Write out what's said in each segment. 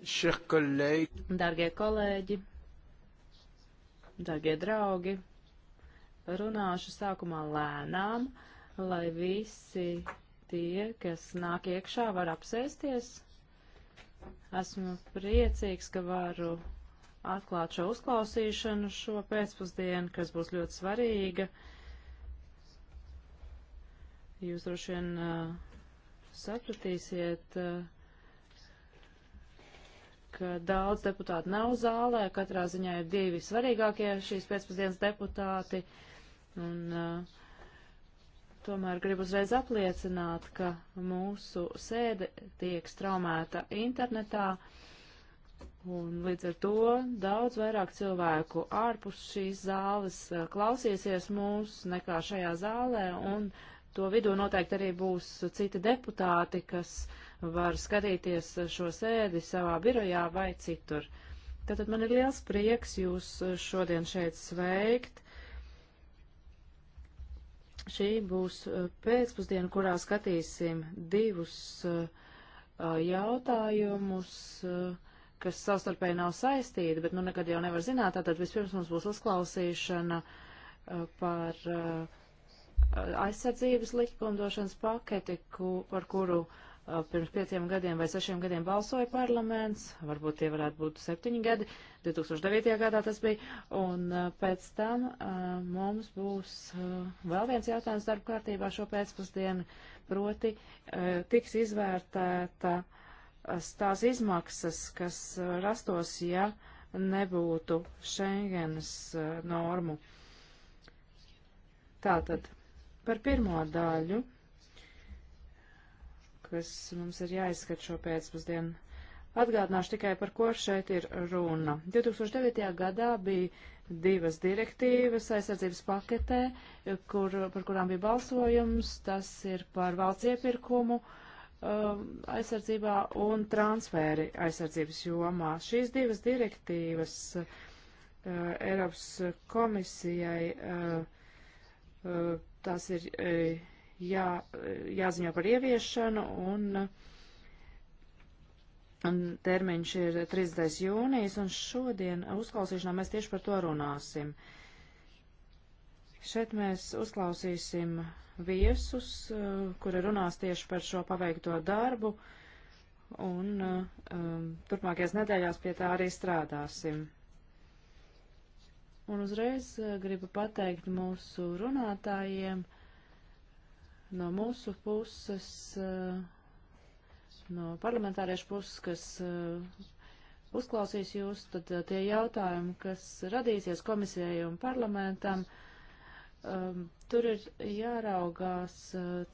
Dargie kolēģi, dargie draugi, runāšu sākumā lēnām, lai visi tie, kas nāk iekšā, var apsēsties. Esmu priecīgs, ka varu atklāt šo uzklausīšanu šo pēcpusdienu, kas būs ļoti svarīga. Jūs droši vien uh, sapratīsiet. Uh, daudz deputātu nav zālē, katrā ziņā ir divi svarīgākie šīs pēcpusdienas deputāti. Un, uh, tomēr gribu uzreiz apliecināt, ka mūsu sēde tiek straumēta internetā. Un līdz ar to daudz vairāk cilvēku ārpus šīs zāles uh, klausīsies mūs nekā šajā zālē, un to vidū noteikti arī būs citi deputāti, kas uh, var skatīties šo sēdi savā birojā vai citur. Tātad man ir liels prieks jūs šodien šeit sveikt. Šī būs uh, pēcpusdiena, kurā skatīsim divus uh, uh, jautājumus, kas savstarpēji nav saistīti, bet nu nekad jau nevar zināt. Tātad vispirms mums būs uzklausīšana par aizsardzības likumdošanas paketi, ku, par kuru uh, pirms pieciem gadiem vai sešiem gadiem balsoja parlaments, varbūt tie varētu būt septiņi gadi, 2009. gadā tas bija, un pēc tam mums būs vēl viens jautājums darba kārtībā šo pēcpusdienu, proti tiks izvērtēta tās izmaksas, kas rastos, ja nebūtu Schengenas normu. Tātad par pirmo daļu kas mums ir jāizskat šo pēcpusdienu. Atgādināšu tikai, par ko šeit ir runa. 2009. gadā bija divas direktīvas aizsardzības paketē, kur, par kurām bija balsojums. Tas ir par valsts iepirkumu um, aizsardzībā un transfēri aizsardzības jomā. Šīs divas direktīvas uh, Eiropas komisijai uh, uh, tās ir jā, jāziņo par ieviešanu un, un termiņš ir 30. jūnijas un šodien uzklausīšanā mēs tieši par to runāsim. Šeit mēs uzklausīsim viesus, kuri runās tieši par šo paveikto darbu un um, turpmākajās nedēļās pie tā arī strādāsim. Un uzreiz uh, gribu pateikt mūsu runātājiem, uh, no mūsu puses, eh, no parlamentāriešu puses, kas eh, uzklausīs jūs, tad eh, tie jautājumi, kas radīsies komisijai un parlamentam, tur ir jāraugās,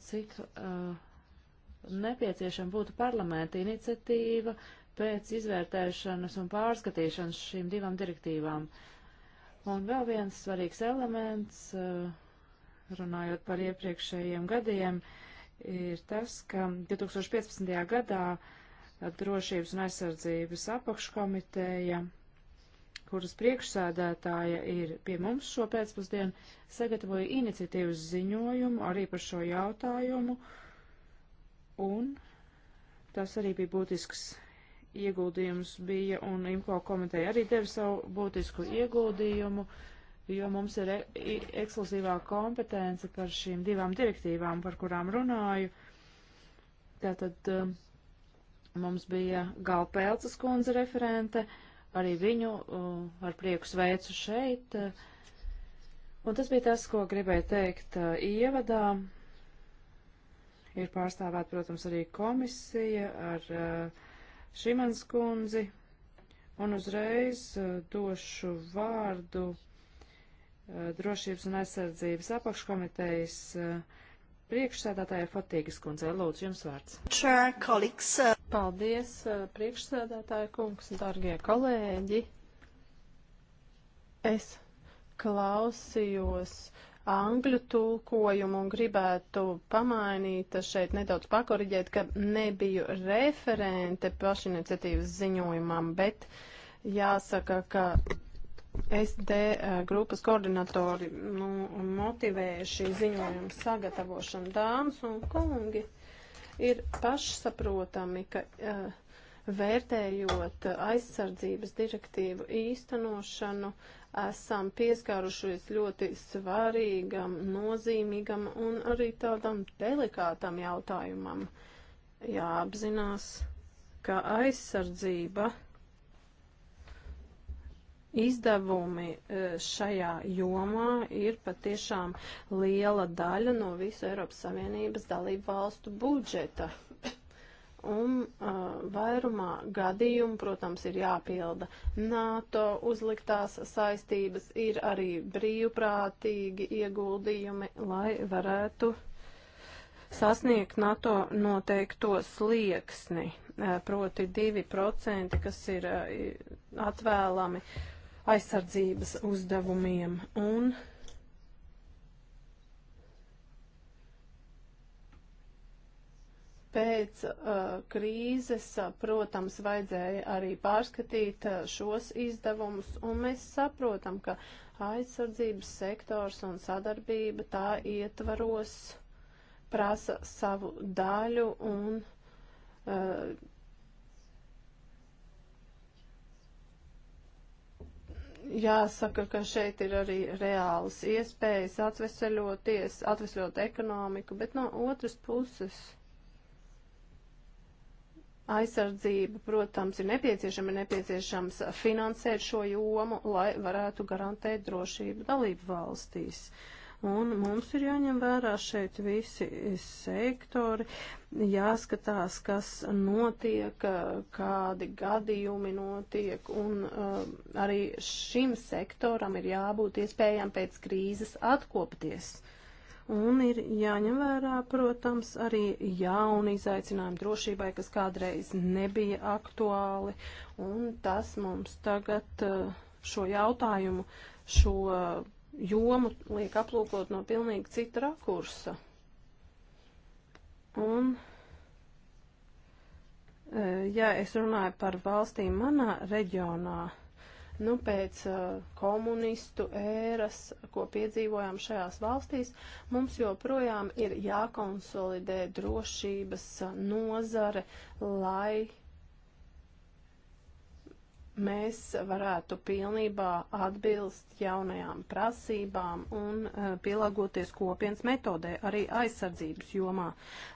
cik nepieciešama būtu parlamenta iniciatīva pēc izvērtēšanas un pārskatīšanas šīm divām direktīvām. Un vēl viens svarīgs elements uh, runājot par iepriekšējiem gadiem, ir tas, ka 2015. gadā drošības un aizsardzības apakškomiteja, kuras priekšsēdētāja ir pie mums šo pēcpusdienu, sagatavoja iniciatīvas ziņojumu arī par šo jautājumu, un tas arī bija būtisks ieguldījums bija, un IMCO komiteja arī deva savu būtisku ieguldījumu. Uh, jo mums ir e ekskluzīvā kompetence par šīm divām direktīvām, par kurām runāju. Tātad um, mums bija Galpēlces kundze referente, arī viņu uh, ar prieku sveicu šeit. Un tas bija tas, ko gribēju teikt uh, ievadā. Ir pārstāvēt, protams, arī komisija ar uh, Šimans kundzi. Un uzreiz došu vārdu Eh, drošības un aizsardzības apakškomitejas eh, priekšsēdētāja Fatīgas kundze. Lūdzu, jums vārds. Čēr, kolīgs. Eh, Paldies, priekšsēdētāja kungs, dargie kolēģi. Es klausījos angļu tulkojumu un gribētu pamainīt šeit nedaudz pakoriģēt, ka nebiju referente pašiniciatīvas ziņojumam, bet jāsaka, ka SD eh, grupas koordinatori nu, motivēja šī ziņojuma sagatavošanu dāmas un kungi. Ir pašsaprotami, ka uh, vērtējot aizsardzības direktīvu īstenošanu, esam pieskārušies ļoti svarīgam, nozīmīgam un arī tādam delikātam jautājumam. Jāapzinās, ka aizsardzība Izdevumi e, šajā jomā ir patiešām liela daļa no visu Eiropas Savienības dalību valstu budžeta. Un uh, vairumā gadījumu, protams, ir jāpilda NATO uzliktās saistības, ir arī brīvprātīgi ieguldījumi, lai varētu sasniegt NATO noteikto slieksni, e, proti 2%, kas ir atvēlami uh, aizsardzības uzdevumiem. Un pēc uh, krīzes, uh, protams, vajadzēja arī pārskatīt uh, šos izdevumus, un mēs saprotam, ka aizsardzības sektors un sadarbība tā ietvaros prasa savu daļu un uh, Jāsaka, ka šeit ir arī reāls iespējas atveseļoties, atvesļot ekonomiku, bet no otras puses aizsardzība, protams, ir nepieciešama, ir nepieciešams finansēt šo jomu, lai varētu garantēt drošību dalību valstīs. Uh, un mums ir jāņem vērā šeit visi sektori, jāskatās, kas notiek, kādi gadījumi notiek, un um, arī šim sektoram ir jābūt iespējām pēc krīzes atkopties. Un ir jāņem vērā, protams, arī jauni izaicinājumi drošībai, kas kādreiz nebija aktuāli. Un tas mums tagad uh, šo jautājumu, šo jomu liek aplūkot no pilnīgi cita rakursa. Un, e, ja es runāju par valstīm manā reģionā, nu, pēc e, komunistu ēras, ko piedzīvojām šajās valstīs, mums joprojām ir jākonsolidē drošības nozare, lai mēs varētu pilnībā atbilst jaunajām prasībām un uh, pielāgoties kopienas metodē arī aizsardzības jomā.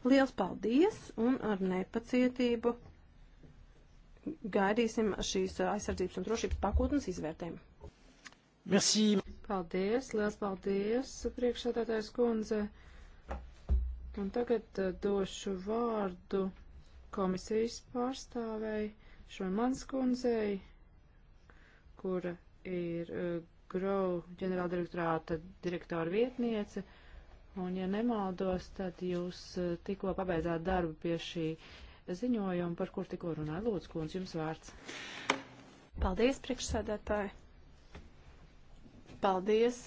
Liels paldies un ar nepacietību gaidīsim šīs aizsardzības un drošības pakotnes izvērtēm. Merci. Paldies, liels paldies, priekšsādātājs kundze. Un tagad uh, došu vārdu komisijas pārstāvēji Šoimans kundzei kura ir e, Grow ģenerāldirektorāta direktora vietniece. Un, ja nemaldos, tad jūs e, tikko pabeidzāt darbu pie šī ziņojuma, par kur tikko runāja Lūdzu, kundz, jums vārds. Paldies, priekšsēdētāji. Paldies,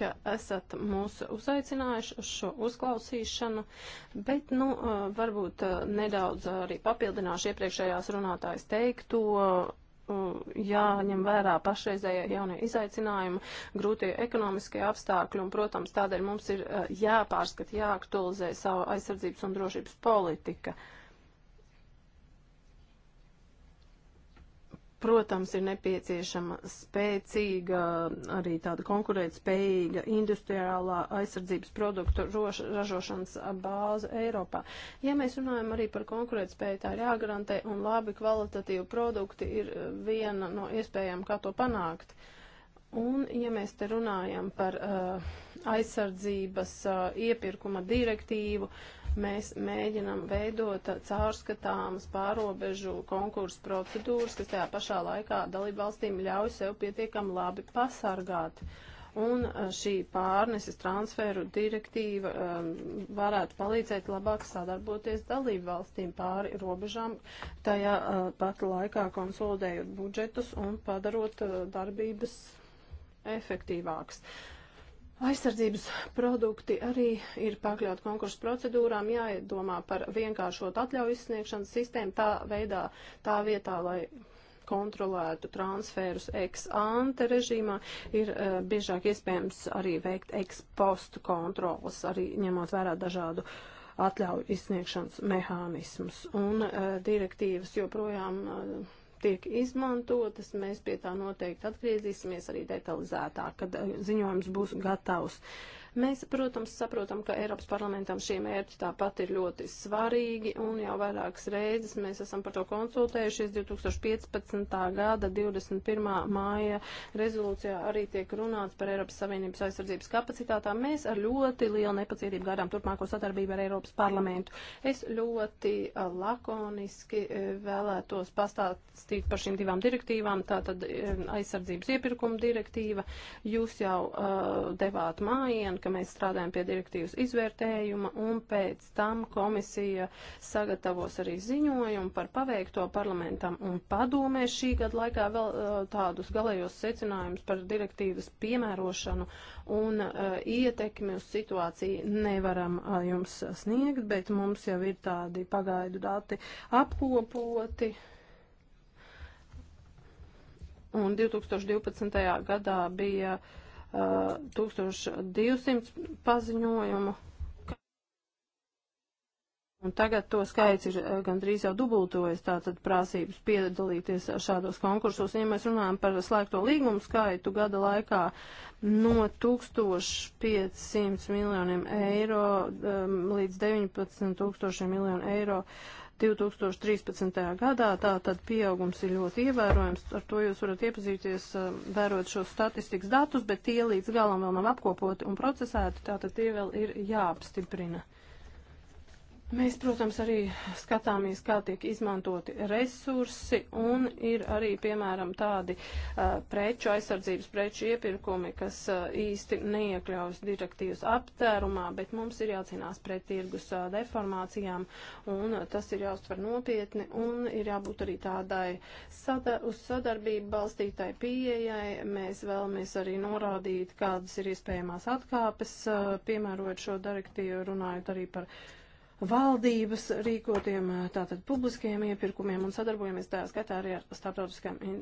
ka esat mūs uzaicinājuši uz šo uzklausīšanu, bet, nu, e, varbūt nedaudz arī papildināšu iepriekšējās runātājs teikto jāņem vērā pašreizējie jaunie izaicinājumi, grūtie ekonomiskie apstākļi, un, protams, tādēļ mums ir jāpārskat, jāaktualizē savu aizsardzības un drošības politika. Uh, Protams, ir nepieciešama spēcīga, arī tāda konkurētspējīga industriālā aizsardzības produktu roš, ražošanas bāze Eiropā. Ja mēs runājam arī par konkurētspēju, tā ir jāgarantē, un labi kvalitatīvi produkti ir viena no iespējām, kā to panākt. Un, ja mēs te runājam par uh, aizsardzības iepirkuma direktīvu. Mēs mēģinam veidot caurskatāmas pārobežu konkursu procedūras, kas tajā pašā laikā dalībvalstīm ļauj sev pietiekam labi pasargāt un šī pārneses transferu direktīva um, varētu palīdzēt labāk sadarboties dalību valstīm pāri robežām, tajā uh, pat laikā konsolidējot budžetus un padarot uh, darbības efektīvāks. Uh, Aizsardzības produkti arī ir pakļaut konkursu procedūrām, jādomā par vienkāršotu atļauju izsniegšanas sistēmu tā veidā, tā vietā, lai kontrolētu transferus ex ante režīmā, ir uh, biežāk iespējams arī veikt ex postu kontrolas, arī ņemot vērā dažādu atļauju izsniegšanas mehānismus. Un uh, direktīvas joprojām uh, tiek izmantotas. Mēs pie tā noteikti atgriezīsimies arī detalizētāk, kad eh, ziņojums būs gatavs. Uh, Mēs, protams, saprotam, ka Eiropas parlamentam šie mērķi tāpat ir ļoti svarīgi, un jau vairākas reizes mēs esam par to konsultējušies. 2015. gada 21. māja rezolūcijā arī tiek runāts par Eiropas Savienības aizsardzības kapacitātām. Mēs ar ļoti lielu nepacietību gaidām turpmāko sadarbību ar Eiropas parlamentu. Es ļoti lakoniski e, vēlētos pastāstīt par šīm divām direktīvām, tātad e, aizsardzības iepirkuma direktīva. Jūs jau uh, devāt mājienu, ka mēs strādājam pie direktīvas izvērtējuma un pēc tam komisija sagatavos arī ziņojumu par paveikto parlamentam un padomē šī gada laikā vēl uh, tādus galējos secinājumus par direktīvas piemērošanu un uh, ietekmi uz situāciju nevaram uh, jums sniegt, bet mums jau ir tādi pagaidu dati apkopoti. Un 2012. gadā bija uh, 1200 paziņojumu. Un tagad to skaits ir eh, gandrīz jau dubultojas, tātad prasības piedalīties šādos konkursos. Ja mēs runājam par slēgto līgumu skaitu gada laikā no 1500 miljoniem eiro um, līdz 19 tūkstošiem miljonu eiro, uh, 2013. gadā. Tātad pieaugums ir ļoti ievērojams. Ar to jūs varat iepazīties, eh, vērot šos statistikas datus, bet tie līdz galam vēl nav apkopoti un procesēti. Tātad tie vēl ir jāapstiprina. Mēs, protams, arī skatāmies, kā tiek izmantoti resursi, un ir arī, piemēram, tādi uh, preču aizsardzības preču iepirkumi, kas uh, īsti neiekļaujas direktīvas aptērumā, bet mums ir jācīnās pret tirgus uh, deformācijām, un uh, tas ir jāuztver nopietni, un ir jābūt arī tādai sada uz sadarbību balstītai pieejai. Mēs vēlamies arī norādīt, kādas ir iespējamās atkāpes, uh, piemērojot šo direktīvu, runājot arī par valdības rīkotiem tātad publiskajiem iepirkumiem un sadarbojamies tā skaitā arī ar starptautiskām in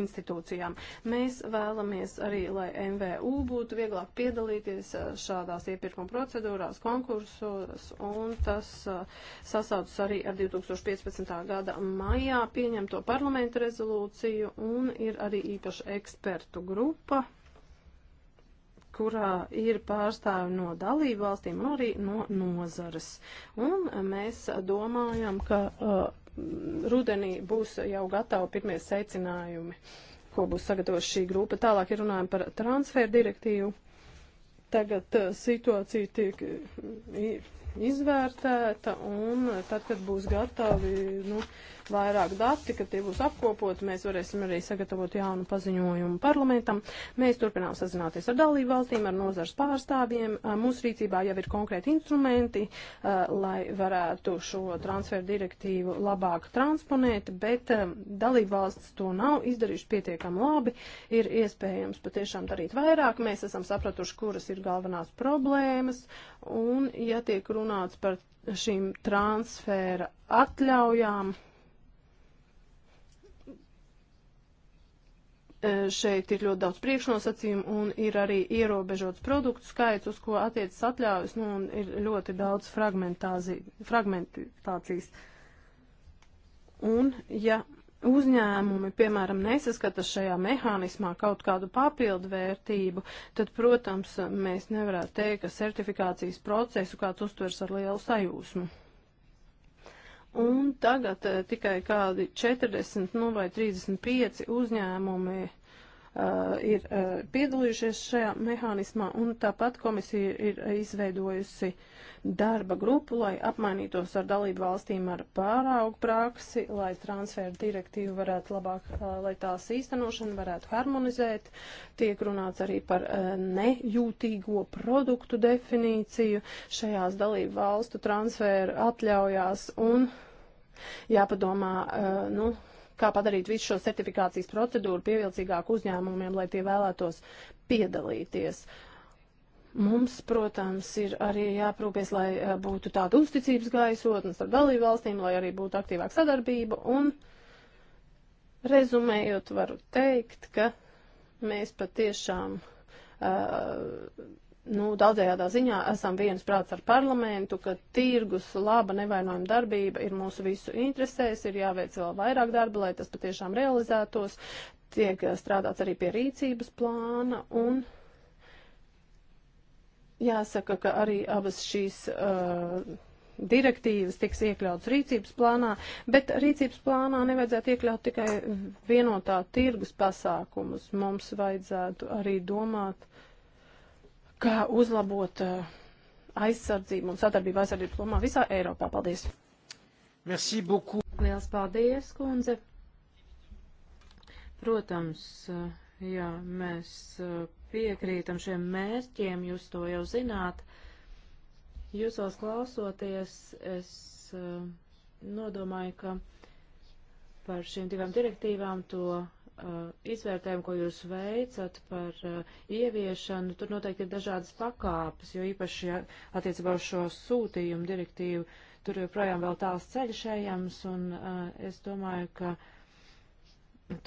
institūcijām. Mēs vēlamies arī, lai MVU būtu vieglāk piedalīties eh, šādās iepirkuma procedūrās, konkursos, un tas eh, sasaucas arī ar 2015. gada maijā pieņemto parlamentu rezolūciju, un ir arī īpaša ekspertu grupa kurā ir pārstāvi no dalību valstīm un arī no nozares. Un mēs domājam, ka uh, rudenī būs jau gatavi pirmie secinājumi, ko būs sagatavojusi šī grupa. Tālāk ir runājumi par transferu direktīvu. Tagad uh, situācija tiek uh, izvērtēta un tad, kad būs gatavi, nu, vairāk dati, kad tie būs apkopoti, mēs varēsim arī sagatavot jaunu paziņojumu parlamentam. Mēs turpinām sazināties ar dalību valstīm, ar nozars pārstāvjiem. Mūsu rīcībā jau ir konkrēti instrumenti, lai varētu šo transferu direktīvu labāk transponēt, bet dalību valsts to nav izdarījuši pietiekami labi. Ir iespējams patiešām darīt vairāk. Mēs esam sapratuši, kuras ir galvenās problēmas. Un, ja tiek runāts par šīm transfēra atļaujām, E, šeit ir ļoti daudz priekšnosacījumu un ir arī ierobežots produktu skaits, uz ko attiecas atļaujas, nu, un ir ļoti daudz fragmentācijas. Un, ja uzņēmumi, piemēram, nesaskata šajā mehānismā kaut kādu papildu vērtību, tad, protams, mēs nevarētu teikt, ka certifikācijas procesu kāds uztvers ar lielu sajūsmu. Un tagad eh, tikai kādi 40 nu, vai 35 uzņēmumi uh, ir uh, piedalījušies šajā mehānismā, un tāpat komisija ir izveidojusi darba grupu, lai apmainītos ar dalību valstīm ar pāraugu praksi, lai transferu direktīvu varētu labāk, uh, lai tās īstenošanu varētu harmonizēt. Tiek runāts arī par uh, nejūtīgo produktu definīciju šajās dalību valstu transferu atļaujās un uh, Jāpadomā, eh, nu, kā padarīt visu šo certifikācijas procedūru pievilcīgāku uzņēmumiem, lai tie vēlētos piedalīties. Mums, protams, ir arī jāprūpēs, lai eh, būtu tāda uzticības gaisotne starp dalību valstīm, lai arī būtu aktīvāka sadarbība. Un rezumējot, varu teikt, ka mēs patiešām uh, nu, daudzējādā ziņā esam viens prāts ar parlamentu, ka tirgus laba nevainojama darbība ir mūsu visu interesēs, ir jāveic vēl vairāk darba, lai tas patiešām realizētos, tiek strādāts arī pie rīcības plāna un. Jāsaka, ka arī abas šīs uh, direktīvas tiks iekļauts rīcības plānā, bet rīcības plānā nevajadzētu iekļaut tikai vienotā tirgus pasākumus. Mums vajadzētu arī domāt kā uzlabot eh, aizsardzību un sadarbību aizsardzību plomā visā Eiropā. Paldies! Merci beaucoup! Liels paldies, kundze! Protams, eh, jā, mēs eh, piekrītam šiem mērķiem, jūs to jau zināt. Jūs vēl klausoties, es nodomāju, ka par šīm divām direktīvām to Uh, izvērtējumu, ko jūs veicat par uh, ieviešanu, tur noteikti ir dažādas pakāpes, jo īpaši ja, attiecībā uz šo sūtījumu direktīvu tur joprojām vēl tāls ceļš ejams, un uh, es domāju, ka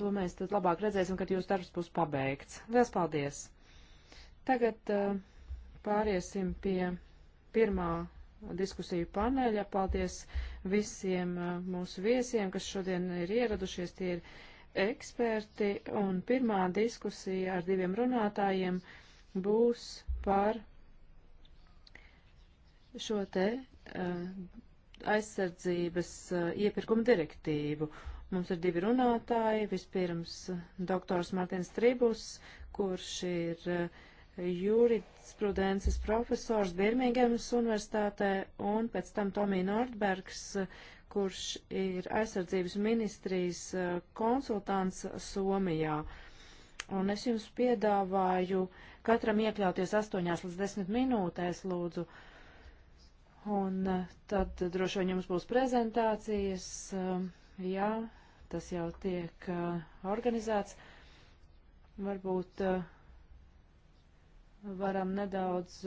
to mēs tad labāk redzēsim, kad jūs darbs būs pabeigts. Lielas paldies! Tagad pāriesim pie pirmā diskusiju paneļa. Paldies visiem mūsu viesiem, kas šodien ir ieradušies. Tie ir eksperti, un pirmā diskusija ar diviem runātājiem būs par šo te eh, aizsardzības eh, iepirkuma direktīvu. Mums ir divi runātāji. Vispirms eh, doktors Martins Tribus, kurš ir jurisprudences profesors Birmingemas universitātē, un pēc tam Tomī Nordbergs, kurš ir aizsardzības ministrijas e, konsultants Somijā. Un es jums piedāvāju katram iekļauties 8 līdz 10 minūtēs, lūdzu. Un e, tad droši vien jums būs prezentācijas, e, jā, tas jau tiek organizēts. Varbūt varam nedaudz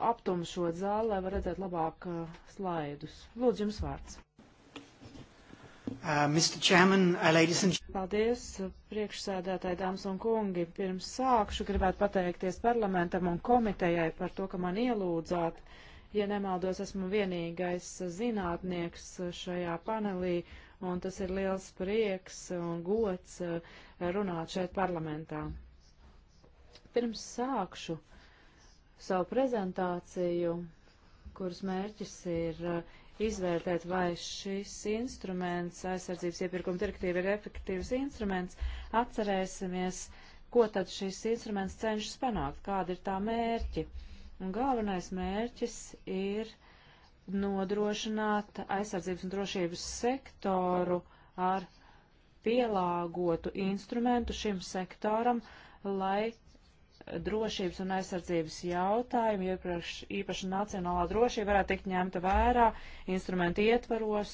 aptumšot zāli, lai var redzēt labāk uh, slaidus. Lūdzu, jums vārds. Uh, Chairman, uh, and... Paldies, uh, priekšsēdētāji, dāmas un kungi. Pirms sākšu gribētu pateikties parlamentam un komitejai par to, ka man ielūdzāt. Ja nemaldos, esmu vienīgais zinātnieks uh, šajā panelī, un tas ir liels prieks un gods runāt šeit parlamentā. Pirms sākšu, uh, savu prezentāciju, kuras mērķis ir uh, izvērtēt, vai šis instruments, aizsardzības iepirkuma direktīva, ir efektīvs instruments, atcerēsimies, ko tad šis instruments cenšas panākt, kāda ir tā mērķi. Un galvenais mērķis ir nodrošināt aizsardzības un drošības sektoru ar pielāgotu instrumentu šim sektoram, lai drošības un aizsardzības jautājumi, jo īpaši, īpaši nacionālā drošība varētu tikt ņemta vērā instrumentu ietvaros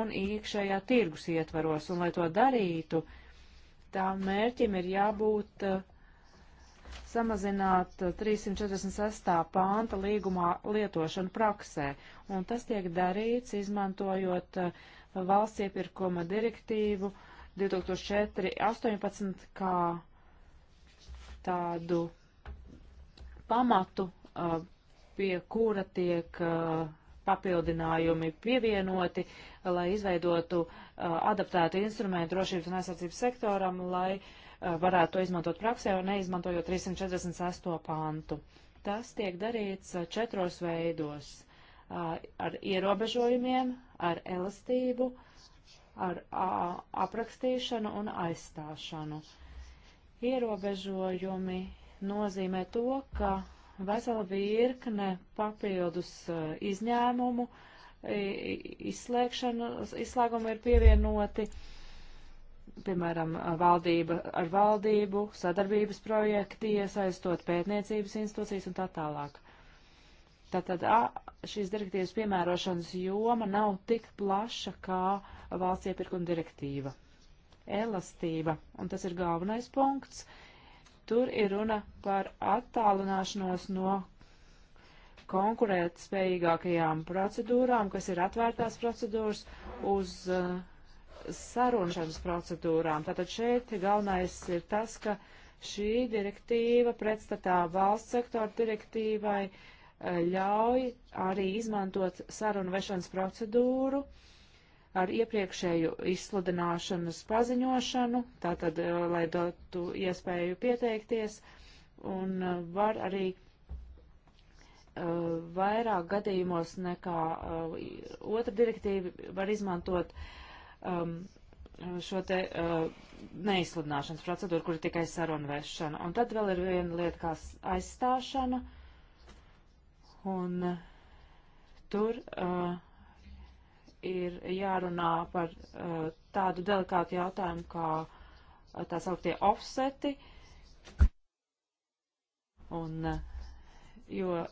un iekšējā tirgus ietvaros. Un, lai to darītu, tā mērķim ir jābūt uh, samazināt 346. Eh, pānta līgumā lietošanu praksē, un tas tiek darīts izmantojot eh, valsts iepirkuma direktīvu 2004.18, kā tādu pamatu, pie kura tiek papildinājumi pievienoti, lai izveidotu adaptētu instrumentu drošības un aizsardzības sektoram, lai varētu to izmantot praksē un neizmantojot 346. pantu. Tas tiek darīts četros veidos - ar ierobežojumiem, ar elastību, ar aprakstīšanu un aizstāšanu. Uh, Ierobežojumi nozīmē to, ka vesela virkne papildus uh, izņēmumu izslēgumu ir pievienoti, piemēram, uh, valdība ar valdību, sadarbības projekti, iesaistot pētniecības institūcijas un tā tālāk. Tātad a, šīs direktīvas piemērošanas joma nav tik plaša kā valsts iepirkuma direktīva elastība, un tas ir galvenais punkts. Tur ir runa par attālināšanos no konkurēt spējīgākajām procedūrām, kas ir atvērtās procedūras, uz uh, sarunšanas procedūrām. Tātad šeit galvenais ir tas, ka šī direktīva pretstatā valsts sektora direktīvai uh, ļauj arī izmantot sarunu vešanas procedūru uh, ar iepriekšēju izsludināšanas paziņošanu, tātad, eh, lai dotu iespēju pieteikties, un eh, var arī uh, vairāk gadījumos nekā uh, otra direktīva var izmantot um, šo te uh, neizsludināšanas procedūru, kur ir tikai sarunvēršana. Un tad vēl ir viena lieta, kā aizstāšana, un tur uh, ir jārunā par uh, tādu delikātu jautājumu kā uh, tā sauktie offseti. Un, uh, jo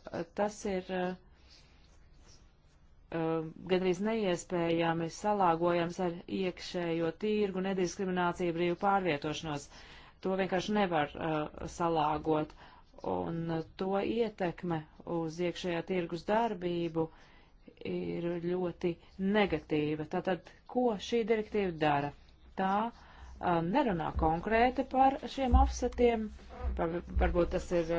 tas ir gandrīz neiespējami salāgojams ar iekšējo tirgu, nediskrimināciju, brīvu pārvietošanos. To vienkārši nevar salāgot. Un to ietekme uz iekšējā tirgus darbību uh, ir ļoti negatīva. Tātad, ko šī direktīva dara? Tā nerunā konkrēti par šiem offsetiem. Par, varbūt tas ir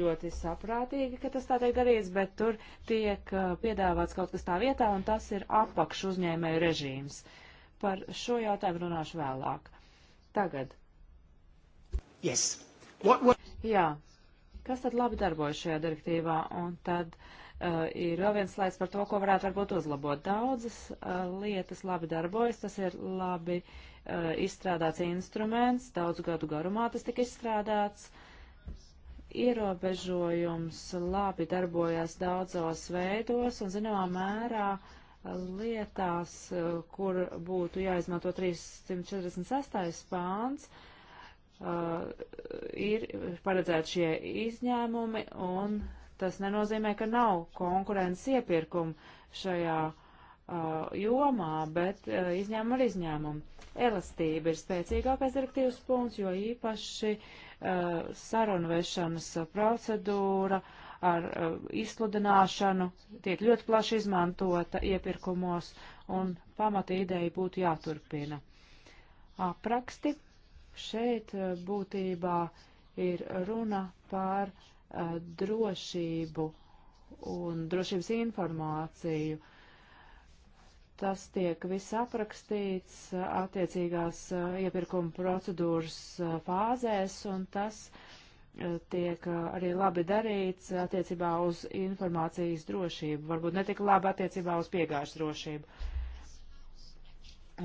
ļoti saprātīgi, ka tas tā tiek darīts, bet tur tiek piedāvāts kaut kas tā vietā, un tas ir apakš uzņēmēju režīms. Par šo jautājumu runāšu vēlāk. Tagad. Yes. What, what? Jā. Kas tad labi darbojas šajā direktīvā? Un tad uh, uh, ir vēl viens slaids par to, ko varētu varbūt uzlabot. Daudzas uh, lietas labi darbojas, tas ir labi uh, izstrādāts instruments, daudzu gadu garumā tas tika izstrādāts. Ierobežojums labi darbojas daudzos veidos un zināmā mērā lietās, uh, kur būtu jāizmanto 346. pāns. Uh, ir paredzēti šie izņēmumi un uh, Tas nenozīmē, ka nav konkurences iepirkumu šajā uh, jomā, bet uh, izņēmuma ar izņēmumu. Elastība ir spēcīgākais direktīvas punkts, jo īpaši uh, sarunvešanas procedūra ar uh, izsludināšanu tiek ļoti plaši izmantota iepirkumos, un pamata ideja būtu jāturpina. Apraksti šeit uh, būtībā ir runa par uh, Uh, drošību un drošības informāciju. Tas tiek viss aprakstīts uh, attiecīgās uh, iepirkuma procedūras fāzēs, un tas tiek arī labi darīts attiecībā uz informācijas drošību, varbūt netik labi attiecībā uz piegāžu drošību.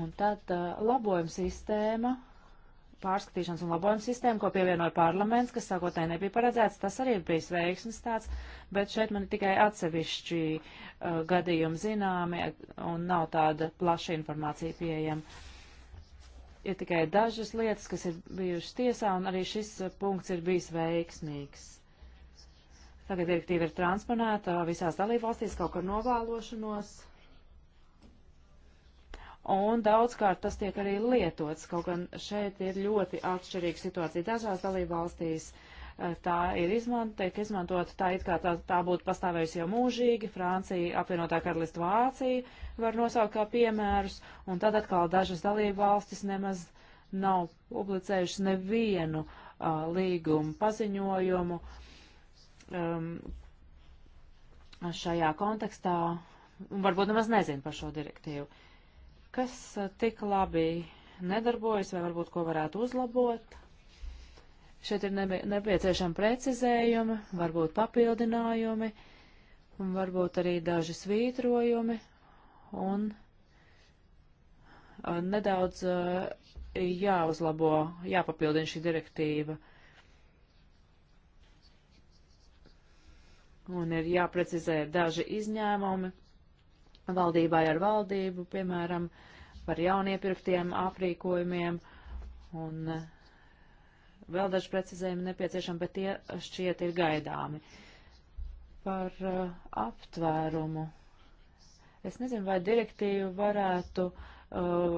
Un tad labojuma sistēma pārskatīšanas un labojuma sistēmu, ko pievienoja parlaments, kas sākotnēji nebija paredzēts, tas arī ir bijis veiksmes tāds, bet šeit man ir tikai atsevišķi uh, gadījumi zināmi un nav tāda plaša informācija pieejama. Ir tikai dažas lietas, kas ir bijušas tiesā, un arī šis uh, punkts ir bijis veiksmīgs. Tagad direktīva ir transponēta visās dalībvalstīs kaut kur novālošanos un daudzkārt tas tiek arī lietots, kaut gan šeit ir ļoti atšķirīga situācija. Dažās dalībvalstīs eh, tā ir izmant, tiek izmantot, tā it kā tā, tā būtu pastāvējusi jau mūžīgi, Francija, apvienotā karalista Vācija var nosaukt kā piemērus, un tad atkal dažas dalībvalstis nemaz nav publicējušas nevienu uh, līgumu paziņojumu um, šajā kontekstā, un varbūt nemaz nezin par šo direktīvu. Uh, kas eh, tik labi nedarbojas vai varbūt ko varētu uzlabot. Šeit ir nepieciešami precizējumi, varbūt papildinājumi, un varbūt arī daži svītrojumi, un eh, nedaudz eh, jāuzlabo, jāpapildina šī direktīva. Un ir jāprecizē daži izņēmumi, valdībai ar valdību, piemēram, par jauniepirktiem aprīkojumiem un eh, vēl daži precizējumi nepieciešami, bet tie šķiet ir gaidāmi. Par uh, aptvērumu. Es nezinu, vai direktīva varētu uh,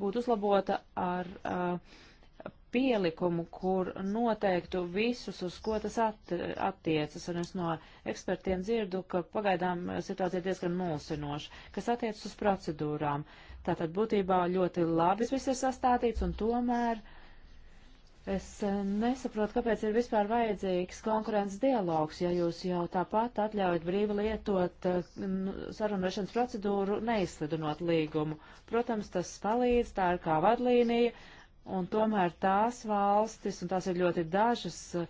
būt uzlabota ar uh, pielikumu, kur noteiktu visus, uz ko tas at, attiecas, un es no ekspertiem dzirdu, ka pagaidām situācija ir diezgan mulsinoša, kas attiecas uz procedūrām. Tātad būtībā ļoti labi viss ir sastādīts, un tomēr es eh, nesaprotu, kāpēc ir vispār vajadzīgs konkurences dialogs, ja jūs jau tāpat atļaujat brīvi lietot eh, nu, sarunvešanas procedūru, neizslidinot līgumu. Protams, tas palīdz, tā ir kā vadlīnija un tomēr tās valstis, un tās ir ļoti dažas uh,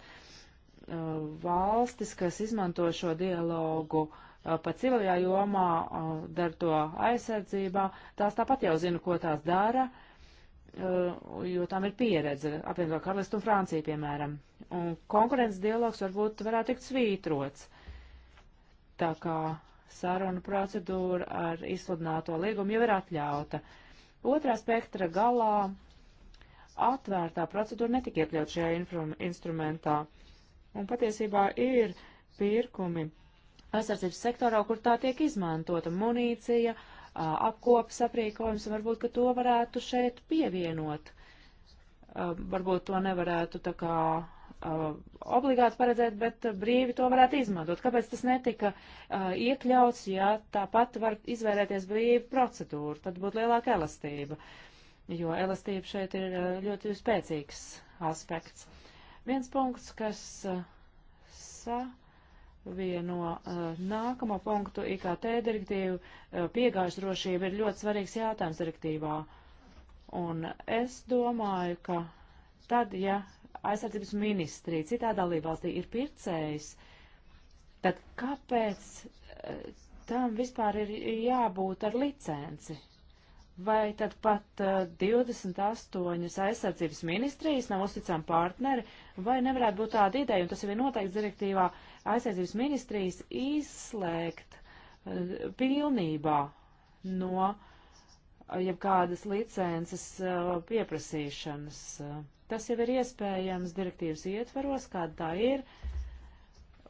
valstis, kas izmanto šo dialogu uh, pa civilajā jomā, uh, dar to aizsardzībā, tās tāpat jau zina, ko tās dara, uh, jo tām ir pieredze, apvienotā karalista un Francija, piemēram. Un konkurences dialogs varbūt varētu tikt svītrots. Tā kā saruna procedūra ar izsludināto līgumu jau ir atļauta. Otrā spektra galā atvērtā procedūra netika iekļaut šajā instrumentā. Un patiesībā ir pirkumi aizsardzības sektorā, kur tā tiek izmantota munīcija, apkopas aprīkojums, varbūt, ka to varētu šeit pievienot. Varbūt to nevarētu tā kā obligāti paredzēt, bet brīvi to varētu izmantot. Kāpēc tas netika iekļauts, ja tāpat var izvērēties brīvi procedūru, tad būtu lielāka elastība. Uh, jo elastība šeit ir eh, ļoti spēcīgs aspekts. Viens punkts, kas eh, savieno eh, nākamo punktu IKT direktīvu, piegāžu drošība ir ļoti svarīgs jātājums direktīvā. Un es domāju, ka tad, ja aizsardzības ministrija citā dalībvalstī ir pircējs, tad kāpēc tam vispār ir jābūt ar licenci? vai tad pat uh, 28 aizsardzības ministrijas nav uzticām partneri, vai nevarētu būt tāda ideja, un tas jau ir noteikts direktīvā, aizsardzības ministrijas izslēgt uh, pilnībā no uh, jebkādas licences uh, pieprasīšanas. Uh, tas jau ir iespējams direktīvas ietvaros, kāda tā ir,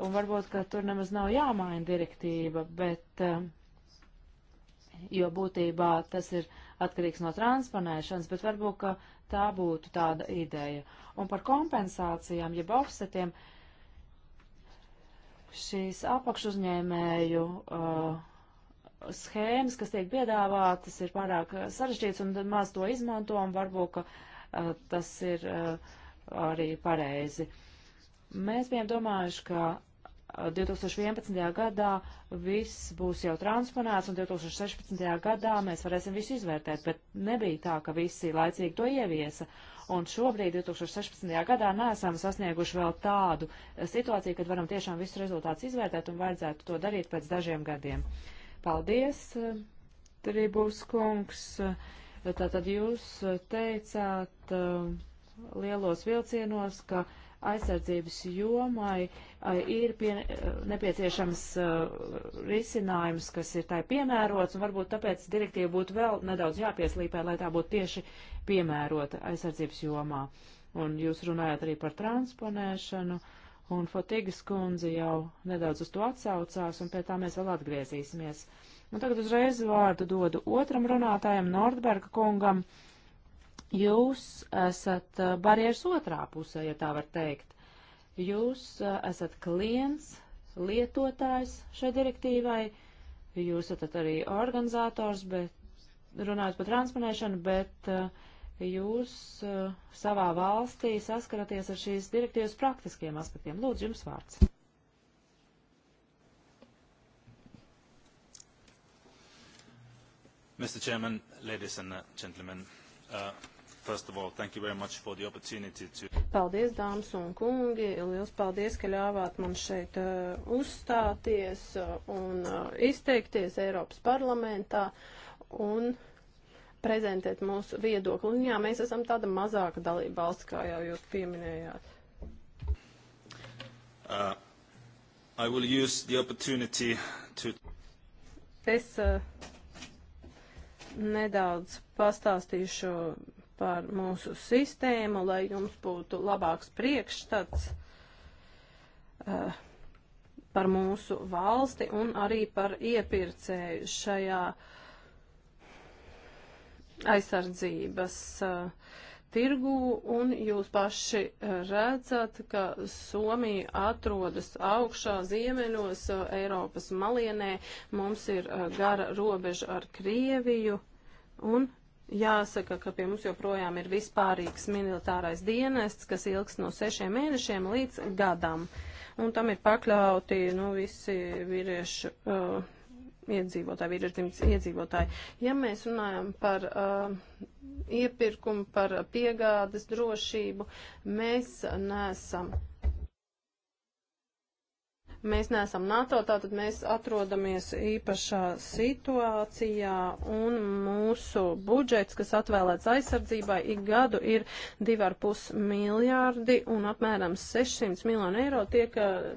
un varbūt, ka tur nemaz nav jāmaina direktīva, bet uh, jo būtībā tas ir atkarīgs no transponēšanas, bet varbūt, ka tā būtu tāda ideja. Un par kompensācijām, jeb offsetiem, šīs apakšuzņēmēju uh, schēmas, kas tiek piedāvātas, ir pārāk sarežģīts un maz to izmanto, un varbūt, ka uh, tas ir uh, arī pareizi. Mēs bijām domājuši, ka 2011. gadā viss būs jau transponēts, un 2016. gadā mēs varēsim visu izvērtēt, bet nebija tā, ka visi laicīgi to ieviesa. Un šobrīd, 2016. gadā, neesam sasnieguši vēl tādu situāciju, kad varam tiešām visus rezultātus izvērtēt, un vajadzētu to darīt pēc dažiem gadiem. Paldies, Tribūs kungs. Tātad jūs teicāt uh, lielos vilcienos, ka aizsardzības jomai eh, ir pie, eh, nepieciešams eh, risinājums, kas ir tai piemērots, un varbūt tāpēc direktīva būtu vēl nedaudz jāpieslīpē, lai tā būtu tieši piemērota aizsardzības jomā. Un jūs runājat arī par transponēšanu, un Fotigas kundze jau nedaudz uz to atsaucās, un pie tā mēs vēl atgriezīsimies. Un tagad uzreiz vārdu dodu otram runātājam, Nordberga kungam. Uh, jūs esat uh, barjeras otrā pusē, ja tā var teikt. Jūs uh, esat klients, lietotājs šai direktīvai, jūs esat arī organizators, bet runājot par transponēšanu, bet uh, jūs savā valstī saskaraties ar šīs direktīvas praktiskiem aspektiem. Lūdzu, jums vārds. Mr. Chairman, ladies and gentlemen, uh, First of all, thank you very much for the opportunity to... Paldies, dāmas un kungi. Liels paldies, ka ļāvāt man šeit uh, uzstāties uh, un uh, izteikties Eiropas parlamentā un prezentēt mūsu viedokli. Un jā, mēs esam tāda mazāka dalība valsts, kā jau jūs pieminējāt. Uh, I will use the opportunity to... Es uh, nedaudz pastāstīšu par mūsu sistēmu, lai jums būtu labāks priekšstats uh, par mūsu valsti un arī par iepircēju šajā aizsardzības uh, eh, tirgū, un jūs paši eh, redzat, ka Somija atrodas augšā ziemeļos Eiropas malienē, mums ir gara robeža ar Krieviju, un Jāsaka, ka pie mums joprojām ir vispārīgs militārais dienests, kas ilgs no sešiem mēnešiem līdz gadam. Un tam ir pakļauti nu, visi vīriešu uh, iedzīvotāji, vīriešu dzimts iedzīvotāji. Ja mēs runājam par uh, iepirkumu, par piegādes drošību, mēs nesam. Uh, Mēs neesam NATO, tātad mēs atrodamies īpašā situācijā un mūsu budžets, kas atvēlēts aizsardzībai, ik gadu ir 2,5 miljārdi un apmēram 600 miljonu eiro tiek eh,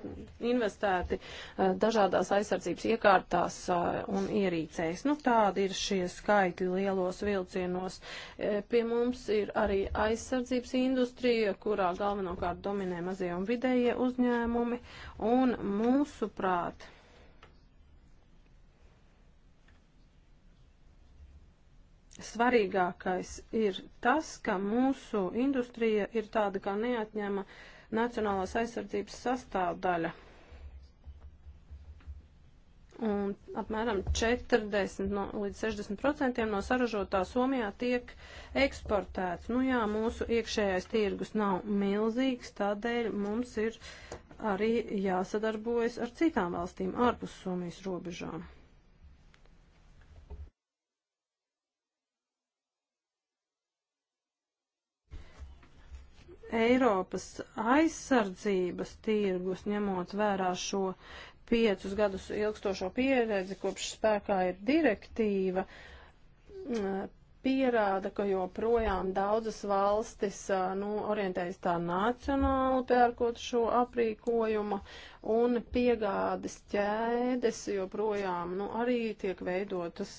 investēti eh, dažādās aizsardzības iekārtās eh, un ierīcēs. Nu, tādi ir šie skaitļi lielos vilcienos. Pie mums ir arī aizsardzības industrija, kurā galvenokārt dominē mazie un vidējie uzņēmumi. Un mūsuprāt, svarīgākais ir tas, ka mūsu industrija ir tāda kā neatņēma nacionālās aizsardzības sastāvdaļa. Un apmēram 40 no, līdz 60% no saražotā Somijā tiek eksportēts. Nu jā, mūsu iekšējais tirgus nav milzīgs, tādēļ mums ir arī jāsadarbojas ar citām valstīm ārpus Somijas robežām. Eiropas aizsardzības tirgus, ņemot vērā šo piecus gadus ilgstošo pieredzi, kopš spēkā ir direktīva, pierāda, ka joprojām daudzas valstis nu, orientējas tā nacionāli pērkot šo aprīkojumu, un piegādes ķēdes joprojām nu, arī tiek veidotas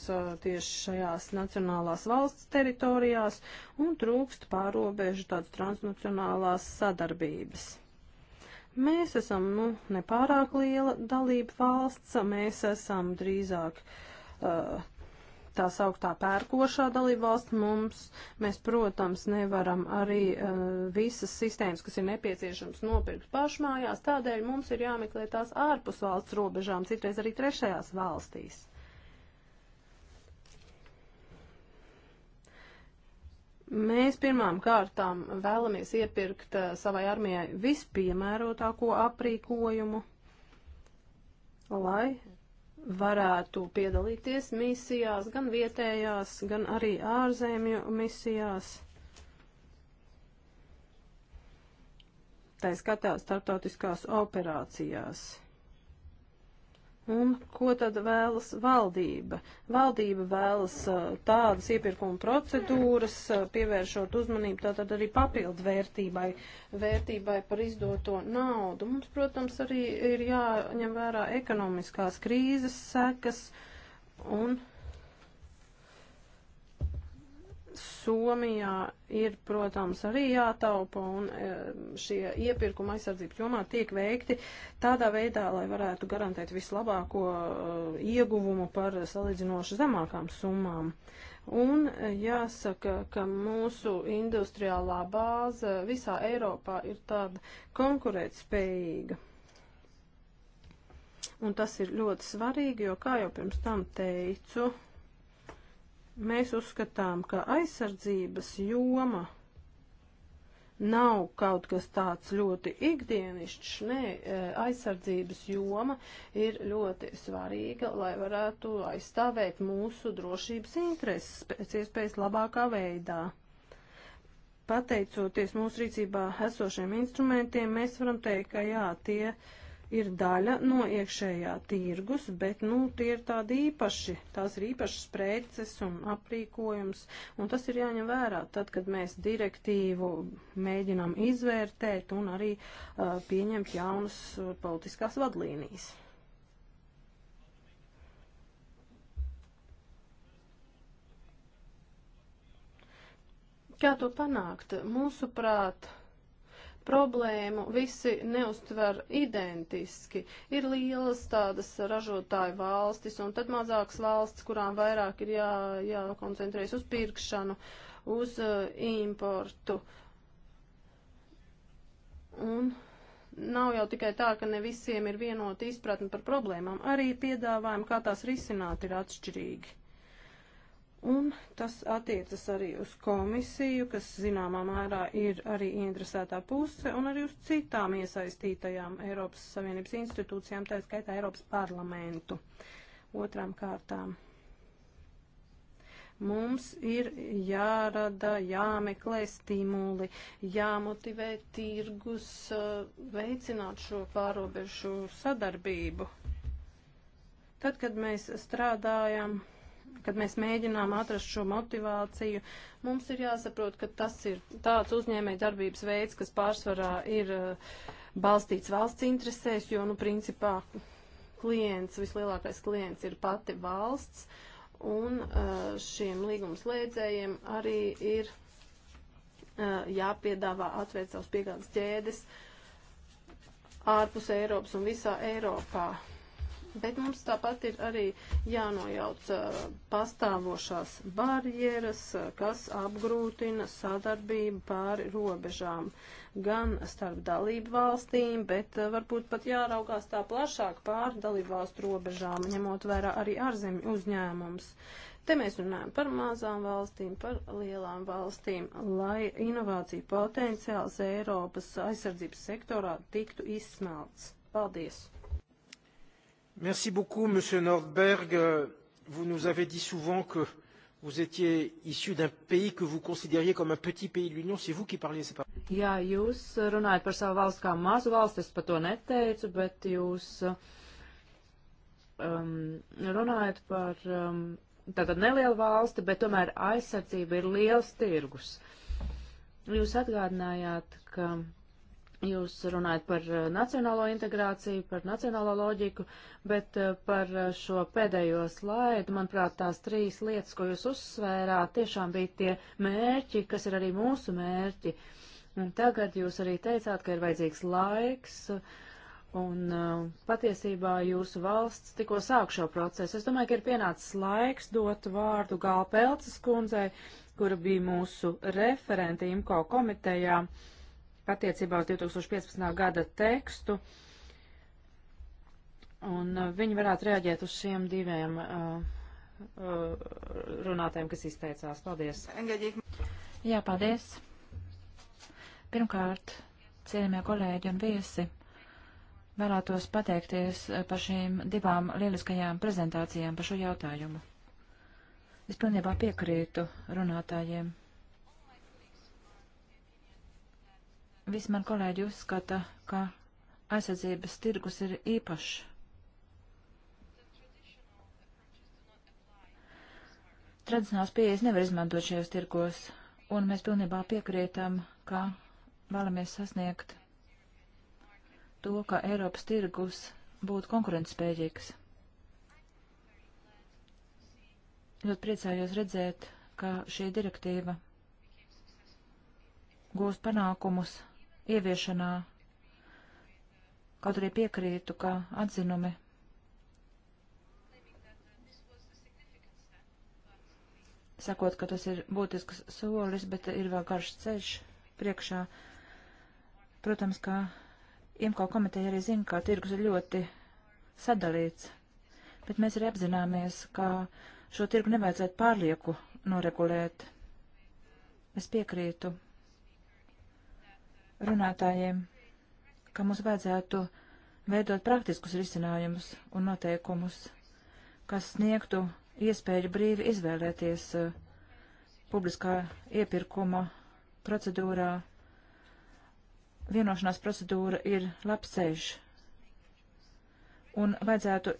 tieši šajās nacionālās valsts teritorijās, un trūkst pārobežu tādas transnacionālās sadarbības. Mēs esam nu, nepārāk liela dalība valsts, mēs esam drīzāk uh, tā sauktā pērkošā dalībvalsts mums. Mēs, protams, nevaram arī uh, visas sistēmas, kas ir nepieciešams, nopirkt pašmājās. Tādēļ mums ir jāmeklē tās ārpus valsts robežām, citreiz arī trešajās valstīs. Mēs pirmām kārtām vēlamies iepirkt uh, savai armijai vispiemērotāko aprīkojumu, lai varētu piedalīties misijās, gan vietējās, gan arī ārzemju misijās. Tā skatā starptautiskās operācijās. Un ko tad vēlas valdība? Valdība vēlas tādas iepirkuma procedūras, pievēršot uzmanību tātad arī papildu vērtībai, vērtībai par izdoto naudu. Mums, protams, arī ir jāņem vērā ekonomiskās krīzes sekas un Somijā ir, protams, arī jātaupa un e, šie iepirkuma aizsardzības jomā tiek veikti tādā veidā, lai varētu garantēt vislabāko e, ieguvumu par salīdzinoši zemākām summām. Un e, jāsaka, ka mūsu industriālā bāze visā Eiropā ir tāda konkurētspējīga. Un tas ir ļoti svarīgi, jo, kā jau pirms tam teicu, uh, Mēs uzskatām, ka aizsardzības joma nav kaut kas tāds ļoti ikdienišķs. Nē, e, aizsardzības joma ir ļoti svarīga, lai varētu aizstāvēt mūsu drošības intereses pēc iespējas labākā veidā. Pateicoties mūsu rīcībā esošiem instrumentiem, mēs varam teikt, ka jā, tie uh, ir daļa no iekšējā tirgus, bet, nu, tie ir tādi īpaši, tās ir īpašas preces un aprīkojums, un tas ir jāņem vērā tad, kad mēs direktīvu mēģinām izvērtēt un arī uh, pieņemt jaunas uh, politiskās vadlīnijas. Kā to panākt? Mūsuprāt, uh, problēmu visi neustver identiski. Ir lielas tādas ražotāju valstis un tad mazākas valsts, kurām vairāk ir jā, jākoncentrējas uz pirkšanu, uz uh, importu. Un nav jau tikai tā, ka ne visiem ir vienota izpratne par problēmām, arī piedāvājumi, kā tās risināt, ir atšķirīgi. Un tas attiecas arī uz komisiju, kas zināmā mērā ir arī interesētā puse, un arī uz citām iesaistītajām Eiropas Savienības institūcijām, tā skaitā Eiropas parlamentu. Otrām kārtām mums ir jārada, jāmeklē stimuli, jāmotivē tirgus, uh, veicināt šo pārobežu sadarbību. Tad, kad mēs strādājam kad mēs mēģinām atrast šo motivāciju, mums ir jāsaprot, ka tas ir tāds uzņēmēja darbības veids, kas pārsvarā ir uh, balstīts valsts interesēs, jo, nu, principā klients, vislielākais klients ir pati valsts, un uh, šiem līgumslēdzējiem arī ir uh, jāpiedāvā atvērt savus piegādes ķēdes ārpus Eiropas un visā Eiropā bet mums tāpat ir arī jānojauc pastāvošās barjeras, kas apgrūtina sadarbību pāri robežām gan starp dalību valstīm, bet varbūt pat jāraugās tā plašāk pāri dalību valstu robežām, ņemot vērā arī ārzemju uzņēmumus. Te mēs runājam par mazām valstīm, par lielām valstīm, lai inovāciju potenciāls Eiropas aizsardzības sektorā tiktu izsmelts. Paldies! Merci beaucoup, Monsieur Nordberg. Vous nous avez dit souvent que vous étiez issu d'un pays que vous considériez comme un petit pays de l'Union. C'est vous qui parliez, c'est pas Jā, jūs runājat par savu valsts kā mazu valsti, es par to neteicu, bet jūs um, runājat par um, tātad nelielu valsti, bet tomēr aizsardzība ir liels tirgus. Jūs atgādinājāt, ka Jūs runājat par eh, nacionālo integrāciju, par nacionālo loģiku, bet eh, par eh, šo pēdējo slaidu, manuprāt, tās trīs lietas, ko jūs uzsvērāt, tiešām bija tie mērķi, kas ir arī mūsu mērķi. Un tagad jūs arī teicāt, ka ir vajadzīgs laiks, un patiesībā jūsu valsts tikko sāk šo procesu. Es domāju, ka ir pienācis laiks dot vārdu Gāla Pelces kundzei, kura bija mūsu referente IMKO komitejā. Uh, attiecībā uz 2015. gada tekstu, un uh, viņi varētu reaģēt uz šiem diviem uh, uh, runātēm, kas izteicās. Paldies! Jā, paldies! Pirmkārt, cienījamie kolēģi un viesi, vēlētos pateikties par šīm divām lieliskajām prezentācijām par šo jautājumu. Es pilnībā piekrītu runātājiem. Visi man kolēģi uzskata, ka aizsardzības tirgus ir īpašs. Tradicionāls pieejas nevar izmantot šajos tirgos, un mēs pilnībā piekrītam, ka vēlamies sasniegt to, ka Eiropas tirgus būtu konkurentspējīgs. Ļoti priecājos redzēt, ka šī direktīva gūst panākumus ieviešanā. Kaut arī piekrītu, ka atzinumi sakot, ka tas ir būtisks solis, bet ir vēl garš ceļš priekšā. Protams, ka IMKO komiteja arī zina, ka tirgus ir ļoti sadalīts, bet mēs arī apzināmies, ka šo tirgu nevajadzētu pārlieku noregulēt. Es piekrītu runātājiem, ka mums vajadzētu veidot praktiskus risinājumus un noteikumus, kas sniegtu iespēju brīvi izvēlēties uh, publiskā iepirkuma procedūrā. Vienošanās procedūra ir labs ceļš. Un vajadzētu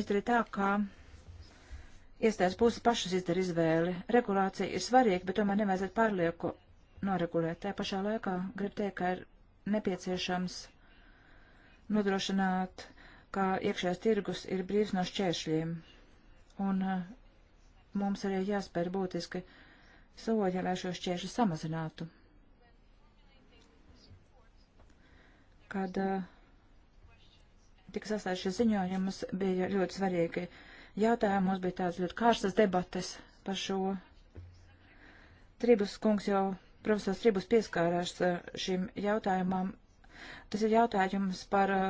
izdarīt tā, kā iestājas puses pašas izdara izvēli. Regulācija ir svarīga, bet tomēr nevajadzētu pārlieku noregulēt. Tā pašā laikā grib teikt, ka ir nepieciešams nodrošināt, ka iekšējais tirgus ir brīvs no šķēršļiem. Un eh, mums arī jāspēr būtiski soļi, lai šo šķēršļu samazinātu. Kad eh, tika sastāst šis ziņojums, bija ļoti svarīgi jautājumi. Mums bija tādas ļoti kārstas debates par šo. Tribus kungs jau Profesors Tribus pieskārās eh, šim jautājumam. Tas ir jautājums par eh,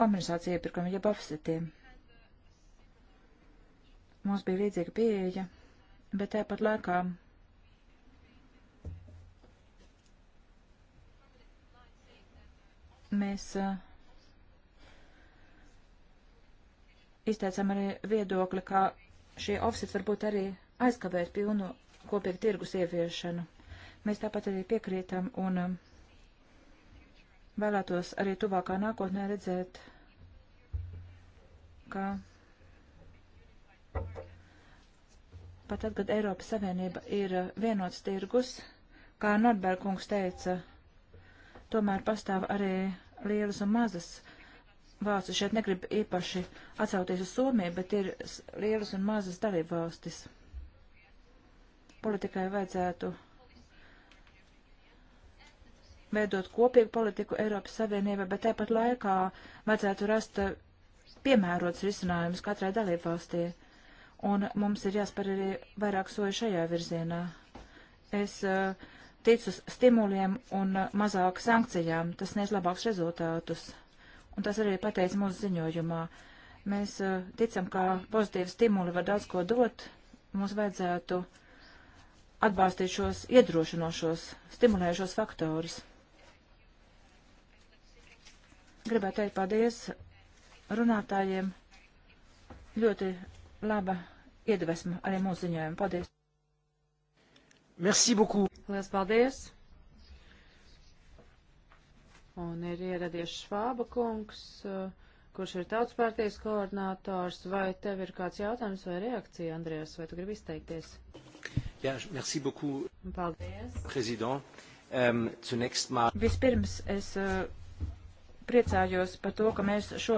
kompensāciju iepirkumu, jeb offsetiem. Mums bija līdzīga pieeja, bet tāpat laikā mēs eh, izteicām arī viedokli, ka šie offset varbūt arī aizkavēt pilnu kopīgu tirgus ieviešanu. Mēs tāpat arī piekrītam un um, vēlētos arī tuvākā nākotnē redzēt, ka pat tad, kad Eiropas Savienība ir uh, vienots tirgus, kā Nordbergkungs teica, tomēr pastāv arī lielas un mazas valstis. Šeit negrib īpaši atsauties uz Somiju, bet ir lielas un mazas dalībvalstis. Politikai vajadzētu veidot kopīgu politiku Eiropas Savienībā, bet tāpat laikā vajadzētu rast uh, piemērots risinājums katrai dalībvalstī. Un mums ir jāspēr arī vairāk soju šajā virzienā. Es uh, ticu stimuliem un uh, mazāk sankcijām. Tas sniedz labāks rezultātus. Un tas arī pateica mūsu ziņojumā. Mēs uh, ticam, ka pozitīvi stimuli var daudz ko dot. Mums vajadzētu atbalstīt šos iedrošinošos, stimulējušos faktorus. Gribētu teikt paldies runātājiem. Ļoti laba iedvesma arī mūsu ziņojumu. Paldies! Merci beaucoup! Lielas paldies! Un ir ieradies Švāba kungs, kurš ir tautspārties koordinātors. Vai tev ir kāds jautājums vai reakcija, Andrijas, vai tu gribi izteikties? Jā, ja, merci beaucoup. Paldies. Prezident, um, euh, zunächst mal. Vispirms es uh, priecājos par to, ka mēs šo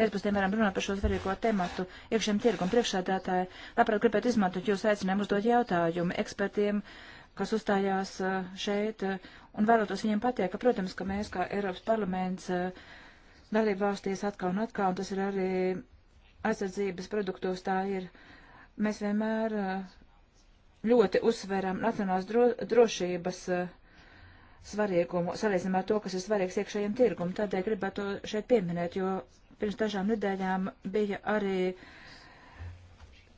pēcpusdienu varam runāt par šo svarīgo tematu iekšējiem tirgum priekšsēdētāji. Labprāt, gribētu izmantot jūsu aicinājumu uzdot jautājumu ekspertiem, kas uzstājās šeit, un vēlētos viņiem pateikt, ka, protams, ka mēs kā Eiropas parlaments dalību valstīs atkal un atkal, un tas ir arī aizsardzības produktos tā ir. Mēs vienmēr ļoti uzsveram nacionālās dro drošības uh, svarīgumu salīdzinām ar to, kas ir svarīgs iekšējiem tirgumam. Tādēļ gribētu šeit pieminēt, jo pirms dažām nedēļām bija arī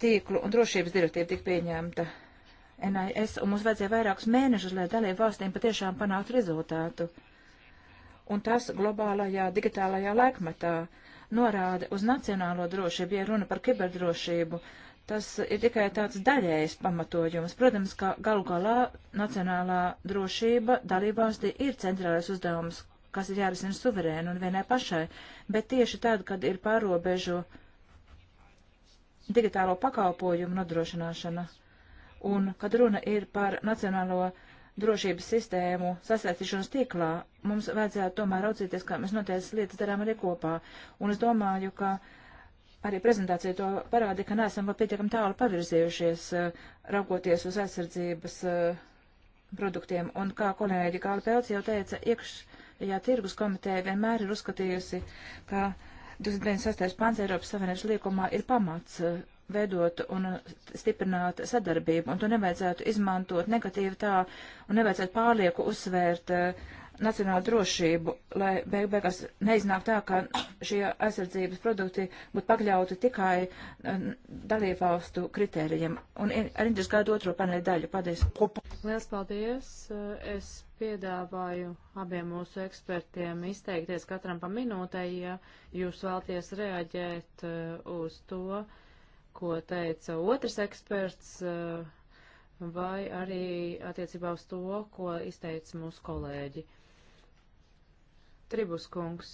tīklu un drošības direktīva tik pieņemta NIS, un mums vajadzēja vairākus mēnešus, lai dalību valstīm patiešām panāktu rezultātu. Un tas globālajā digitālajā laikmatā norāda uz nacionālo drošību, ja runa par kiberdrošību, Tas ir tikai tāds daļējs pamatojums. Protams, ka galu galā nacionālā drošība dalībvalstī ir centrālais uzdevums, kas ir jārisina suverēni un vienai pašai, bet tieši tad, kad ir pārobežu digitālo pakalpojumu nodrošināšana un kad runa ir par nacionālo drošības sistēmu sasaistīšanas tīklā, mums vajadzētu tomēr raucīties, kā mēs noteikti lietas darām arī kopā. Un es domāju, ka uh, arī prezentācija to parāda, ka neesam vēl pietiekami tālu pavirzījušies, eh, raugoties uz aizsardzības eh, produktiem. Un kā kolēģi Kāla Pelts jau teica, iekšējā tirgus komiteja vienmēr ir uzskatījusi, ka 296. pants Eiropas Savienības līkumā ir pamats eh, veidot un stiprināt sadarbību, un to nevajadzētu izmantot negatīvi tā, un nevajadzētu pārlieku uzsvērt uh, nacionālu drošību, lai beig beigās neiznāk tā, ka šie aizsardzības produkti būtu pakļauti tikai dalībvalstu kritērijiem. Un ar Indijas gaidu otro paneļu daļu. Paldies. Liels paldies. Es piedāvāju abiem mūsu ekspertiem izteikties katram pa minūtei, ja jūs vēlties reaģēt uh, uz to, ko teica otrs eksperts. Uh, vai arī attiecībā uz to, ko izteica mūsu kolēģi. Tribus kungs,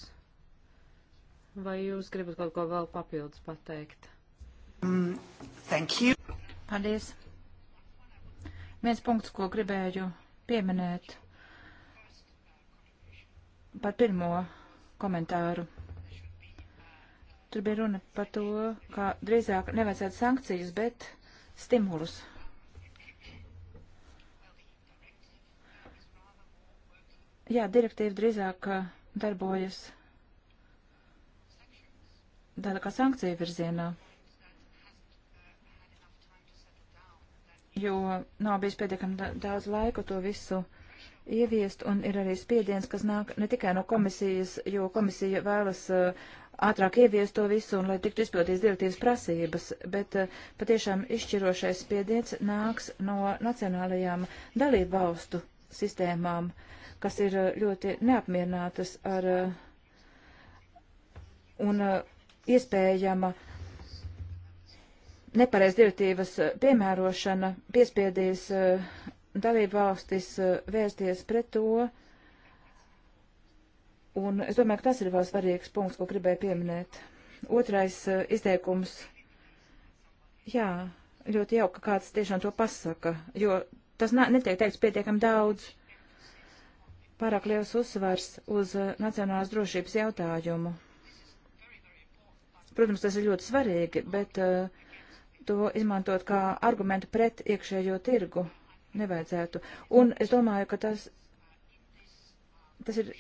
vai jūs gribat kaut ko vēl papildus pateikt? Mm, thank you. Paldies. Viens punkts, ko gribēju pieminēt par pirmo komentāru. Tur bija runa par to, ka drīzāk nevajadzētu sankcijas, bet stimulus. Jā, direktīva drīzāk darbojas tāda kā sankcija virzienā, jo nav bijis pietiekami daudz laika to visu ieviest, un ir arī spiediens, kas nāk ne tikai no komisijas, jo komisija vēlas uh, ātrāk ieviest to visu un lai tiktu izpildīts direktīvas prasības, bet uh, patiešām izšķirošais spiediens nāks no nacionālajām dalību valstu sistēmām. Uh, kas ir eh, ļoti neapmierinātas ar eh, un eh, iespējama nepareiz direktīvas piemērošana piespiedīs dalību valstis vērsties pret to. Un es domāju, ka tas ir vēl svarīgs punkts, ko gribēju pieminēt. Otrais izteikums. Jā, ļoti jauka, kāds tiešām to pasaka, jo tas netiek teikts pietiekam daudz pārāk liels uzsvars uz eh, nacionālās drošības jautājumu. Protams, tas ir ļoti svarīgi, bet uh, to izmantot kā argumentu pret iekšējo tirgu nevajadzētu. Un es domāju, ka tas, tas ir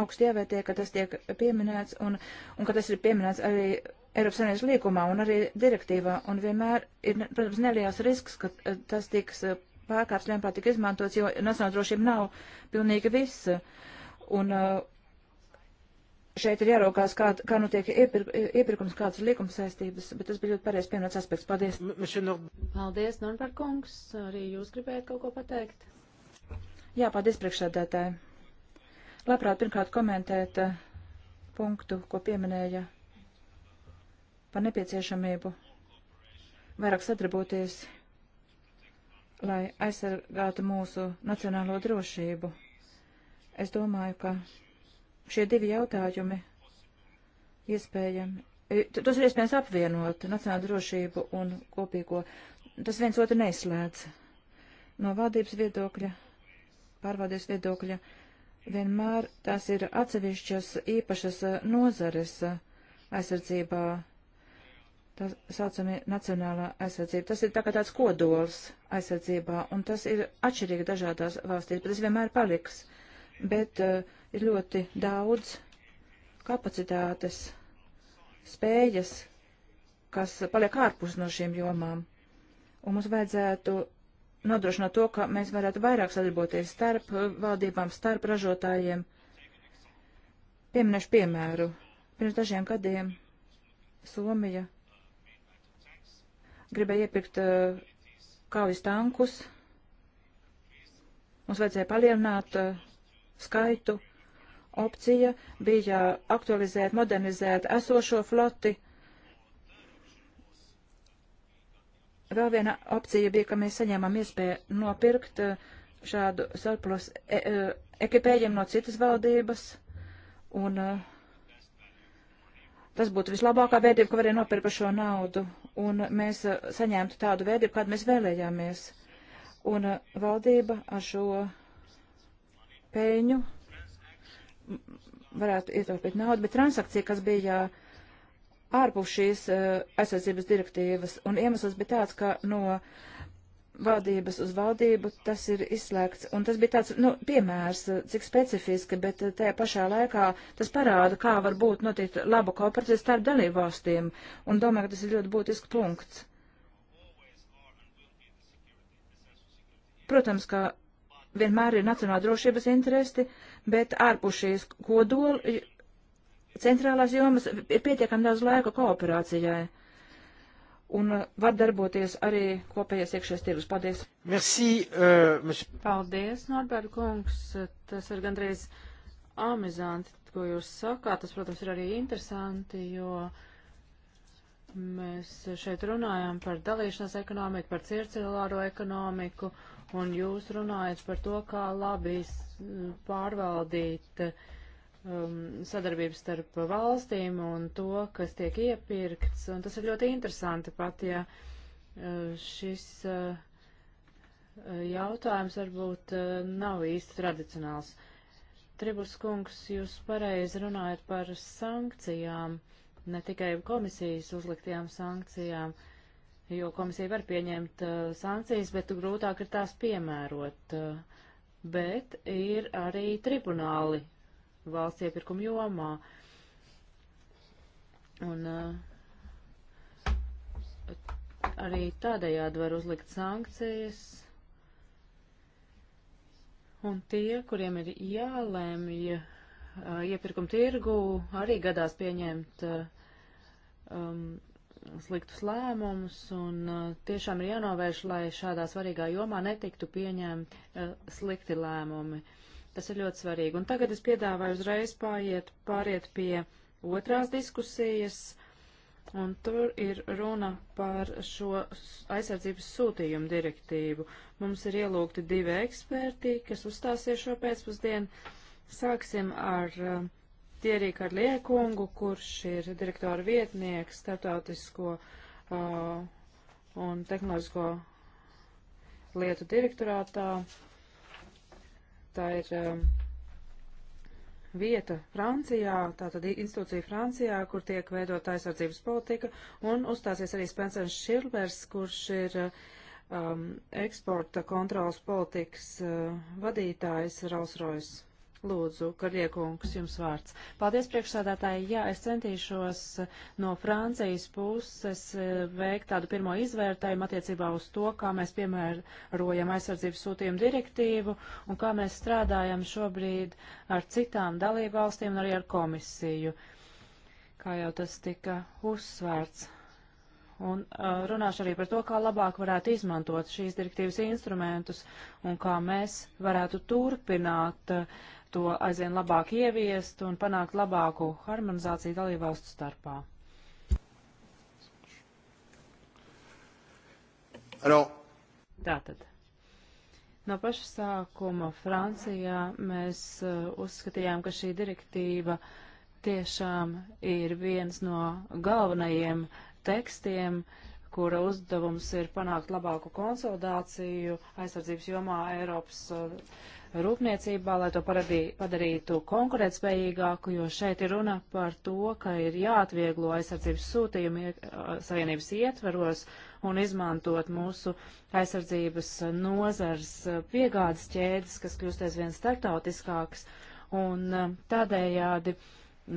augsti jāvērtē, ka tas tiek pieminēts un, un ka tas ir pieminēts arī Eiropas Savienības līkumā un arī direktīvā. Un vienmēr ir, protams, neliels risks, ka eh, tas tiks pārkāps ļaunprātīgi izmantots, jo nacionāla drošība nav pilnīgi viss. Un uh, šeit ir jāraukās, kā, kā nu tiek iepir, iepirkums, kādas ir līkuma saistības, bet tas bija ļoti pareizs pieminēts aspekts. Paldies. Paldies, Norberg kungs. Arī jūs gribējāt kaut ko pateikt? Jā, paldies priekšsēdētāji. Labprāt, pirmkārt komentēt uh, punktu, ko pieminēja par nepieciešamību vairāk sadarboties lai aizsargātu mūsu nacionālo drošību. Es domāju, ka šie divi jautājumi iespējami, e, tos ir iespējams apvienot, nacionālo drošību un kopīgo. Tas viens otru neizslēdz. No valdības viedokļa, pārvaldības viedokļa, vienmēr tās ir atsevišķas īpašas e, nozares e, aizsardzībā tā saucamie nacionālā aizsardzība. Tas ir tā kā tāds kodols aizsardzībā, un tas ir atšķirīgi dažādās valstīs, bet tas vienmēr paliks. Bet uh, ir ļoti daudz kapacitātes, spējas, kas paliek ārpus no šīm jomām. Un mums vajadzētu nodrošināt to, ka mēs varētu vairāk sadarboties starp uh, valdībām, starp ražotājiem. Pieminēšu piemēru. Pirms dažiem gadiem Somija gribēja iepirkt uh, kaujas tankus. Mums vajadzēja palielināt uh, skaitu. Opcija bija aktualizēt, modernizēt esošo floti. Vēl viena opcija bija, ka mēs saņēmām iespēju nopirkt uh, šādu surplus e e ekipējumu no citas valdības. Un, uh, tas būtu vislabākā vērtība, ko varēja nopirkt par šo naudu un mēs uh, saņemtu tādu veidību, kādu mēs vēlējāmies. Un uh, valdība ar šo peļņu varētu ietaupīt naudu, bet transakcija, kas bija uh, ārpus šīs aizsardzības direktīvas, un iemesls bija tāds, ka no uh, valdības uz valdību, tas ir izslēgts. Un tas bija tāds nu, piemērs, cik specifiski, bet eh, tajā pašā laikā tas parāda, kā var būt notikt laba kooperācija starp dalību valstīm. Un domāju, ka tas ir ļoti būtisks punkts. Protams, ka vienmēr ir nacionāla drošības interesi, bet ārpus šīs kodola centrālās jomas ir pietiekami daudz laika kooperācijai un uh, var darboties arī kopējais iekšējais tirgus. Paldies! Merci, uh, monsieur. Paldies, Norbert kungs! Tas ir gandrīz amizanti, ko jūs sakāt. Tas, protams, ir arī interesanti, jo mēs šeit runājam par dalīšanās ekonomiku, par circelāro ekonomiku, un jūs runājat par to, kā labi pārvaldīt uh, um, sadarbības starp valstīm un to, kas tiek iepirkts. Un tas ir ļoti interesanti pat, ja uh, šis uh, jautājums varbūt uh, nav īsti tradicionāls. Tribus kungs, jūs pareizi runājat par sankcijām, ne tikai komisijas uzliktajām sankcijām, jo komisija var pieņemt uh, sankcijas, bet grūtāk ir tās piemērot. Uh, bet ir arī tribunāli, valsts iepirkumu jomā. Un uh, arī tādējādi var uzlikt sankcijas. Un tie, kuriem ir jālēmj uh, eh, iepirkuma tirgu, arī gadās pieņemt uh, um, sliktus lēmumus, un uh, tiešām ir jānovērš, lai šādā svarīgā jomā netiktu pieņemti uh, slikti lēmumi. Uh, Tas ir ļoti svarīgi. Un tagad es piedāvāju uzreiz pāriet, pāriet pie otrās diskusijas, un tur ir runa par šo aizsardzības sūtījumu direktīvu. Mums ir ielūgti divi eksperti, kas uzstāsies šo pēcpusdienu. Sāksim ar uh, um, Tierī Karlie kungu, kurš ir direktora vietnieks starptautisko uh, un tehnoloģisko lietu direktorātā. Uh, tā ir um, vieta Francijā, tātad institūcija Francijā, kur tiek veidot aizsardzības politika, un uzstāsies arī Spencers Šilvers, kurš ir um, eksporta kontrolas politikas uh, vadītājs Rolls Royce. Lūdzu, Kariekungs, jums vārds. Paldies, priekšsādātāji. Jā, es centīšos no Francijas puses eh, veikt tādu pirmo izvērtējumu attiecībā uz to, kā mēs piemērojam aizsardzības sūtījumu direktīvu un kā mēs strādājam šobrīd ar citām dalību valstīm un arī ar komisiju, kā jau tas tika uzsvērts. Un uh, runāšu arī par to, kā labāk varētu izmantot šīs direktīvas instrumentus un kā mēs varētu turpināt uh, to aizvien labāk ieviest un panākt labāku harmonizāciju dalībvalstu starpā. Hello. Tātad. No paša sākuma Francijā mēs uh, uzskatījām, ka šī direktīva tiešām ir viens no galvenajiem uh, tekstiem, kura uzdevums ir panākt labāku konsolidāciju aizsardzības jomā Eiropas uh, rūpniecībā, lai to padarītu konkurētspējīgāku, jo šeit ir runa par to, ka ir jāatvieglo aizsardzības sūtījumi uh, savienības ietveros un izmantot mūsu aizsardzības uh, nozars piegādes ķēdes, kas kļūst aizvien starptautiskāks. Un tādējādi uh,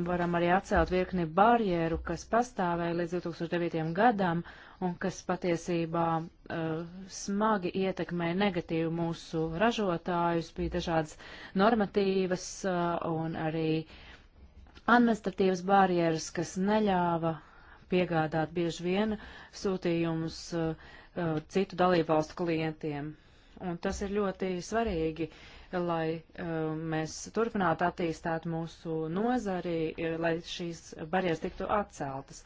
varam arī atcelt virkni barjeru, kas pastāvēja līdz 2009. gadam un kas patiesībā uh, smagi ietekmēja negatīvi mūsu ražotājus, bija dažādas normatīvas uh, un arī administratīvas barjeras, kas neļāva piegādāt bieži vien sūtījumus uh, citu dalībvalstu klientiem. Un tas ir ļoti svarīgi. Uh, lai uh, mēs turpinātu attīstāt mūsu nozari, uh, lai šīs barjeras tiktu atceltas.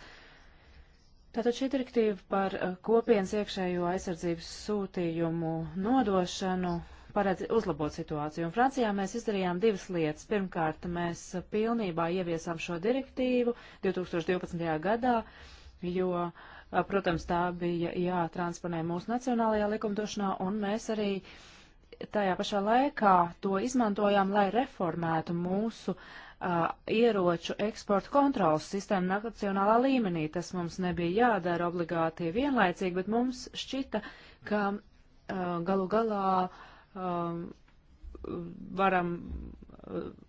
Tātad šī direktīva par uh, kopienas iekšējo aizsardzības sūtījumu nodošanu paredz uzlabot situāciju. Un Francijā mēs izdarījām divas lietas. Pirmkārt, mēs pilnībā ieviesām šo direktīvu 2012. gadā, jo, uh, protams, tā bija jātransponē mūsu nacionālajā likumdošanā, un mēs arī uh, tajā pašā laikā to izmantojām, lai reformētu mūsu uh, ieroču eksporta kontrolas sistēmu nacionālā līmenī. Tas mums nebija jādara obligāti vienlaicīgi, bet mums šķita, ka uh, galu galā uh, varam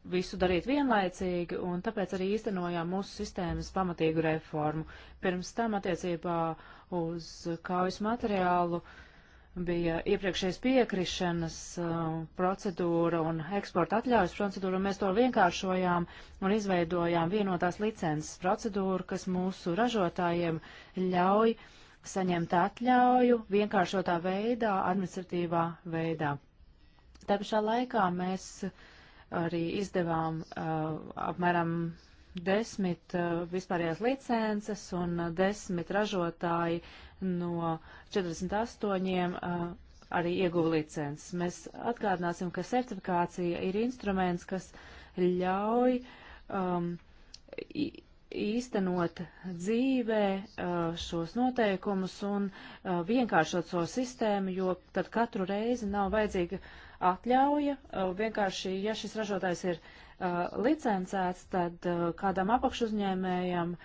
visu darīt vienlaicīgi, un tāpēc arī īstenojām mūsu sistēmas pamatīgu reformu. Pirms tam attiecībā uz kaujas materiālu uh, bija iepriekšējais piekrišanas uh, procedūra un eksporta atļaujas procedūra, un mēs to vienkāršojām un izveidojām vienotās licences procedūru, kas mūsu ražotājiem ļauj saņemt atļauju vienkāršotā veidā, administratīvā veidā. Tā pašā laikā mēs arī izdevām uh, apmēram desmit uh, vispārējās licences un uh, desmit ražotāji no 48 uh, eh, arī ieguva licences. Mēs atgādināsim, ka certifikācija ir instruments, kas ļauj um, īstenot dzīvē uh, šos noteikumus un uh, vienkāršot šo so sistēmu, jo tad katru reizi nav vajadzīga atļauja. Uh, vienkārši, ja šis ražotājs ir licencēts, tad kādam apakšuzņēmējam,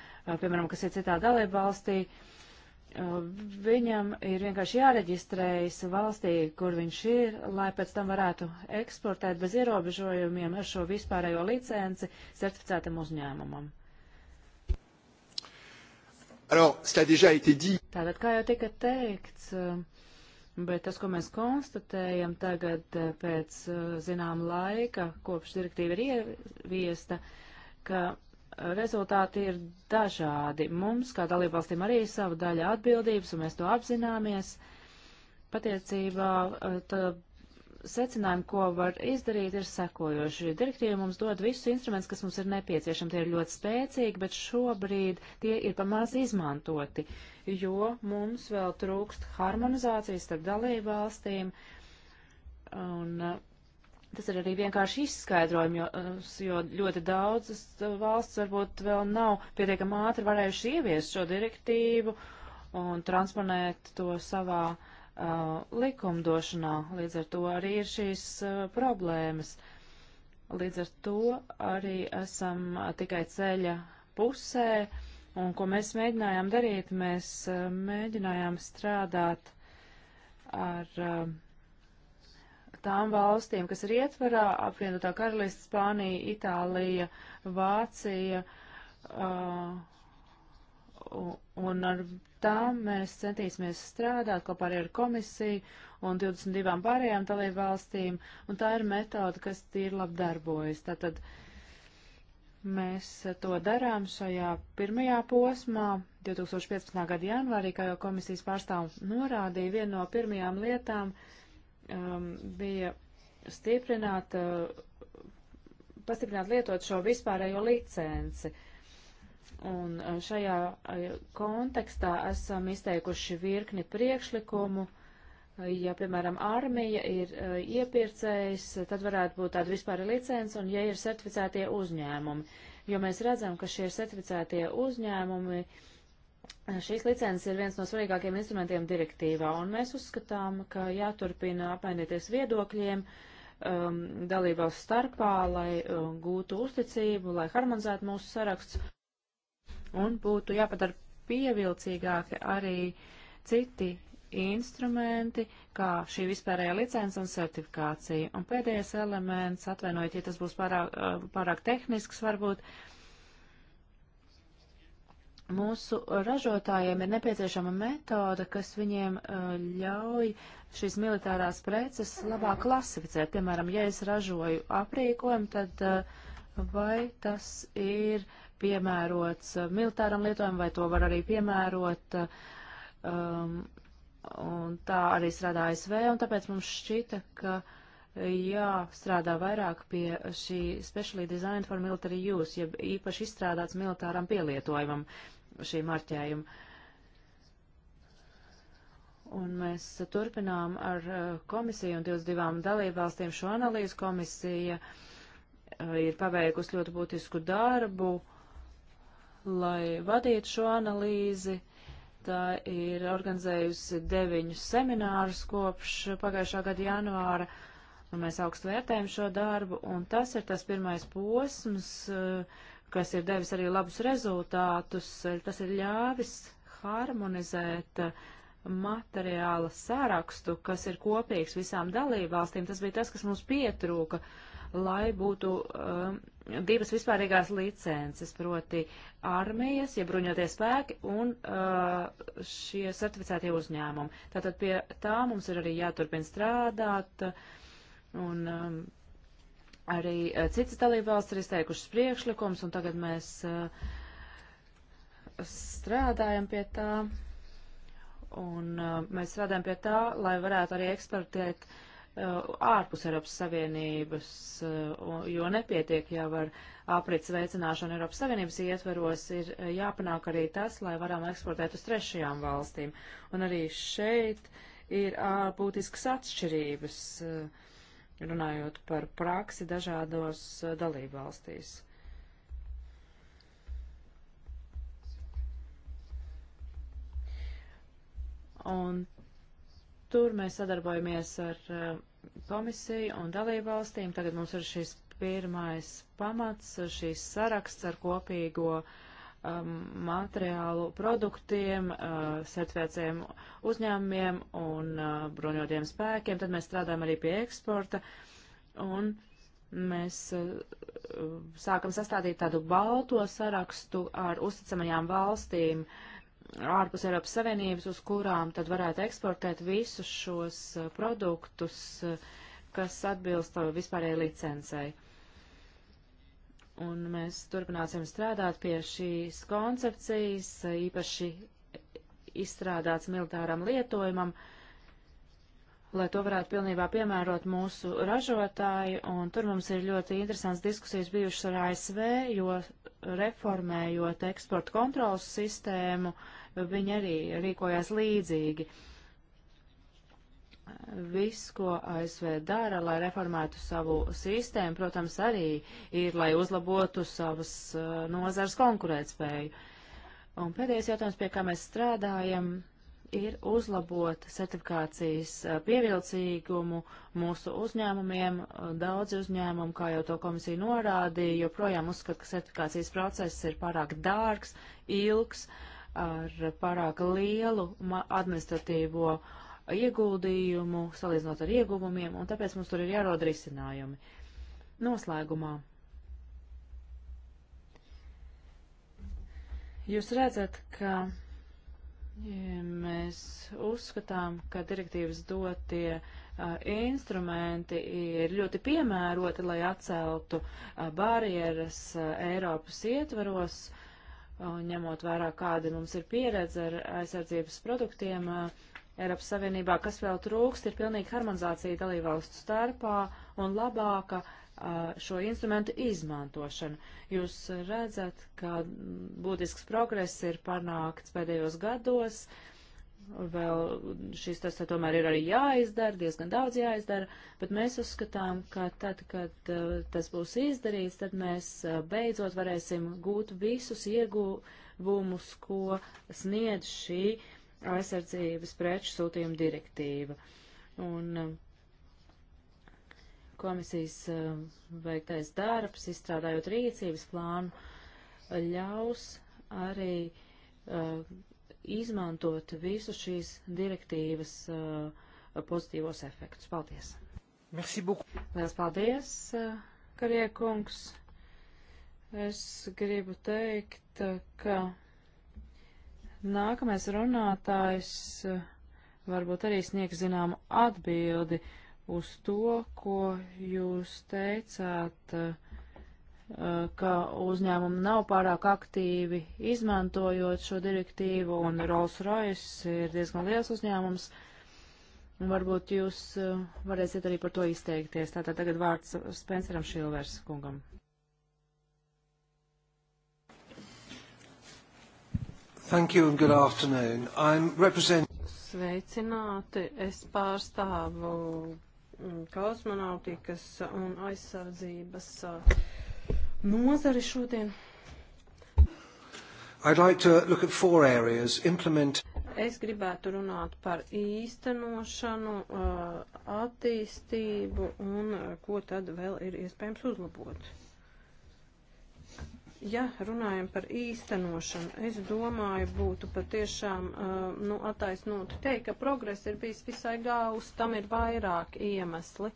piemēram, kas ir citā dalība valstī, uh, Viņam ir vienkārši jāreģistrējas valstī, kur viņš ir, lai pēc tam varētu eksportēt bez ierobežojumiem ar šo vispārējo licenci certificētam uzņēmumam. Tātad, kā jau tika teikts, bet tas, ko mēs konstatējam tagad pēc zinām laika, kopš direktīva ir ieviesta, ka rezultāti ir dažādi. Mums, kā dalībvalstīm, arī ir sava daļa atbildības, un mēs to apzināmies. Patiecībā eh, secinājumi, ko var izdarīt, ir sekojoši. Direktīva mums dod visus instrumentus, kas mums ir nepieciešami. Tie ir ļoti spēcīgi, bet šobrīd tie ir pamāz izmantoti, jo mums vēl trūkst harmonizācijas starp dalībvalstīm. Un eh, Tas ir arī vienkārši izskaidrojums, jo, eh, jo ļoti daudzas eh, valsts varbūt vēl nav pietiekami ātri varējuši ieviest šo direktīvu un transponēt to savā uh, likumdošanā. Līdz ar to arī ir šīs uh, problēmas. Līdz ar to arī esam tikai ceļa pusē. Uh, Un ko mēs mēģinājām darīt, mēs mēģinājām strādāt ar tām valstīm, kas ir ietvarā, apvienotā karalista, Spānija, Itālija, Vācija, uh, un ar tām mēs centīsimies strādāt kopā ar komisiju un 22 pārējām dalību valstīm, un tā ir metode, kas tīri labi darbojas. Tātad mēs to darām šajā pirmajā posmā, 2015. gada janvārī, kā jau komisijas pārstāv norādīja, viena no pirmajām lietām, uh, um, bija stiprināt, uh, pastiprināt lietot šo vispārējo licenci. Un uh, šajā uh, kontekstā esam izteikuši virkni priekšlikumu. Uh, ja, piemēram, armija ir uh, iepircējs, uh, tad varētu būt tāda vispāra licence, un ja ir certificētie uzņēmumi, jo mēs redzam, ka šie certificētie uzņēmumi uh, Šīs licences ir viens no svarīgākajiem instrumentiem direktīvā, un mēs uzskatām, ka jāturpina apmainīties viedokļiem um, dalībās starpā, lai um, gūtu uzticību, lai harmonizētu mūsu saraksts, un būtu jāpadara pievilcīgāki arī citi instrumenti, kā šī vispārējā licence un certifikācija. Un pēdējais elements, atvainojiet, ja tas būs pārāk, uh, pārāk tehnisks varbūt, uh, Mūsu ražotājiem ir nepieciešama metode, kas viņiem uh, ļauj šīs militārās preces labāk klasificēt. Piemēram, ja es ražoju aprīkojumu, tad uh, vai tas ir piemērots uh, militāram lietojumam, vai to var arī piemērot. Um, un tā arī strādā ASV, un tāpēc mums šķita, ka jāstrādā vairāk pie šī specially designed for military use, jeb īpaši izstrādāts militāram pielietojumam. Uh, šī marķējuma. Un mēs turpinām ar uh, komisiju un 22 dalībvalstīm šo analīzu. Komisija uh, ir paveikusi ļoti būtisku darbu, lai vadītu šo analīzi. Tā ir organizējusi deviņus seminārus kopš pagājušā gada janvāra, un mēs augstu vērtējam šo darbu, un tas ir tas pirmais posms, uh, kas ir devis arī labus rezultātus, tas ir ļāvis harmonizēt uh, materiāla sārakstu, kas ir kopīgs visām dalībvalstīm. Tas bija tas, kas mums pietrūka, lai būtu um, divas vispārīgās licences, proti armijas, iebruņotie spēki un uh, šie certificētie uzņēmumi. Tātad pie tā mums ir arī jāturpina strādāt un um, Arī eh, citas dalībvalsts ir izteikušas priekšlikums, un tagad mēs eh, strādājam pie tā. Un eh, mēs strādājam pie tā, lai varētu arī eksportēt ārpus Eiropas Savienības, jo nepietiek jau ar aprits veicināšanu Eiropas Savienības ietveros, ir jāpanāk arī tas, lai varam eksportēt uz trešajām valstīm. Un arī šeit ir būtiskas atšķirības. Uh, runājot par praksi dažādos eh, dalībvalstīs. Un tur mēs sadarbojamies ar eh, komisiju un dalībvalstīm. Tagad mums ir šis pirmais pamats, šīs saraksts ar kopīgo uh, Um, materiālu produktiem, uh, certificētiem uzņēmumiem un uh, bruņotiem spēkiem. Tad mēs strādājam arī pie eksporta un mēs uh, sākam sastādīt tādu balto sarakstu ar uzticamajām valstīm ārpus Eiropas Savienības, uz kurām tad varētu eksportēt visus šos produktus, kas atbilst vispārējai licencei un mēs turpināsim strādāt pie šīs koncepcijas, īpaši izstrādāts militāram lietojumam, lai to varētu pilnībā piemērot mūsu ražotāji, un tur mums ir ļoti interesants diskusijas bijušas ar ASV, jo reformējot eksporta kontrolas sistēmu, viņi arī rīkojās līdzīgi. Uh, Viss, ko ASV dara, lai reformētu savu sistēmu, protams, arī ir, lai uzlabotu savas uh, eh, nozars konkurētspēju. Un pēdējais jautājums, pie kā mēs strādājam, ir uzlabot certifikācijas eh, pievilcīgumu mūsu uzņēmumiem. Eh, daudzi uzņēmumi, kā jau to komisija norādīja, joprojām uzskata, ka certifikācijas process ir pārāk dārgs, ilgs, ar pārāk lielu administratīvo uh, ieguldījumu, salīdzinot ar ieguvumiem, un tāpēc mums tur ir jārod risinājumi. Noslēgumā. Jūs redzat, ka ja mēs uzskatām, ka direktīvas dotie uh, instrumenti ir ļoti piemēroti, lai atceltu uh, barjeras uh, Eiropas ietveros, ņemot vērā, kāda mums ir pieredze ar aizsardzības produktiem. Uh, Eiropas Savienībā, kas vēl trūkst, ir pilnīga harmonizācija dalībvalstu starpā un labāka šo instrumentu izmantošana. Jūs redzat, ka būtisks progress ir panākts pēdējos gados, vēl šis tas tomēr ir arī jāizdara, diezgan daudz jāizdara, bet mēs uzskatām, ka tad, kad tas būs izdarīts, tad mēs beidzot varēsim gūt visus ieguvumus, ko sniedz šī uh, aizsardzības preču sūtījuma direktīva. Un um, komisijas um, veiktais darbs, izstrādājot rīcības plānu, ļaus arī uh, izmantot visu šīs direktīvas uh, pozitīvos efektus. Paldies! Merci beaucoup! Lielas paldies, uh, Karie kungs! Es gribu teikt, uh, ka Nākamais runātājs eh, varbūt arī sniegs zināmu atbildi uz to, ko jūs teicāt, eh, ka uzņēmumi nav pārāk aktīvi izmantojot šo direktīvu, un Rolls-Royce ir diezgan liels uzņēmums. Varbūt jūs eh, varēsiet arī par to izteikties. Tātad tagad vārds Spenceram Šilvers kungam. Thank you and good afternoon. I'm represent... Sveicināti, es pārstāvu mm, kosmonautikas un aizsardzības uh, nozari šodien. I'd like to look at four areas. Implement... Es gribētu runāt par īstenošanu, uh, attīstību un uh, ko tad vēl ir iespējams uzlabot. Ja runājam par īstenošanu, es domāju, būtu patiešām nu, attaisnot teikt, ka progress ir bijis visai gaus, tam ir vairāk iemesli.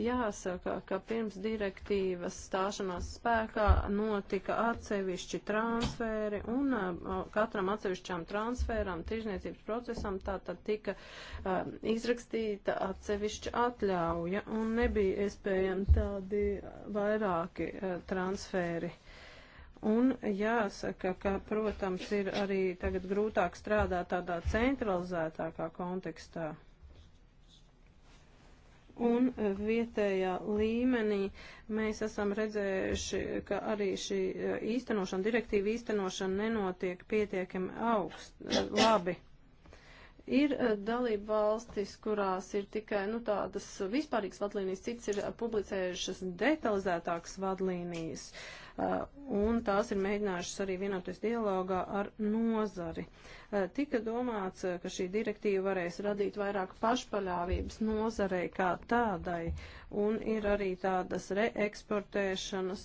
Jāsaka, ka pirms direktīvas stāšanās spēkā notika atsevišķi transferi un katram atsevišķām transferam, tirzniecības procesam tātad tika uh, izrakstīta atsevišķa atļauja un nebija iespējami tādi vairāki uh, transferi. Uh, Un jāsaka, ka, protams, ir arī tagad grūtāk strādāt tādā centralizētākā kontekstā. Un vietējā līmenī mēs esam redzējuši, ka arī šī īstenošana, direktīva īstenošana nenotiek pietiekami augst, labi. Ir eh, dalība valstis, kurās ir tikai nu, tādas vispārīgas vadlīnijas, cits ir eh, publicējušas detalizētākas vadlīnijas, eh, un tās ir mēģinājušas arī vienoties dialogā ar nozari. Tika domāts, ka šī direktīva varēs radīt vairāk pašpaļāvības nozarei kā tādai, un ir arī tādas reeksportēšanas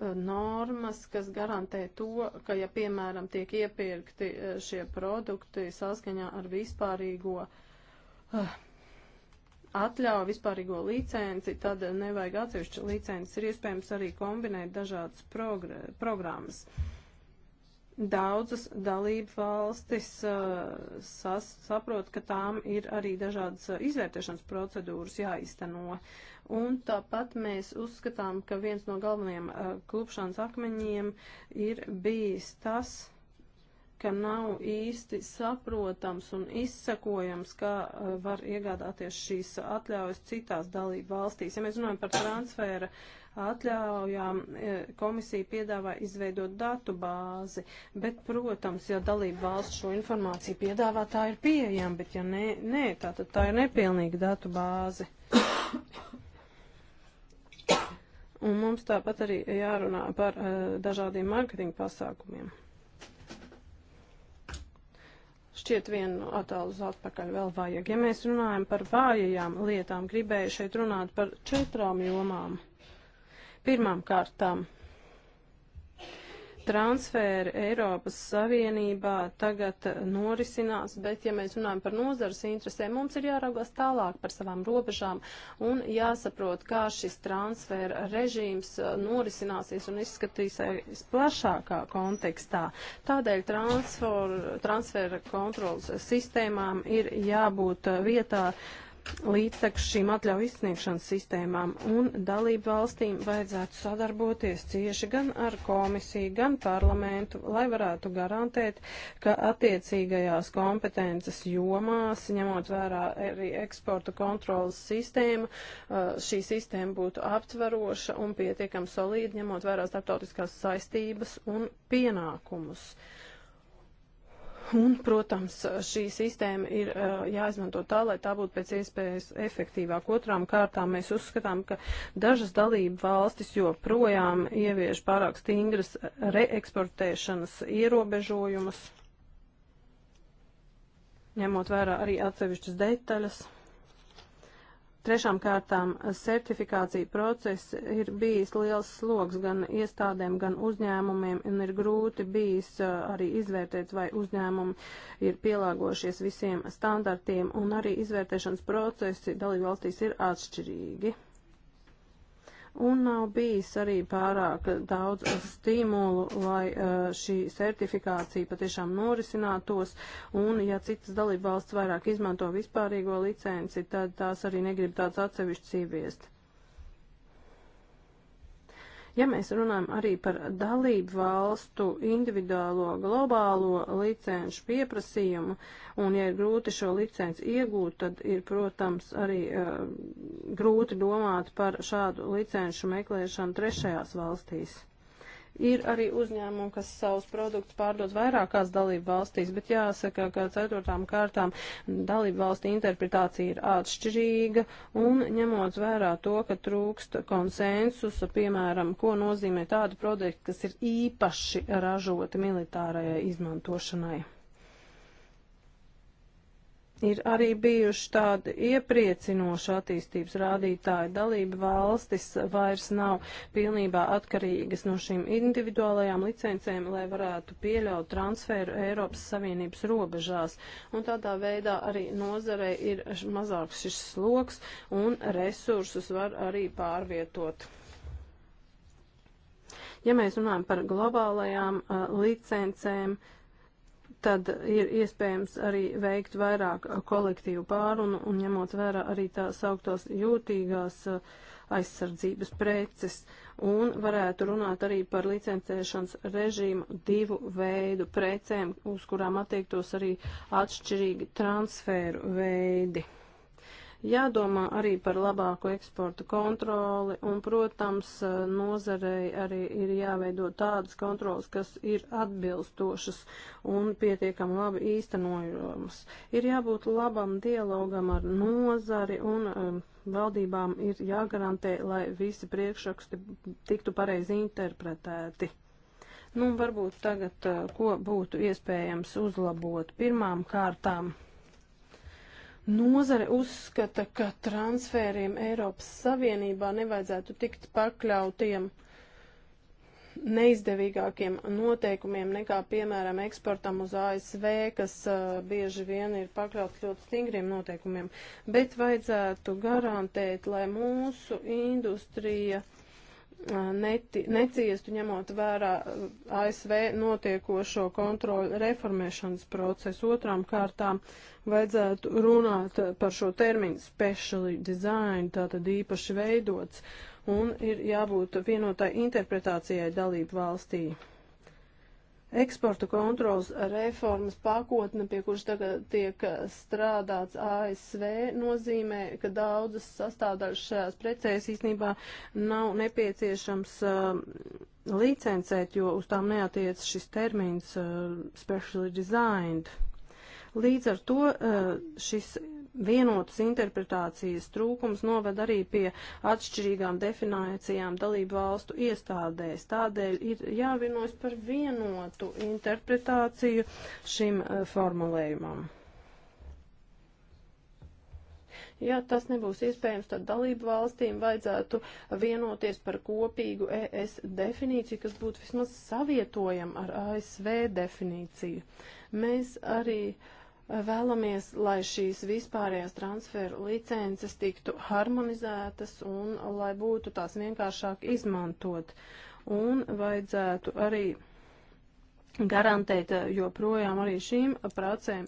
Eh, normas, kas garantē to, ka, ja, piemēram, tiek iepirkti eh, šie produkti saskaņā ar vispārīgo eh, atļauju, vispārīgo licenci, tad nevajag atsevišķu licenci. Ir iespējams arī kombinēt dažādas programmas. Daudzas dalību valstis uh, sas, saprot, ka tām ir arī dažādas izvērtēšanas procedūras jāizteno. Uh, Un tāpat mēs uzskatām, ka viens no galvenajiem uh, klupšanas akmeņiem ir bijis tas, ka nav īsti saprotams un izsakojams, kā uh, var iegādāties šīs atļaujas citās dalību valstīs. Ja mēs runājam par transfēra atļaujām, uh, komisija piedāvā izveidot datu bāzi, bet, protams, ja dalību valsts šo informāciju piedāvā, tā ir pieejama, bet ja nē, nē tā tad tā ir nepilnīga datu bāze. Un mums tāpat arī jārunā par uh, dažādiem mārketinga pasākumiem. Šķiet vienu attālus atpakaļ vēl vajag. Ja mēs runājam par vājajām lietām, gribēju šeit runāt par četrām jomām. Pirmām kārtām transfēri Eiropas Savienībā tagad norisinās, bet ja mēs runājam par nozares interesēm, mums ir jāraugās tālāk par savām robežām un jāsaprot, kā šis transfēra režīms uh, norisināsies un izskatīsies plašākā kontekstā. Tādēļ transfer, transfēra kontrolas sistēmām ir jābūt uh, vietā. Uh, līdzekļu šīm atļauju izsniegšanas sistēmām, un dalību valstīm vajadzētu sadarboties cieši gan ar komisiju, gan parlamentu, lai varētu garantēt, ka attiecīgajās kompetences jomās, ņemot vērā arī eksporta kontrolas sistēmu, uh, šī sistēma būtu aptveroša un pietiekam solīda, ņemot vērā starptautiskās saistības un pienākumus. Uh, Un, protams, šī sistēma ir uh, jāizmanto tā, lai tā būtu pēc iespējas efektīvāk. Otrām kārtām mēs uzskatām, ka dažas dalību valstis joprojām ievieš pārāk stingras reeksportēšanas ierobežojumus, ņemot vērā arī atsevišķas detaļas. Trešām kārtām eh, certifikācija process ir bijis liels sloks gan iestādēm, gan uzņēmumiem, un ir grūti bijis eh, arī izvērtēt, vai uzņēmumi ir pielāgojušies visiem standartiem, un arī izvērtēšanas procesi dalībvalstīs ir atšķirīgi un nav bijis arī pārāk daudz stimulu, lai eh, šī certifikācija patiešām norisinātos, un ja citas dalībvalsts vairāk izmanto vispārīgo licenci, tad tās arī negrib tāds atsevišķs ieviest. Ja mēs runājam arī par dalību valstu individuālo globālo licenšu pieprasījumu, un ja ir grūti šo licenci iegūt, tad ir, protams, arī uh, grūti domāt par šādu licenšu meklēšanu trešajās valstīs. Ir arī uzņēmumi, kas savus produktus pārdod vairākās dalību valstīs, bet jāsaka, ka ceturtām kārtām dalību valstu interpretācija ir atšķirīga un ņemot vērā to, ka trūkst konsensusa, piemēram, ko nozīmē tādi produkti, kas ir īpaši ražoti militārajai izmantošanai. Ir arī bijuši tādi iepriecinoši attīstības rādītāji. Dalība valstis vairs nav pilnībā atkarīgas no šīm individuālajām licencēm, lai varētu pieļaut transferu Eiropas Savienības robežās. Un tādā veidā arī nozarei ir mazāks šis sloks un resursus var arī pārvietot. Ja mēs runājam par globālajām uh, licencēm, uh, tad ir iespējams arī veikt vairāk kolektīvu pārunu un ņemot vērā arī tā sauktos jūtīgās uh, aizsardzības preces un varētu runāt arī par licencēšanas režīmu divu veidu precēm, uz kurām attiektos arī atšķirīgi transferu veidi. Jādomā arī par labāku eksporta kontroli un, protams, nozarei arī ir jāveido tādas kontrolas, kas ir atbilstošas un pietiekami labi īstenojamas. Ir jābūt labam dialogam ar nozari un um, valdībām ir jāgarantē, lai visi priekšraksti tiktu pareizi interpretēti. Nu, varbūt tagad, uh, ko būtu iespējams uzlabot pirmām kārtām. Nozare uzskata, ka transfēriem Eiropas Savienībā nevajadzētu tikt pakļautiem neizdevīgākiem noteikumiem nekā, piemēram, eksportam uz ASV, kas uh, bieži vien ir pakļauts ļoti stingriem noteikumiem, bet vajadzētu garantēt, lai mūsu industrija uh, neti, neciestu ņemot vērā ASV notiekošo kontroli reformēšanas procesu. Otrām kārtām vajadzētu runāt par šo terminu specially design, tātad īpaši veidots, un ir jābūt vienotai interpretācijai dalību valstī. Eksporta kontrols reformas pakotne, pie kuras tagad tiek strādāts ASV, nozīmē, ka daudzas sastāvdaļas šajās precēs īstenībā nav nepieciešams uh, licencēt, jo uz tām neatiec šis termins uh, specially designed. Līdz ar to uh, šis Vienotas interpretācijas trūkums noved arī pie atšķirīgām definīcijām dalību valstu iestādēs. Tādēļ ir jāvienojas par vienotu interpretāciju šim eh, formulējumam. Ja tas nebūs iespējams, tad dalību valstīm vajadzētu vienoties par kopīgu ES definīciju, kas būtu vismaz savietojama ar ASV definīciju. Mēs arī uh, Vēlamies, lai šīs vispārējās transferu licences tiktu harmonizētas un lai būtu tās vienkāršāk izmantot. Un vajadzētu arī garantēt eh, joprojām arī šīm pracēm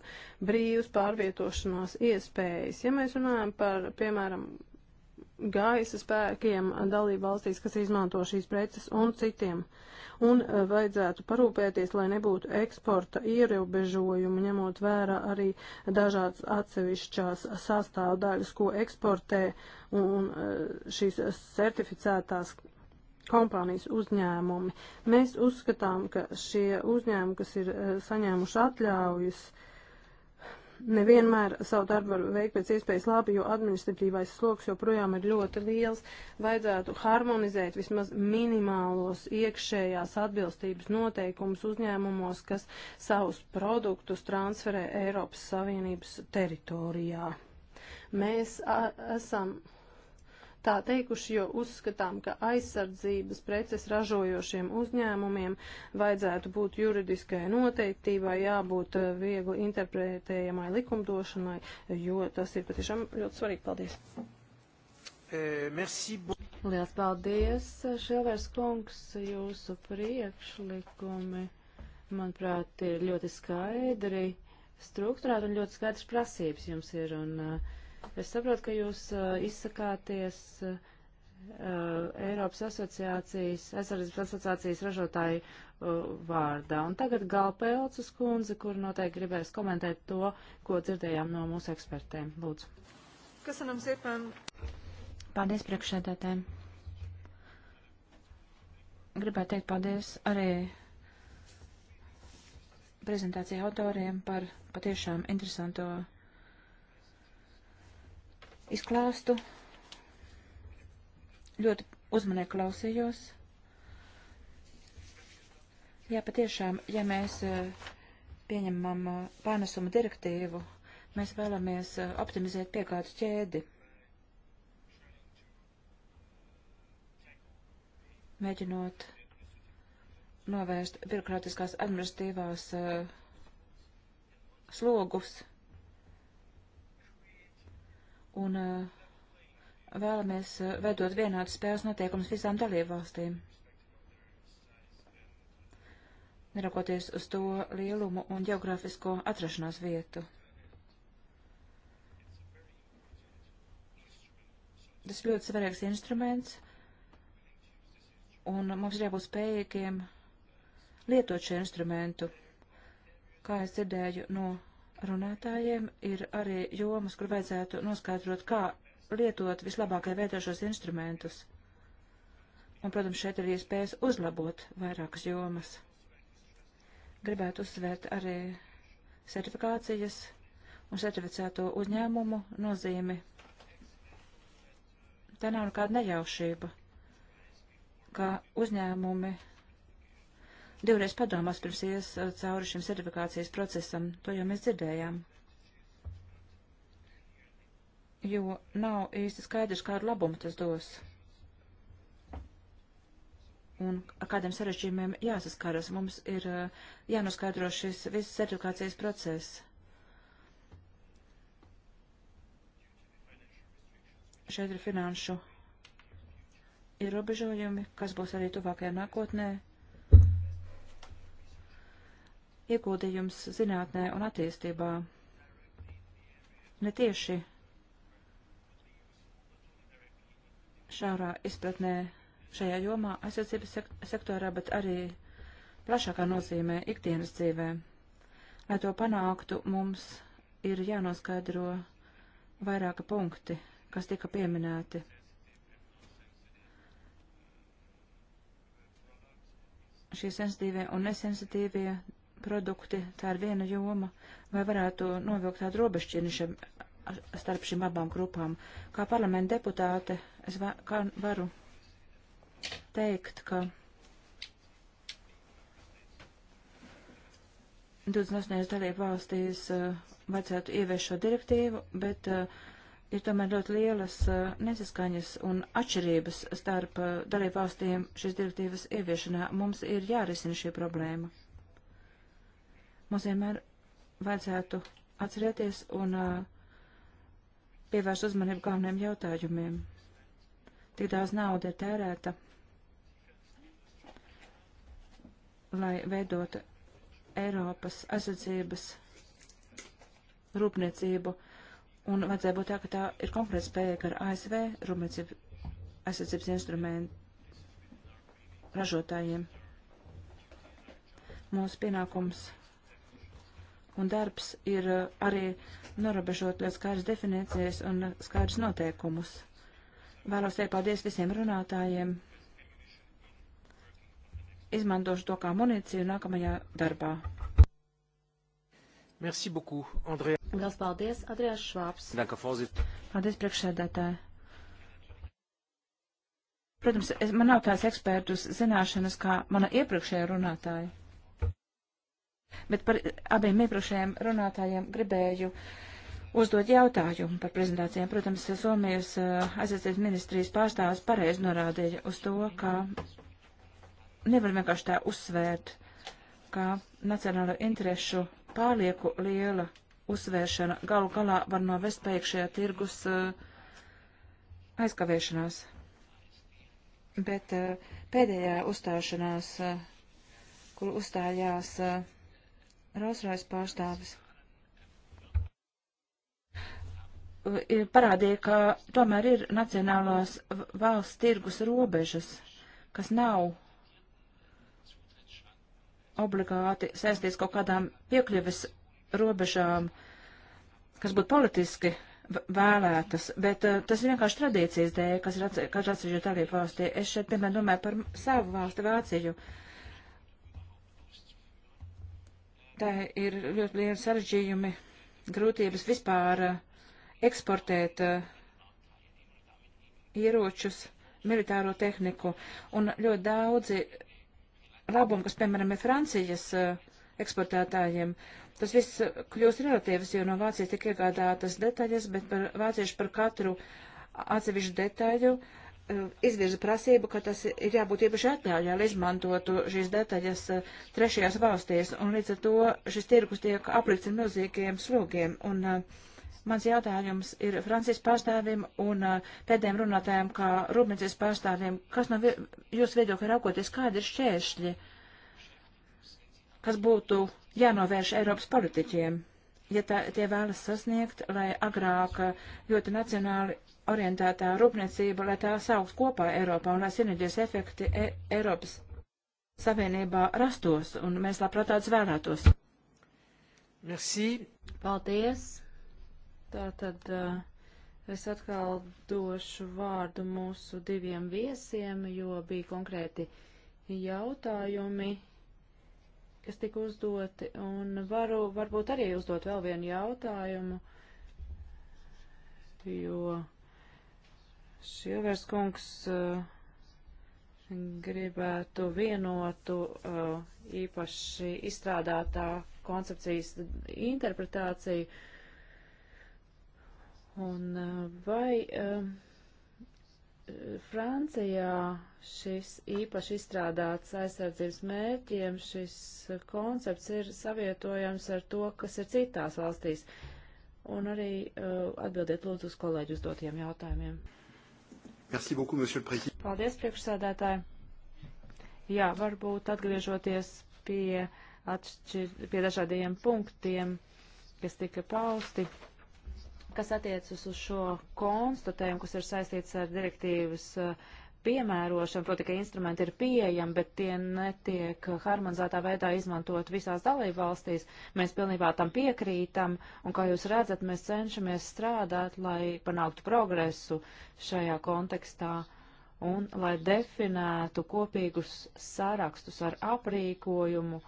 brīvas pārvietošanās iespējas. Ja mēs runājam par, piemēram, gaisa spēkiem dalību valstīs, kas izmanto šīs preces un citiem. Un e, vajadzētu parūpēties, lai nebūtu eksporta ierobežojumu, ņemot vērā arī dažādas atsevišķās sastāvdaļas, ko eksportē un e, šīs certificētās kompānijas uzņēmumi. Mēs uzskatām, ka šie uzņēmumi, kas ir e, saņēmuši atļaujas, uh, nevienmēr savu darbu var veikt pēc iespējas labi, jo administratīvais sloks joprojām ir ļoti liels. Vajadzētu harmonizēt vismaz minimālos iekšējās atbilstības noteikumus uzņēmumos, kas savus produktus transferē Eiropas Savienības teritorijā. Mēs a, esam tā teikuši, jo uzskatām, ka aizsardzības preces ražojošiem uzņēmumiem vajadzētu būt juridiskai noteiktībai, jābūt eh, viegli interpretējamai likumdošanai, jo tas ir patiešām ļoti svarīgi. Paldies! Eh, Liels paldies, Šelvers kungs, jūsu priekšlikumi, manuprāt, ir ļoti skaidri strukturēti un ļoti skaidrs prasības jums ir. Un, uh, Es saprotu, ka jūs uh, izsakāties uh, Eiropas asociācijas, aizsardzības asociācijas ražotāju uh, vārdā. Un tagad Galpēlcas kundze, kur noteikti gribēs komentēt to, ko dzirdējām no mūsu ekspertiem. Lūdzu. Kas anam sēpēm? Paldies priekšsēdētēm. Gribētu teikt paldies arī prezentācija autoriem par patiešām interesanto izklāstu. Ļoti uzmanīgi klausījos. Jā, patiešām, ja mēs e, pieņemam e, pārnesumu direktīvu, mēs vēlamies e, optimizēt piegādes ķēdi. Mēģinot novērst birokrātiskās administratīvās slogus un eh, vēlamies eh, veidot vienādas spēles noteikumus visām dalībvalstīm. Neraugoties uz to lielumu un geogrāfisko atrašanās vietu. Tas ļoti svarīgs instruments, un mums ir jābūt spējīgiem lietot šo instrumentu, kā es dzirdēju no runātājiem ir arī jomas, kur vajadzētu noskaidrot, kā lietot vislabākai veidošos instrumentus. Un, protams, šeit ir iespējas uzlabot vairākas jomas. Gribētu uzsvērt arī certifikācijas un certificēto uzņēmumu nozīmi. Tā nav nekāda nejaušība, ka uzņēmumi divreiz padomās pirms ies eh, cauri šim certifikācijas procesam. To jau mēs dzirdējām. Jo nav īsti skaidrs, kādu labumu tas dos. Un ar kādiem sarežģījumiem jāsaskaras. Mums ir eh, jānoskaidro šis viss certifikācijas process. Šeit ir finanšu ierobežojumi, kas būs arī tuvākajā nākotnē ieguldījums zinātnē un attīstībā. Ne tieši šaurā izpratnē šajā jomā aizsardzības sektorā, bet arī plašākā nozīmē ikdienas dzīvē. Lai to panāktu, mums ir jānoskaidro vairāki punkti, kas tika pieminēti. Šie sensitīvie un nesensitīvie produkti, tā ir viena joma, vai varētu novilkt tādu robežķienu šiem, starp šīm abām grupām. Kā parlamenta deputāte es va, kā varu teikt, ka 28. dalību valstīs uh, vajadzētu ieviest šo direktīvu, bet uh, ir tomēr ļoti lielas uh, nesaskaņas un atšķirības starp uh, dalībvalstīm šīs direktīvas ieviešanā. Mums ir jārisina šī problēma. Mums vienmēr vajadzētu atcerēties un uh, pievērst uzmanību galveniem jautājumiem. Tik daudz nauda ir tērēta, lai veidotu Eiropas aizsardzības rūpniecību, un vajadzēja būt tā, ka tā ir konkurētspējīga ar ASV rūpniecību aizsardzības instrumentu ražotājiem. Mūsu pienākums un darbs ir eh, arī norobežot ļoti skaidrs definīcijas un skaidrs noteikumus. Vēlos teikt paldies visiem runātājiem. Izmantošu to kā munīciju nākamajā darbā. Merci beaucoup, Andrē. Liels paldies, Adriāš Švāps. Danka, paldies, priekšsēdētāji. Protams, es, man nav tās ekspertus zināšanas, kā mana iepriekšējā runātāja. Bet par abiem iepriekšējiem runātājiem gribēju uzdot jautājumu par prezentācijām. Protams, Somijas eh, aizsardzības ministrijas pārstāvis pareizi norādīja uz to, ka nevar vienkārši tā uzsvērt, ka nacionālo interešu pārlieku liela uzsvēršana galu galā var novest pēkšējā tirgus eh, aizkavēšanās. Bet eh, pēdējā uzstāšanās, kur uzstājās Rosrais pārstāvis e, parādīja, ka tomēr ir nacionālās valsts tirgus robežas, kas nav obligāti saistīts kaut kādām piekļuves robežām, kas būtu politiski vēlētas, bet uh, tas ir vienkārši tradīcijas dēļ, kas ir atsevišķi dalību valstī. Es šeit, piemēram, domāju par savu valsti Vāciju. Uh, Tā ir ļoti liela sarežģījumi, grūtības vispār eh, eksportēt eh, ieročus, militāro tehniku. Un ļoti daudzi labumi, kas, piemēram, ir Francijas eh, eksportētājiem, tas viss kļūst relatīvs, jo no Vācijas tiek iegādātas detaļas, bet par vācieši par katru atsevišķu detaļu uh, Eh, izvirza prasību, ka tas ir jābūt īpaši atļaujā, lai izmantotu šīs detaļas eh, trešajās valstīs, un līdz ar to šis tirgus tiek aplikts ar milzīgiem slogiem. Un uh, mans jautājums ir Francijas pārstāvim un uh, pēdējiem runātājiem, kā Rūpniecības pārstāvim, kas no vi jūsu viedokļa raukoties, kādi ir šķēršļi, kas būtu jānovērš Eiropas politiķiem? Ja tā, tie vēlas sasniegt, lai agrāk ļoti nacionāli orientētā rūpniecība, lai tās augs kopā Eiropā un lai sinerģijas efekti e Eiropas Savienībā rastos, un mēs labprāt tāds vēlētos. Merci. Paldies. Tātad uh, es atkal došu vārdu mūsu diviem viesiem, jo bija konkrēti jautājumi, kas tika uzdoti, un varu varbūt arī uzdot vēl vienu jautājumu, jo Šilvers kungs eh, gribētu vienotu eh, īpaši izstrādātā koncepcijas interpretāciju. Un eh, vai Francijā šis īpaši izstrādāts aizsardzības mērķiem, šis koncepts ir savietojams ar to, kas ir citās valstīs? Un arī atbildiet lūdzu uz kolēģi uzdotiem jautājumiem. Merci beaucoup, monsieur le président. Paldies, priekšsēdētāji. Jā, varbūt atgriežoties pie, atšķir, pie dažādiem punktiem, kas tika pausti, kas attiecas uz šo konstatējumu, kas ir saistīts ar direktīvas uh, piemērošana, proti, ka instrumenti ir pieejami, bet tie netiek harmonizētā veidā izmantot visās dalību valstīs. Mēs pilnībā tam piekrītam, un kā jūs redzat, mēs cenšamies strādāt, lai panāktu progresu šajā kontekstā un lai definētu kopīgus sarakstus ar aprīkojumu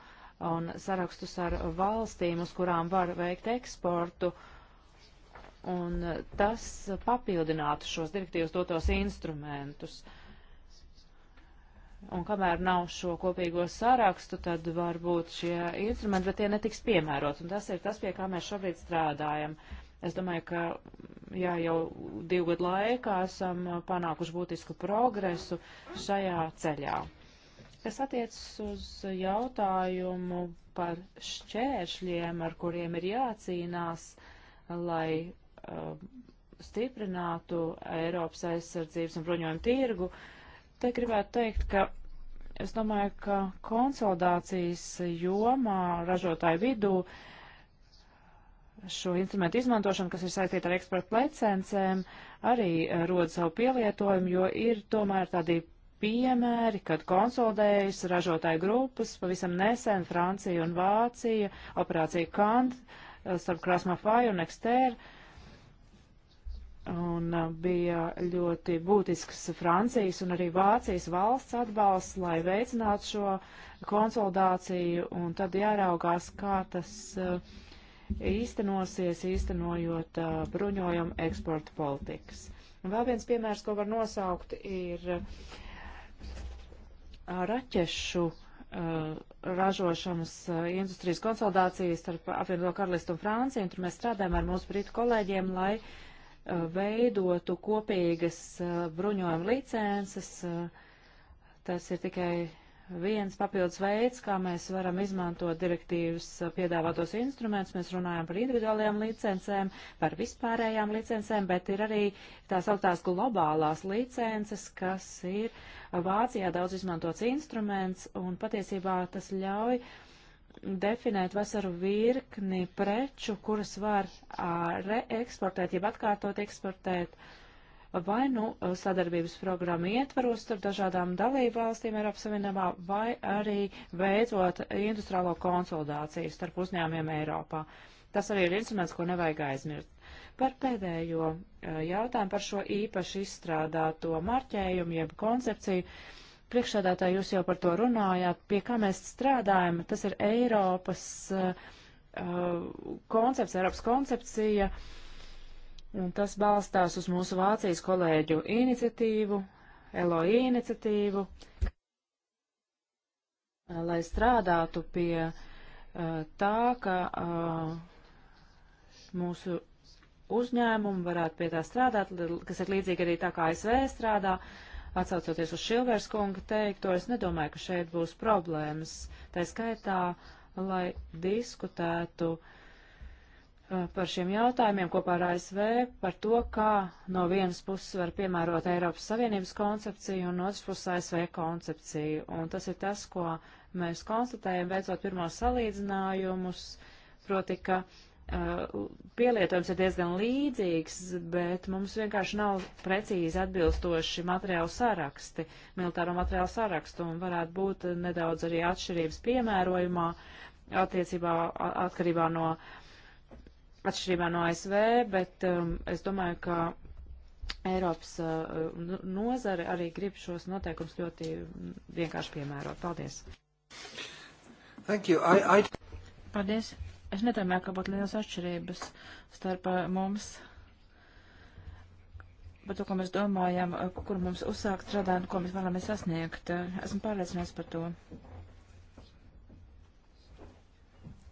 un sarakstus ar valstīm, uz kurām var veikt eksportu. Un tas papildinātu šos direktīvas dotos instrumentus. Uh, Un kamēr nav šo kopīgo sārakstu, tad varbūt šie instrumenti, bet tie netiks piemērot. Un tas ir tas, pie kā mēs šobrīd strādājam. Es domāju, ka jā, jau divu gadu laikā esam panākuši būtisku progresu šajā ceļā. Kas attiecas uz jautājumu par šķēršļiem, ar kuriem ir jācīnās, lai uh, stiprinātu Eiropas aizsardzības un bruņojumu tirgu, uh, Te gribētu teikt, ka es domāju, ka konsolidācijas jomā ražotāju vidū šo instrumentu izmantošana, kas ir saistīta ar eksporta licencēm, arī eh, rod savu pielietojumu, jo ir tomēr tādi piemēri, kad konsolidējas ražotāju grupas, pavisam nesen Francija un Vācija, operācija Kant, eh, starp Krasmafai un Ekstēru, Un uh, bija ļoti būtisks Francijas un arī Vācijas valsts atbalsts, lai veicinātu šo konsolidāciju, un tad jāraugās, kā tas uh, īstenosies, īstenojot uh, bruņojumu eksporta politikas. Un vēl viens piemērs, ko var nosaukt, ir raķešu ražošanas industrijas konsolidācijas starp apvienoto karalistu un Franciju, un tur mēs strādājam ar mūsu britu kolēģiem, lai uh, Uh, veidotu kopīgas uh, bruņojuma licences. Uh, tas ir tikai viens papildus veids, kā mēs varam izmantot direktīvas piedāvātos instrumentus. Mēs runājam par individuālajām licencēm, par vispārējām licencēm, bet ir arī tās augtās globālās licences, kas ir Vācijā daudz izmantots instruments, un patiesībā tas ļauj uh, definēt vasaru virkni preču, kuras var reeksportēt, jeb atkārtot eksportēt, vai nu sadarbības programmu ietvaros starp dažādām dalību valstīm Eiropas Savienībā, vai arī veicot industriālo konsolidāciju starp uzņēmiem Eiropā. Tas arī ir instruments, ko nevajag aizmirst. Par pēdējo jautājumu par šo īpaši izstrādāto marķējumu, jeb koncepciju. Uh, Priekšsādātāji, jūs jau par to runājāt, pie kā mēs strādājam, tas ir Eiropas uh, koncepts, Eiropas koncepcija, un tas balstās uz mūsu Vācijas kolēģu iniciatīvu, LOI iniciatīvu, lai strādātu pie uh, tā, ka uh, mūsu uzņēmumi varētu pie tā strādāt, kas ir līdzīgi arī tā kā ASV strādā, uh, Atsaucoties uz Šilvers kunga teikto, es nedomāju, ka šeit būs problēmas. Tā skaitā, lai diskutētu uh, par šiem jautājumiem kopā ar ASV, par to, kā no vienas puses var piemērot Eiropas Savienības koncepciju un no otras puses ASV koncepciju. Un tas ir tas, ko mēs konstatējam, veicot pirmos salīdzinājumus, proti, ka uh, Eh, pielietojums ir diezgan līdzīgs, bet mums vienkārši nav precīzi atbilstoši materiālu saraksti, militāro materiālu sarakstu, un varētu būt nedaudz arī atšķirības piemērojumā attiecībā atkarībā no atšķirībā no ASV, bet um, es domāju, ka Eiropas uh, nu, nozare arī grib šos noteikums ļoti vienkārši piemērot. Paldies! Thank you. I, I... Paldies! Es nedomāju, ka būtu liels atšķirības starp eh, mums par to, ko mēs domājam, eh, kur mums uzsākt strādāt, ko mēs vēlamies sasniegt. Eh, esmu pārliecināts par to.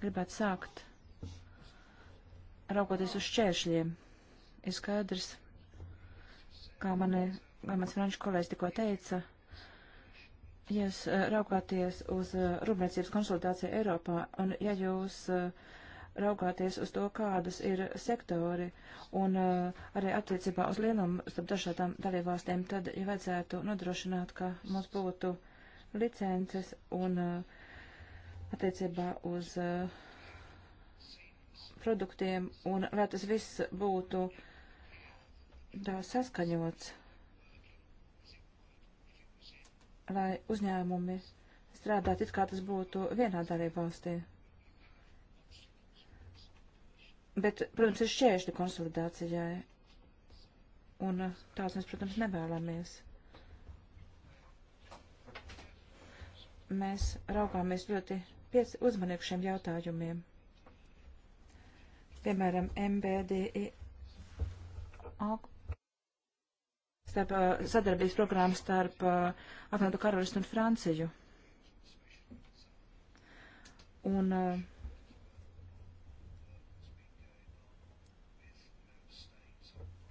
Gribētu sākt raugoties uz šķēršļiem. Ir skaidrs, kā mani, kā mans franču kolēģis tikko teica, ja jūs eh, raugāties uz eh, rūpniecības konsultāciju Eiropā un ja jūs eh, raugāties uz to, kādas ir sektori un uh, arī attiecībā uz lielumu starp dažādām dalībvalstīm, tad ja vajadzētu nodrošināt, ka mums būtu licences un uh, attiecībā uz uh, produktiem un lai tas viss būtu tā saskaņots. lai uzņēmumi strādātu, it kā tas būtu vienā darība valstī. Bet, protams, ir šķēršļi konsolidācijai, un tās mēs, protams, nevēlamies. Mēs raugāmies ļoti uzmanīgi šiem jautājumiem. Piemēram, MBDI starp sadarbības programmu starp apvienotu karalistu un Franciju. Un uh,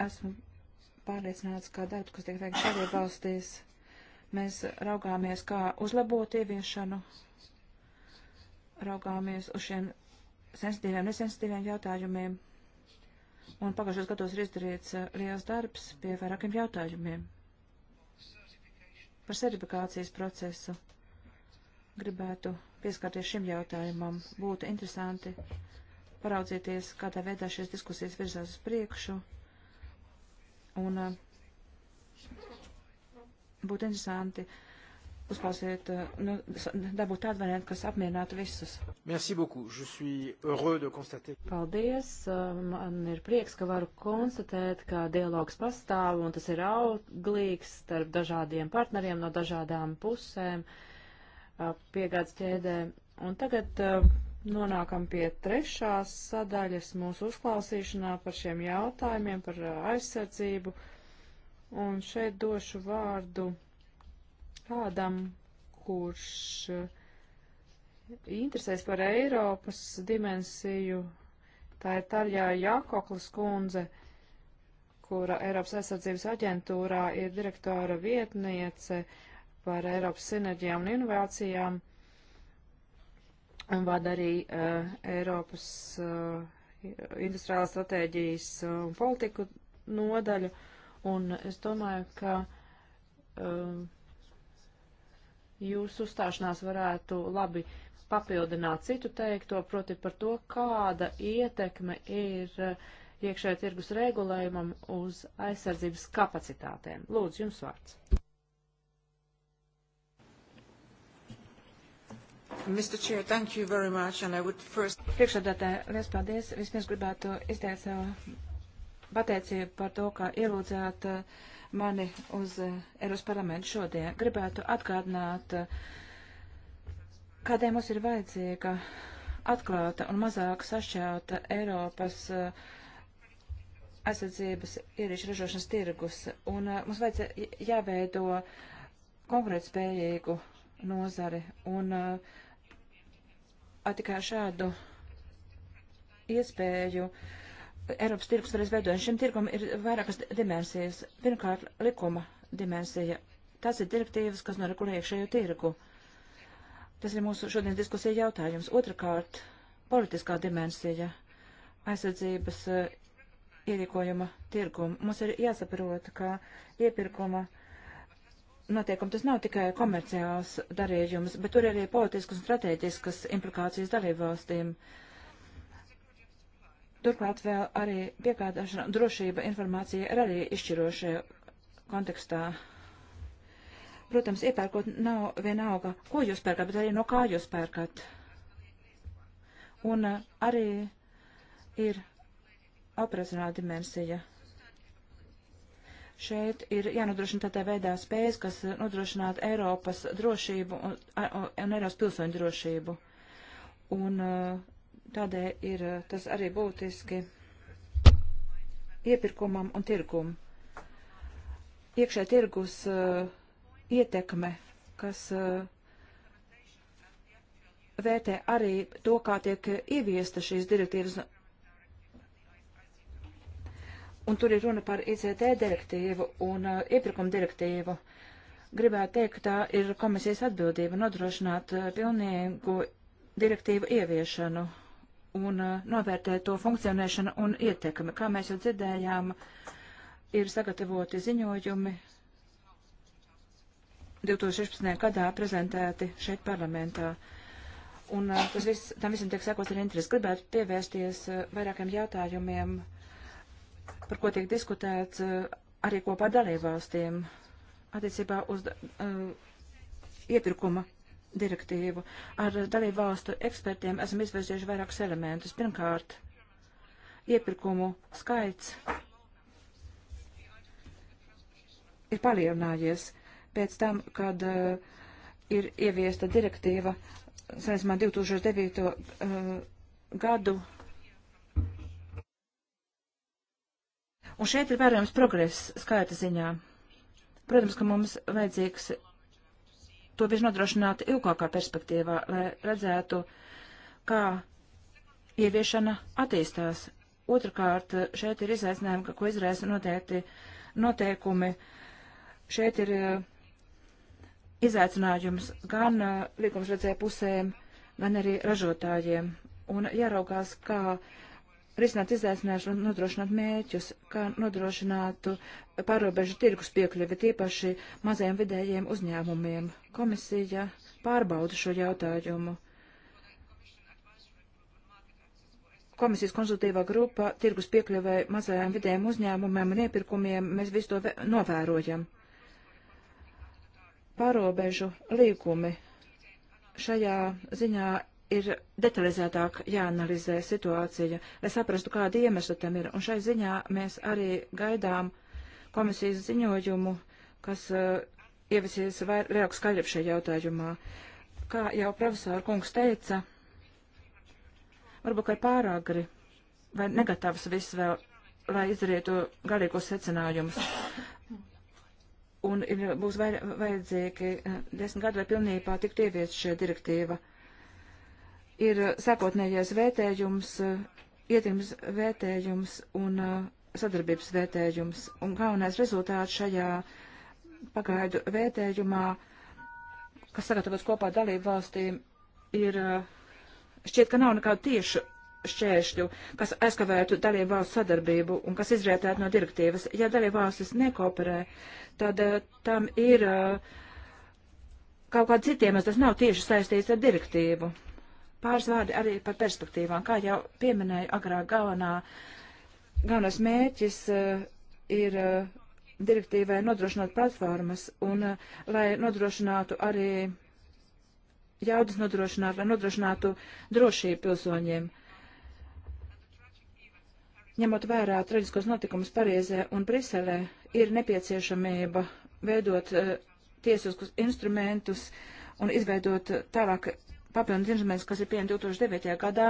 esmu pārliecināts, ka darbs, kas tiek veikts šādiem valstīs, mēs raugāmies, kā uzlabot ieviešanu, raugāmies uz šiem sensitīviem, nesensitīviem jautājumiem un pagājušos gados ir izdarīts eh, liels darbs pie vairākiem jautājumiem. Par certifikācijas procesu gribētu pieskarties šim jautājumam. Būtu interesanti paraudzīties, kādā veidā šīs diskusijas virzās uz priekšu. Un eh, būtu interesanti uh, uzklausīt, eh, nu, dabūt tādu variantu, kas apmierinātu visus. Merci beaucoup. Je suis heureux de constater. Paldies. Eh, man ir prieks, ka varu konstatēt, ka dialogs pastāv un tas ir auglīgs starp dažādiem partneriem no dažādām pusēm eh, piegādes ķēdē. Un tagad nonākam pie trešās sadaļas mūsu uzklausīšanā par šiem jautājumiem, par aizsardzību. Un šeit došu vārdu kādam, kurš eh, interesēs par Eiropas dimensiju. Tā ir Tarjā Jākoklis kundze, kura Eiropas aizsardzības aģentūrā ir direktora vietniece par Eiropas sinerģijām un inovācijām un vada arī uh, Eiropas uh, industriālās stratēģijas un uh, politiku nodaļu. Un es domāju, ka uh, jūsu uzstāšanās varētu labi papildināt citu teikto, proti par to, kāda ietekme ir eh, iekšē tirgus regulējumam uz aizsardzības kapacitātēm. Lūdzu, jums vārds. Mr. Chair, thank you very much, and I would first... Priekšsādātāji, liels paldies. Vispirms gribētu izteikt savu pateicību par to, ka ielūdzētu uh, eh, mani uz eh, Eiros parlamentu šodien. Gribētu atgādināt, eh, kādēļ mums ir vajadzīga atklāta un mazāk sašķelta Eiropas uh, aizsardzības ierīču ražošanas tirgus, un uh, mums vajadzēja jāveido konkurētspējīgu nozari, un uh, tikai šādu iespēju uh, Eiropas tirgus ir izveidojis. Šim tirgum ir vairākas dimensijas. Pirmkārt, likuma dimensija. Tas ir direktīvas, kas noregulē iekšējo tirgu. Tas ir mūsu šodienas diskusija jautājums. Otrakārt, politiskā dimensija aizsardzības eh, iepirkuma tirgumu. Mums ir jāsaprot, ka iepirkuma noteikumi tas nav tikai komerciāls darījums, bet tur ir arī politiskas un strateģiskas implikācijas dalībvalstīm. valstīm Turklāt vēl arī piegādāšana drošība informācija ir arī izšķirošajā kontekstā. Protams, iepērkot nav vienalga, ko jūs pērkat, bet arī no kā jūs pērkat. Un uh, arī ir operacionāla dimensija. Šeit ir jānodrošina tādā veidā spējas, kas nodrošinātu Eiropas drošību un, un Eiropas pilsoņu drošību. Un uh, Tādēļ ir eh, tas arī būtiski iepirkumam un tirgum. Iekšē tirgus uh, ietekme, kas uh, vērtē arī to, kā tiek ieviesta šīs direktīvas. Un tur ir runa par ICT direktīvu un uh, iepirkuma direktīvu. Gribētu teikt, ka tā ir komisijas atbildība nodrošināt pilnīgu direktīvu ieviešanu un uh, novērtēt to funkcionēšanu un ietekmi. Kā mēs jau dzirdējām, ir sagatavoti ziņojumi 2016. gadā prezentēti šeit parlamentā. Un uh, tas viss, tam visam tiek sekos ar interesi. Gribētu pievērsties uh, vairākiem jautājumiem, par ko tiek diskutēts arī kopā ar dalībvalstīm attiecībā uz uh, iepirkuma direktīvu. Ar dalību valstu ekspertiem esam izvirzījuši vairākus elementus. Pirmkārt, iepirkumu skaits ir palielinājies pēc tam, kad uh, ir ieviesta direktīva, saistībā 2009. Uh, eh, gadu. Un šeit ir vērojams progress skaita ziņā. Protams, ka mums vajadzīgs to visu nodrošināt ilgākā perspektīvā, lai redzētu, kā ieviešana attīstās. Otrakārt, šeit ir izaicinājumi, ko izraisa noteikti noteikumi. Šeit ir eh, izaicinājums gan eh, likumsredzē pusēm, gan arī ražotājiem. Un jāraugās, kā risināt izaicinājumus, nodrošināt mērķus, kā nodrošinātu pārobežu tirgus piekļuvi, tīpaši mazajiem vidējiem uzņēmumiem. Komisija pārbauda šo jautājumu. Komisijas konsultīvā grupa tirgus piekļuvē mazajiem vidējiem uzņēmumiem un iepirkumiem mēs visu to novērojam. Pārobežu līkumi šajā ziņā ir detalizētāk jāanalizē situācija, lai saprastu, kāda iemesla tam ir. Un šai ziņā mēs arī gaidām komisijas ziņojumu, kas uh, ieviesies vairāk skaļāk šajā jautājumā. Kā jau profesora kungs teica, varbūt, ka ir pāragri vai negatavs viss vēl, lai izdarītu galīgos secinājumus. Un ir, būs vajadzīgi uh, desmit gadi, lai pilnībā tiktu ieviest šī direktīva. Uh, ir uh, sākotnējais vērtējums, uh, ietekmes vērtējums un uh, sadarbības vērtējums. Un galvenais rezultāts šajā pagaidu vērtējumā, kas sagatavots kopā dalību valstīm, ir šķiet, ka nav nekādu tiešu šķēršļu, kas aizkavētu dalību valstu sadarbību un kas izrietētu no direktīvas. Ja dalību valstis nekooperē, tad tam ir kaut kāds citiem, tas nav tieši saistīts ar direktīvu. Pāris vārdi arī par perspektīvām. Kā jau pieminēju, agrāk galvenā, galvenais mērķis uh, ir uh, direktīvai nodrošināt platformas un uh, lai nodrošinātu arī jaudas nodrošinātu, lai nodrošinātu drošību pilsoņiem. Ņemot vērā traģiskos notikumus Parīzē un Briselē, ir nepieciešamība veidot uh, tiesiskus instrumentus un izveidot tālāk papildu instruments, kas ir pieņemts 2009. gadā,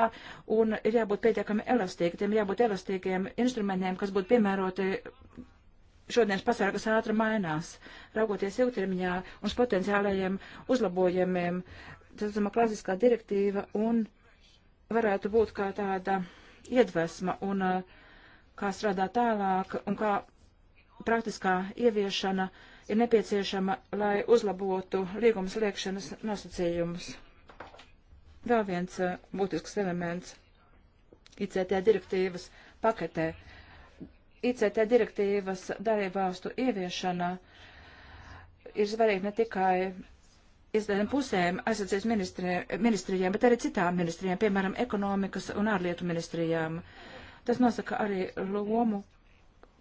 un ir jābūt pietiekami elastīgiem, jābūt elastīgiem instrumentiem, kas būtu piemēroti šodienas pasaulē, kas ātri mainās, raugoties ilgtermiņā un uz potenciālajiem uzlabojumiem. Tas ir klasiskā direktīva un varētu būt kā tāda iedvesma un uh, kā strādāt tālāk un kā praktiskā ieviešana ir nepieciešama, lai uzlabotu līgumas liekšanas nosacījumus. Vēl viens uh, būtisks elements ICT direktīvas paketē. ICT direktīvas dalībvalstu ieviešana ir svarīga ne tikai izdevuma pusēm, aizsardzības ministrijām, bet arī citām ministrijām, piemēram, ekonomikas un ārlietu ministrijām. Tas nosaka arī lomu,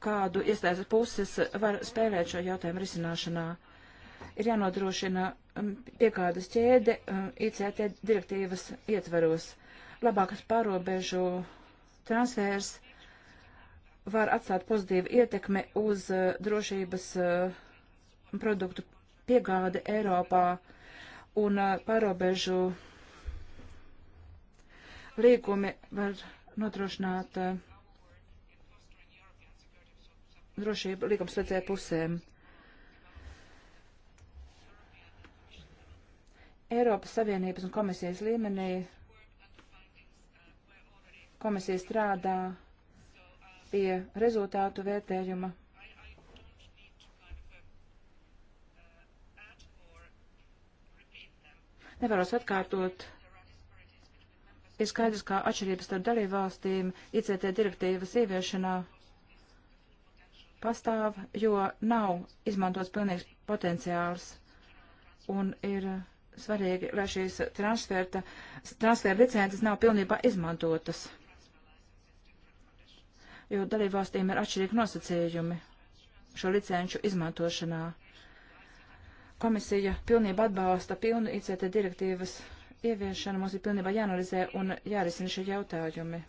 kādu iestādes puses var spēlēt šo jautājumu risināšanā ir jānodrošina um, piekādas ķēde um, ICT direktīvas ietveros. Labākas pārobežu transfers var atstāt pozitīvu ietekmi uz uh, drošības uh, produktu piegādi Eiropā un uh, pārobežu līgumi var nodrošināt drošību līgumslēdzēju pusēm. Eiropas Savienības un komisijas līmenī komisija strādā pie rezultātu vērtējuma. Nevaros atkārtot. Ir skaidrs, kā atšķirības starp dalībvalstīm ICT direktīvas ieviešanā pastāv, jo nav izmantots pilnīgs potenciāls un ir svarīgi, lai šīs transferta, transferta licences nav pilnībā izmantotas, jo dalībvalstīm ir atšķirīgi nosacījumi šo licenču izmantošanā. Komisija pilnībā atbalsta pilnu ICT direktīvas ieviešanu. Mums ir pilnībā jāanalizē un jārisina šie jautājumi.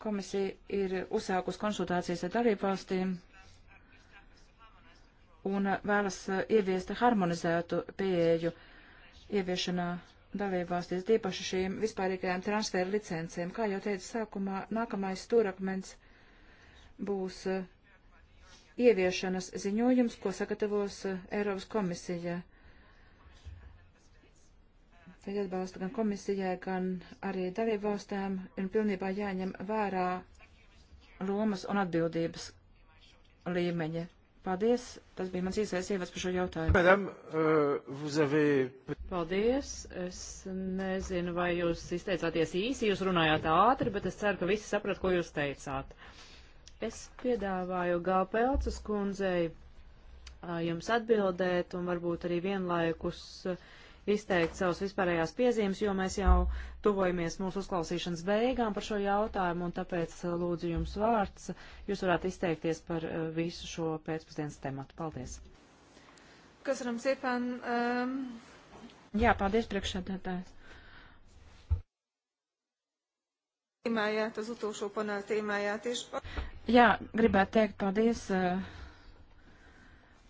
Komisija ir uzsākus konsultācijas ar dalībvalstīm un vēlas eh, ieviest harmonizētu pieeju ieviešanā dalībvalstīs, tīpaši šīm vispārīgajām transferu licencēm. Kā jau teicu sākumā, nākamais stūrakmens būs eh, ieviešanas ziņojums, ko sagatavos eh, Eiropas komisija. Tad atbalsta gan komisijai, gan arī dalībvalstēm ir pilnībā jāņem vērā lomas un atbildības līmeņa. Paldies. Tas bija mans īsais ievads par šo jautājumu. Madam, uh, avez... Paldies. Es nezinu, vai jūs izteicāties īsi, jūs runājāt ātri, bet es ceru, ka visi saprat, ko jūs teicāt. Es piedāvāju Gāpēlcas kundzei uh, jums atbildēt un varbūt arī vienlaikus uh, izteikt savus vispārējās piezīmes, jo mēs jau tuvojamies mūsu uzklausīšanas beigām par šo jautājumu, un tāpēc uh, lūdzu jums vārds. Jūs varētu izteikties par uh, visu šo pēcpusdienas tematu. Paldies! Kas varam siepen? Um... Jā, paldies priekšsēdētājs. Tīmējāt uz utūšo panēlu tīmējāt tieši. Jā, gribētu teikt paldies uh,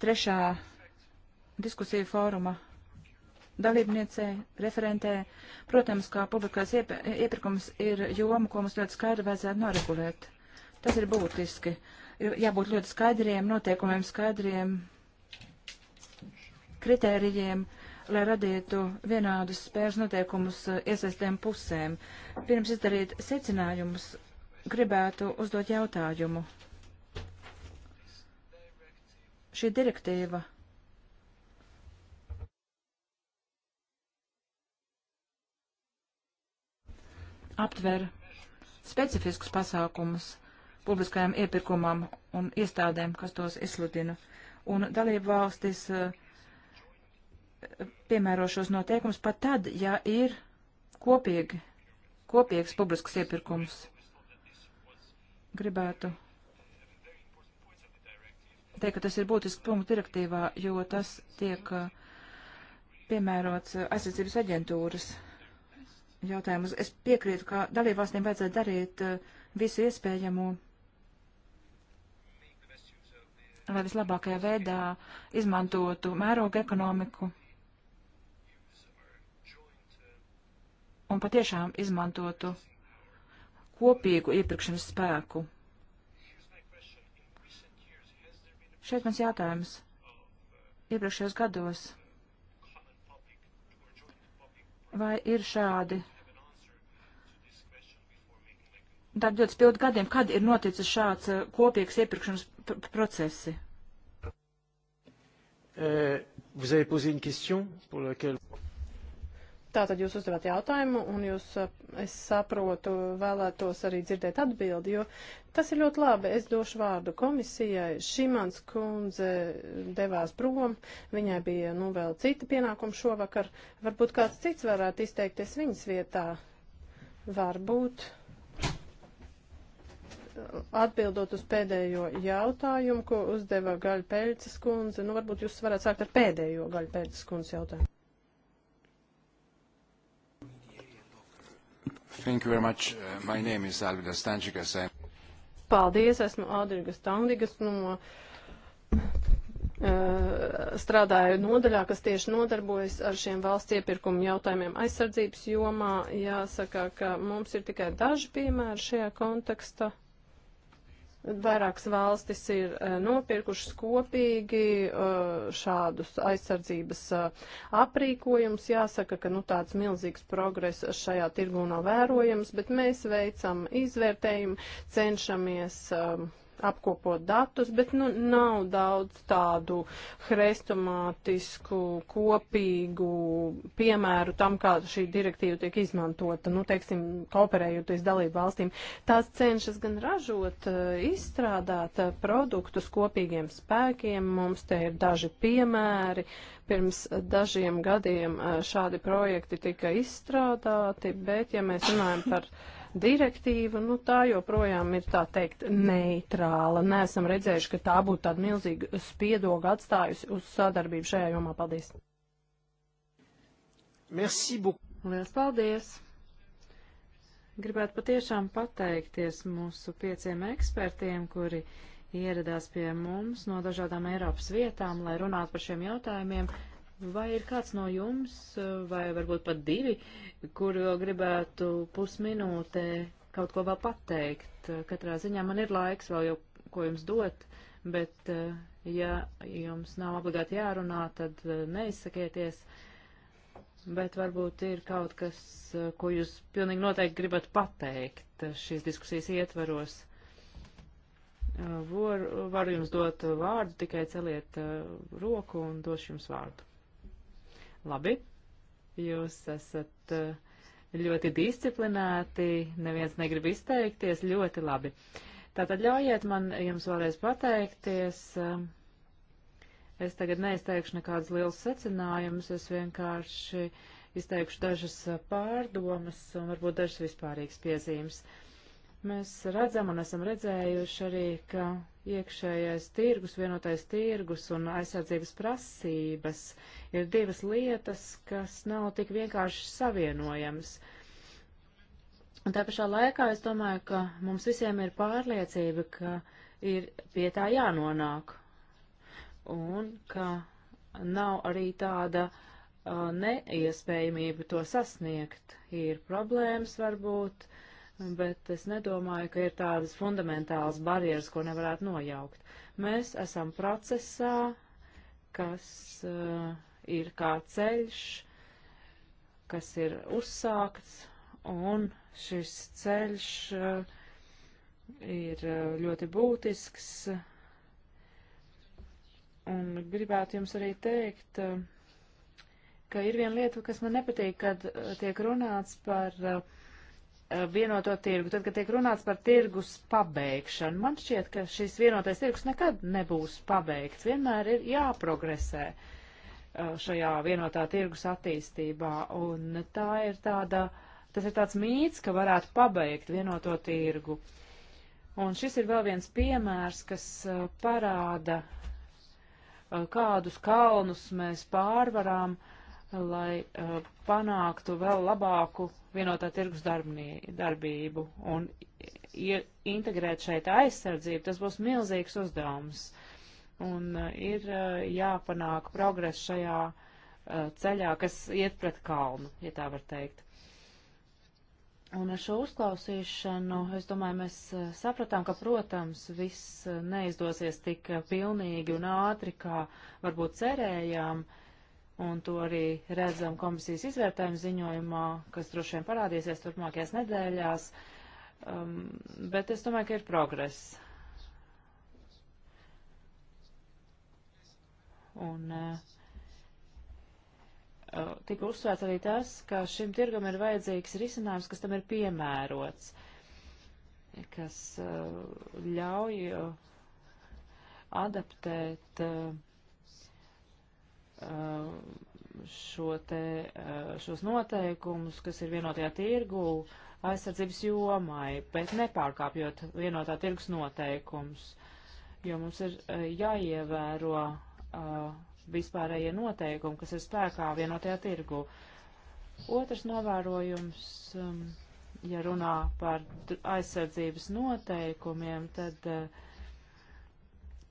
trešā diskusiju fóruma dalībniecei, referentē. Protams, kā publikais iep iepirkums ir joma, ko mums ļoti skaidri vajadzētu noregulēt. Tas ir būtiski. Ir jābūt ļoti skaidriem noteikumiem, skaidriem kritērijiem, lai radītu vienādus spēles noteikumus uh, iesaistēm pusēm. Pirms izdarīt secinājumus, gribētu uzdot jautājumu. Šī direktīva aptver specifiskus pasākumus publiskajām iepirkumam un iestādēm, kas tos izsludina. Un dalību valstis eh, piemēro šos noteikumus pat tad, ja ir kopīgi, kopīgs publisks iepirkums. Gribētu teikt, ka tas ir būtisks punkts direktīvā, jo tas tiek eh, piemērots eh, aizsardzības aģentūras jautājumus. Es piekrītu, ka dalībvalstīm vajadzētu darīt eh, visu iespējamo, lai vislabākajā veidā izmantotu mēroga ekonomiku un patiešām izmantotu kopīgu iepirkšanas spēku. Šeit mans jautājums. Iepriekšējos gados Vai ir šādi? Tad 25 gadiem, kad ir noticis šāds eh, kopīgs iepirkšanas procesi? Uh, vous avez posé une question pour laquelle... Tātad jūs uzdevāt jautājumu, un jūs, eh, es saprotu, vēlētos arī dzirdēt atbildi, jo tas ir ļoti labi. Es došu vārdu komisijai. Šimans kundze devās prom, viņai bija, nu, vēl cita pienākuma šovakar. Varbūt kāds cits varētu izteikties viņas vietā. Varbūt atbildot uz pēdējo jautājumu, ko uzdeva Gaļpēļces kundze, nu varbūt jūs varētu sākt ar pēdējo Gaļpēļces kundzes jautājumu. Thank you very much. Uh, my name is Alvidas Tančikas. I'm... Paldies, esmu Ādrigas Tandigas no. Uh, strādāju nodaļā, kas tieši nodarbojas ar šiem valsts iepirkumu jautājumiem aizsardzības jomā. Jāsaka, ka mums ir tikai daži piemēri šajā kontekstā. Uh, Vairākas valstis ir eh, nopirkušas kopīgi eh, šādus aizsardzības eh, aprīkojums. Jāsaka, ka nu, tāds milzīgs progress šajā tirgu nav vērojams, bet mēs veicam izvērtējumu, cenšamies apkopot datus, bet nu, nav daudz tādu hrestomātisku, kopīgu piemēru tam, kā šī direktīva tiek izmantota, nu, teiksim, kooperējoties dalību valstīm. Tās cenšas gan ražot, eh, izstrādāt eh, produktus kopīgiem spēkiem. Mums te ir daži piemēri. Pirms dažiem gadiem eh, šādi projekti tika izstrādāti, bet, ja mēs runājam par direktīva, nu tā joprojām ir tā teikt neitrāla. Nesam redzējuši, ka tā būtu tāda milzīga spiedoga atstājusi uz sadarbību šajā jomā. Paldies! Merci beaucoup! Lielas paldies! Gribētu patiešām pateikties mūsu pieciem ekspertiem, kuri ieradās pie mums no dažādām Eiropas vietām, lai runātu par šiem jautājumiem. Vai ir kāds no jums, vai varbūt pat divi, kur gribētu pusminūtē kaut ko vēl pateikt? Katrā ziņā man ir laiks vēl jau, ko jums dot, bet ja jums nav obligāti jārunā, tad eh, neizsakieties. Bet varbūt ir kaut kas, eh, ko jūs pilnīgi noteikti gribat pateikt eh, šīs diskusijas ietvaros. Var, varu jums dot vārdu, tikai celiet roku un došu jums vārdu. Labi, jūs esat eh, ļoti disciplinēti, neviens negrib izteikties, ļoti labi. Tātad ļaujiet man jums vēlreiz pateikties. Eh, es tagad neizteikšu nekādus lielus secinājumus, es vienkārši izteikšu dažas eh, pārdomas un varbūt dažas vispārīgas piezīmes. Uh, Mēs redzam un esam redzējuši arī, ka iekšējais tirgus, vienotais tirgus un aizsardzības prasības ir divas lietas, kas nav tik vienkārši savienojamas. Un tā pašā laikā es domāju, ka mums visiem ir pārliecība, ka ir pie tā jānonāk un ka nav arī tāda uh, neiespējamība to sasniegt. Ir problēmas varbūt, uh, bet es nedomāju, ka ir tādas fundamentālas barjeras, ko nevarētu nojaukt. Mēs esam procesā, kas uh, ir kā ceļš, kas ir uzsākts, un šis ceļš uh, ir uh, ļoti būtisks. Un gribētu jums arī teikt, uh, ka ir viena lieta, kas man nepatīk, kad uh, tiek runāts par uh, Eh, vienoto tirgu. Tad, kad tiek runāts par tirgus pabeigšanu, man šķiet, ka šis vienotais tirgus nekad nebūs pabeigts. Vienmēr ir jāprogresē eh, šajā vienotā tirgus attīstībā. Un tā ir tāda, tas ir tāds mīts, ka varētu pabeigt vienoto tirgu. Un šis ir vēl viens piemērs, kas eh, parāda, kādus kalnus mēs pārvarām, uh, lai uh, panāktu vēl labāku vienotā tirgus darbnī, darbību un ie, integrēt šeit aizsardzību, tas būs milzīgs uzdevums. Un uh, ir uh, jāpanāk progress šajā uh, ceļā, kas iet pret kalnu, ja tā var teikt. Un ar šo uzklausīšanu, es domāju, mēs uh, sapratām, ka, protams, viss uh, neizdosies tik pilnīgi un ātri, kā varbūt cerējām, uh, un to arī redzam komisijas izvērtējuma ziņojumā, kas droši vien parādīsies turpmākajās nedēļās, um, bet es domāju, ka ir progress. Un uh, uh tika uzsvērts arī tas, ka šim tirgam ir vajadzīgs risinājums, kas tam ir piemērots, kas uh, ļauj uh, adaptēt uh, Uh, šo te, uh, šos noteikumus, kas ir vienotajā tirgu aizsardzības jomai, bet nepārkāpjot vienotā tirgus noteikumus, jo mums ir uh, jāievēro vispārējie noteikumi, kas ir spēkā vienotajā tirgu. Otrs novērojums, um, ja runā par aizsardzības noteikumiem, tad uh,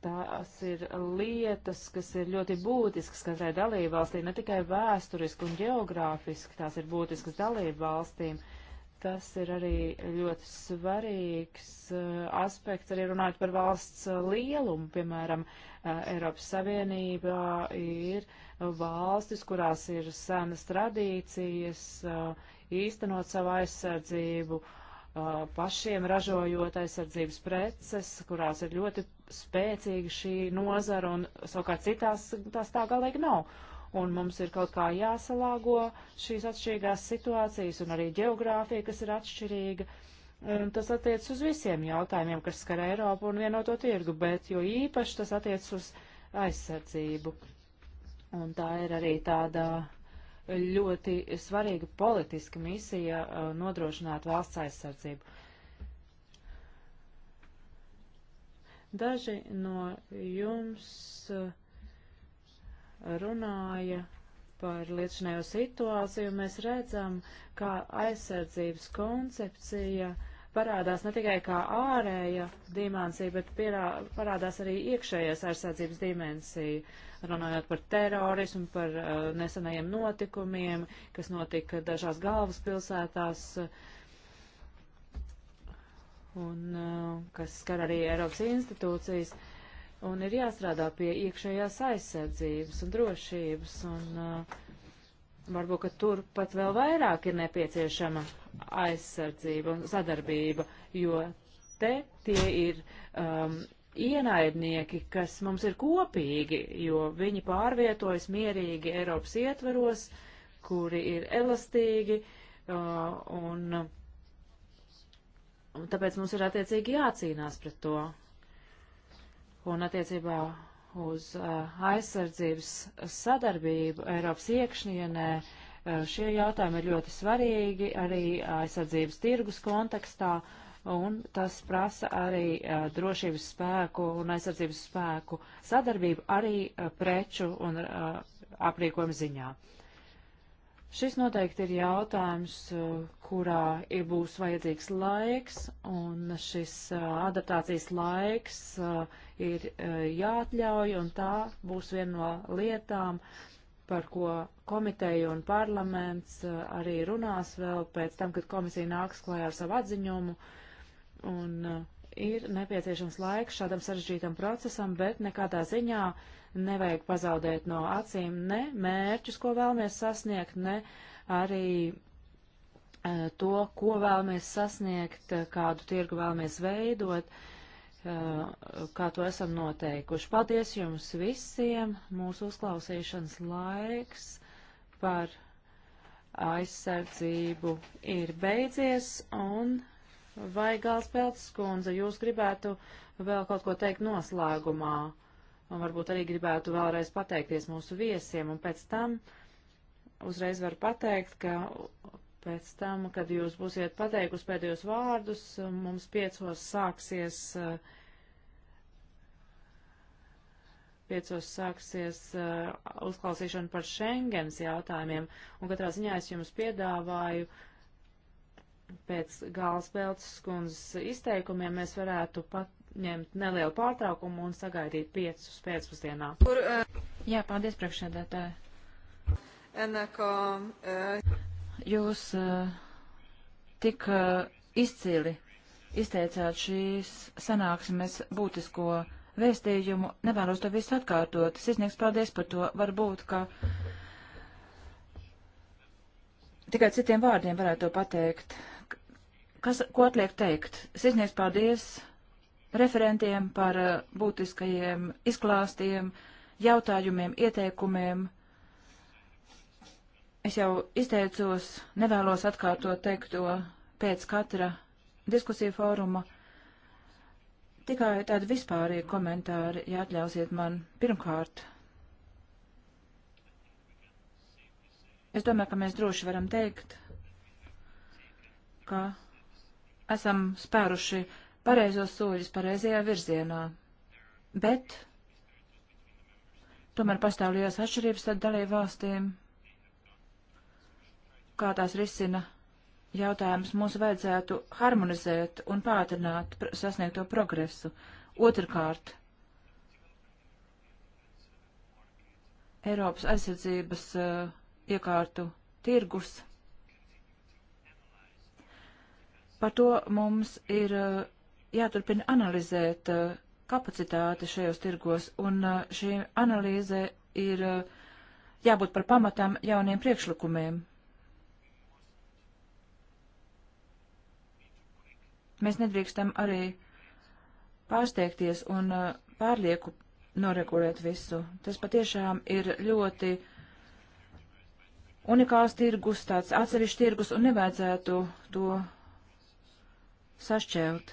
Tās ir lietas, kas ir ļoti būtiskas katrai dalībvalstī, ne tikai vēsturiski un geogrāfiski, tās ir būtiskas dalībvalstīm. Tas ir arī ļoti svarīgs uh, aspekts, arī runājot par valsts eh, lielumu. Piemēram, uh, Eiropas Savienībā ir valstis, kurās ir senas tradīcijas, uh, īstenot savu aizsardzību, uh, pašiem ražojot aizsardzības preces, kurās ir ļoti spēcīga šī nozara un savukārt citās tās tā galīgi nav. Un mums ir kaut kā jāsalāgo šīs atšķirīgās situācijas un arī geogrāfija, kas ir atšķirīga. Un tas attiec uz visiem jautājumiem, kas skar Eiropu un vienoto tirgu, bet jo īpaši tas attiec uz aizsardzību. Un tā ir arī tāda ļoti svarīga politiska misija uh, nodrošināt valsts aizsardzību. Daži no jums uh, runāja par liecinējo situāciju. Mēs redzam, kā aizsardzības koncepcija uh, parādās ne tikai kā ārēja dimensija, bet pierā, parādās arī iekšējās aizsardzības dimensija, runājot par terorismu, par uh, nesenajiem notikumiem, kas notika dažās galvaspilsētās un uh, kas skar arī Eiropas institūcijas. Un ir jāstrādā pie iekšējās aizsardzības un drošības. Un, uh, varbūt, ka tur pat vēl vairāk ir nepieciešama aizsardzība un sadarbība, jo te tie ir um, ienaidnieki, kas mums ir kopīgi, jo viņi pārvietojas mierīgi Eiropas ietveros, kuri ir elastīgi, uh, un, un tāpēc mums ir attiecīgi jācīnās pret to. Un attiecībā uz uh, aizsardzības sadarbību Eiropas iekšnienē. Uh, šie jautājumi ir ļoti svarīgi arī aizsardzības tirgus kontekstā, un tas prasa arī uh, drošības spēku un aizsardzības spēku sadarbību arī preču un aprīkojuma ziņā. Šis noteikti ir jautājums, eh, kurā ir būs vajadzīgs laiks, un šis eh, adaptācijas laiks eh, ir jāatļauj, un tā būs viena no lietām, par ko komiteja un parlaments arī runās vēl pēc tam, kad komisija nāks klajā ar savu atziņumu. Un uh, ir nepieciešams laiks šādam sarežģītam procesam, bet nekādā ziņā nevajag pazaudēt no acīm ne mērķus, ko vēlamies sasniegt, ne arī e, to, ko vēlamies sasniegt, kādu tirgu vēlamies veidot, e, kā to esam noteikuši. Paldies jums visiem! Mūsu uzklausīšanas laiks par aizsardzību ir beidzies un Vai Gālspēlts skundze, jūs gribētu vēl kaut ko teikt noslēgumā? Un varbūt arī gribētu vēlreiz pateikties mūsu viesiem, un pēc tam uzreiz var pateikt, ka pēc tam, kad jūs būsiet pateikusi pēdējos vārdus, mums piecos sāksies, piecos sāksies uh, uzklausīšana par Schengens jautājumiem, un katrā ziņā es jums piedāvāju pēc Gāles Beltas skundzes izteikumiem mēs varētu pat ņemt nelielu pārtraukumu un sagaidīt piecus pēcpusdienā. Kur, uh... Jā, paldies priekšsēdētāji. Eneko, uh... Eh, Jūs uh, tik uh, izcili izteicāt šīs sanāksmes būtisko vēstījumu. Nevēlos to visu atkārtot. Sisnieks, paldies par to. Varbūt, ka tikai citiem vārdiem varētu to pateikt. Uh, Kas, ko atliek teikt? Sisnieks paldies referentiem par uh, būtiskajiem izklāstiem, jautājumiem, ieteikumiem. Es jau izteicos, nevēlos atkārtot teikto pēc katra diskusiju fóruma. Tikai tādi vispārīgi komentāri, ja atļausiet man. Pirmkārt, es domāju, ka mēs droši varam teikt, ka esam spēruši pareizos soļus pareizajā virzienā, bet tomēr pastāv liels atšķirības starp dalību valstīm, kā tās risina jautājums mums vajadzētu harmonizēt un pātrināt pr sasniegto progresu. Otrkārt, Eiropas aizsardzības uh, iekārtu tirgus Par to mums ir eh, jāturpina analizēt eh, kapacitāti šajos tirgos, un eh, šī analīze ir jābūt par pamatām jauniem priekšlikumiem. Mēs nedrīkstam arī pārsteigties un pārlieku noregulēt visu. Tas patiešām ir ļoti unikāls tirgus, tāds atsevišķs tirgus, un nevajadzētu to sašķelt.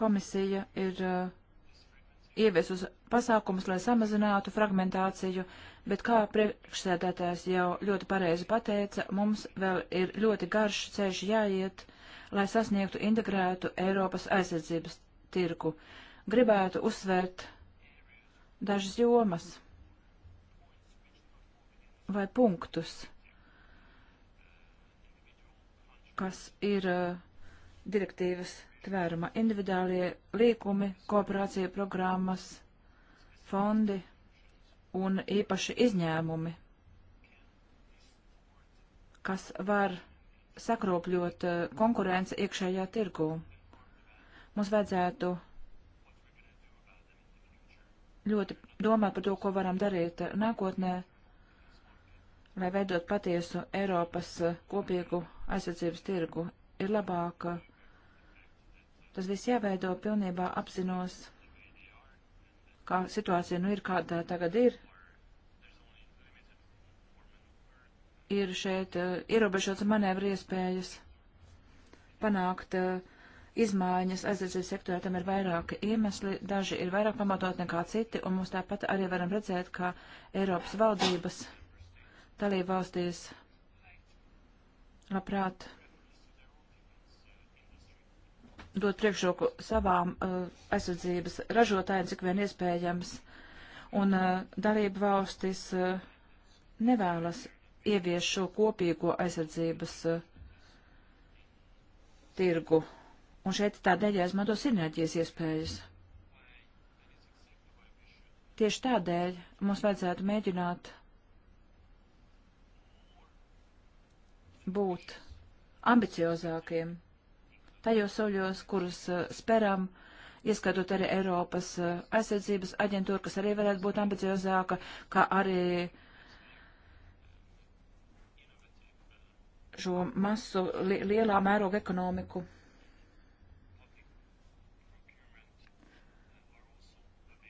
Komisija ir uh, ieviesus pasākumus, lai samazinātu fragmentāciju, bet, kā priekšsēdētājs jau ļoti pareizi pateica, mums vēl ir ļoti garš ceļš jāiet, lai sasniegtu integrētu Eiropas aizsardzības tirku. Gribētu uzsvērt dažas jomas vai punktus kas ir eh, direktīvas tvēruma individuālie līkumi, kooperācija programmas, fondi un īpaši izņēmumi, kas var sakropļot eh, konkurence iekšējā tirgū. Mums vajadzētu ļoti domāt par to, ko varam darīt eh, nākotnē, lai veidot patiesu Eiropas kopīgu aizsardzības tirgu ir labāka. Tas viss jāveido pilnībā apzinos, kā situācija nu ir, kāda tagad ir. Ir šeit uh, eh, ierobežots manevri iespējas panākt uh, izmaiņas aizsardzības sektorā. Tam ir vairāki iemesli, daži ir vairāk pamatot nekā citi, un mums tāpat arī varam redzēt, ka Eiropas valdības dalībvalstīs valstīs labprāt dot priekšroku savām uh, aizsardzības ražotājiem, cik vien iespējams, un uh, eh, dalību valstis uh, nevēlas ievies šo kopīgo aizsardzības uh, tirgu, un šeit tādēļ jāizmanto sinerģijas iespējas. Tieši tādēļ mums vajadzētu mēģināt būt ambiciozākiem tajos soļos, kurus uh, speram, ieskatot arī Eiropas uh, aizsardzības aģentūru, kas arī varētu būt ambiciozāka, kā arī šo masu li lielā mēroga ekonomiku.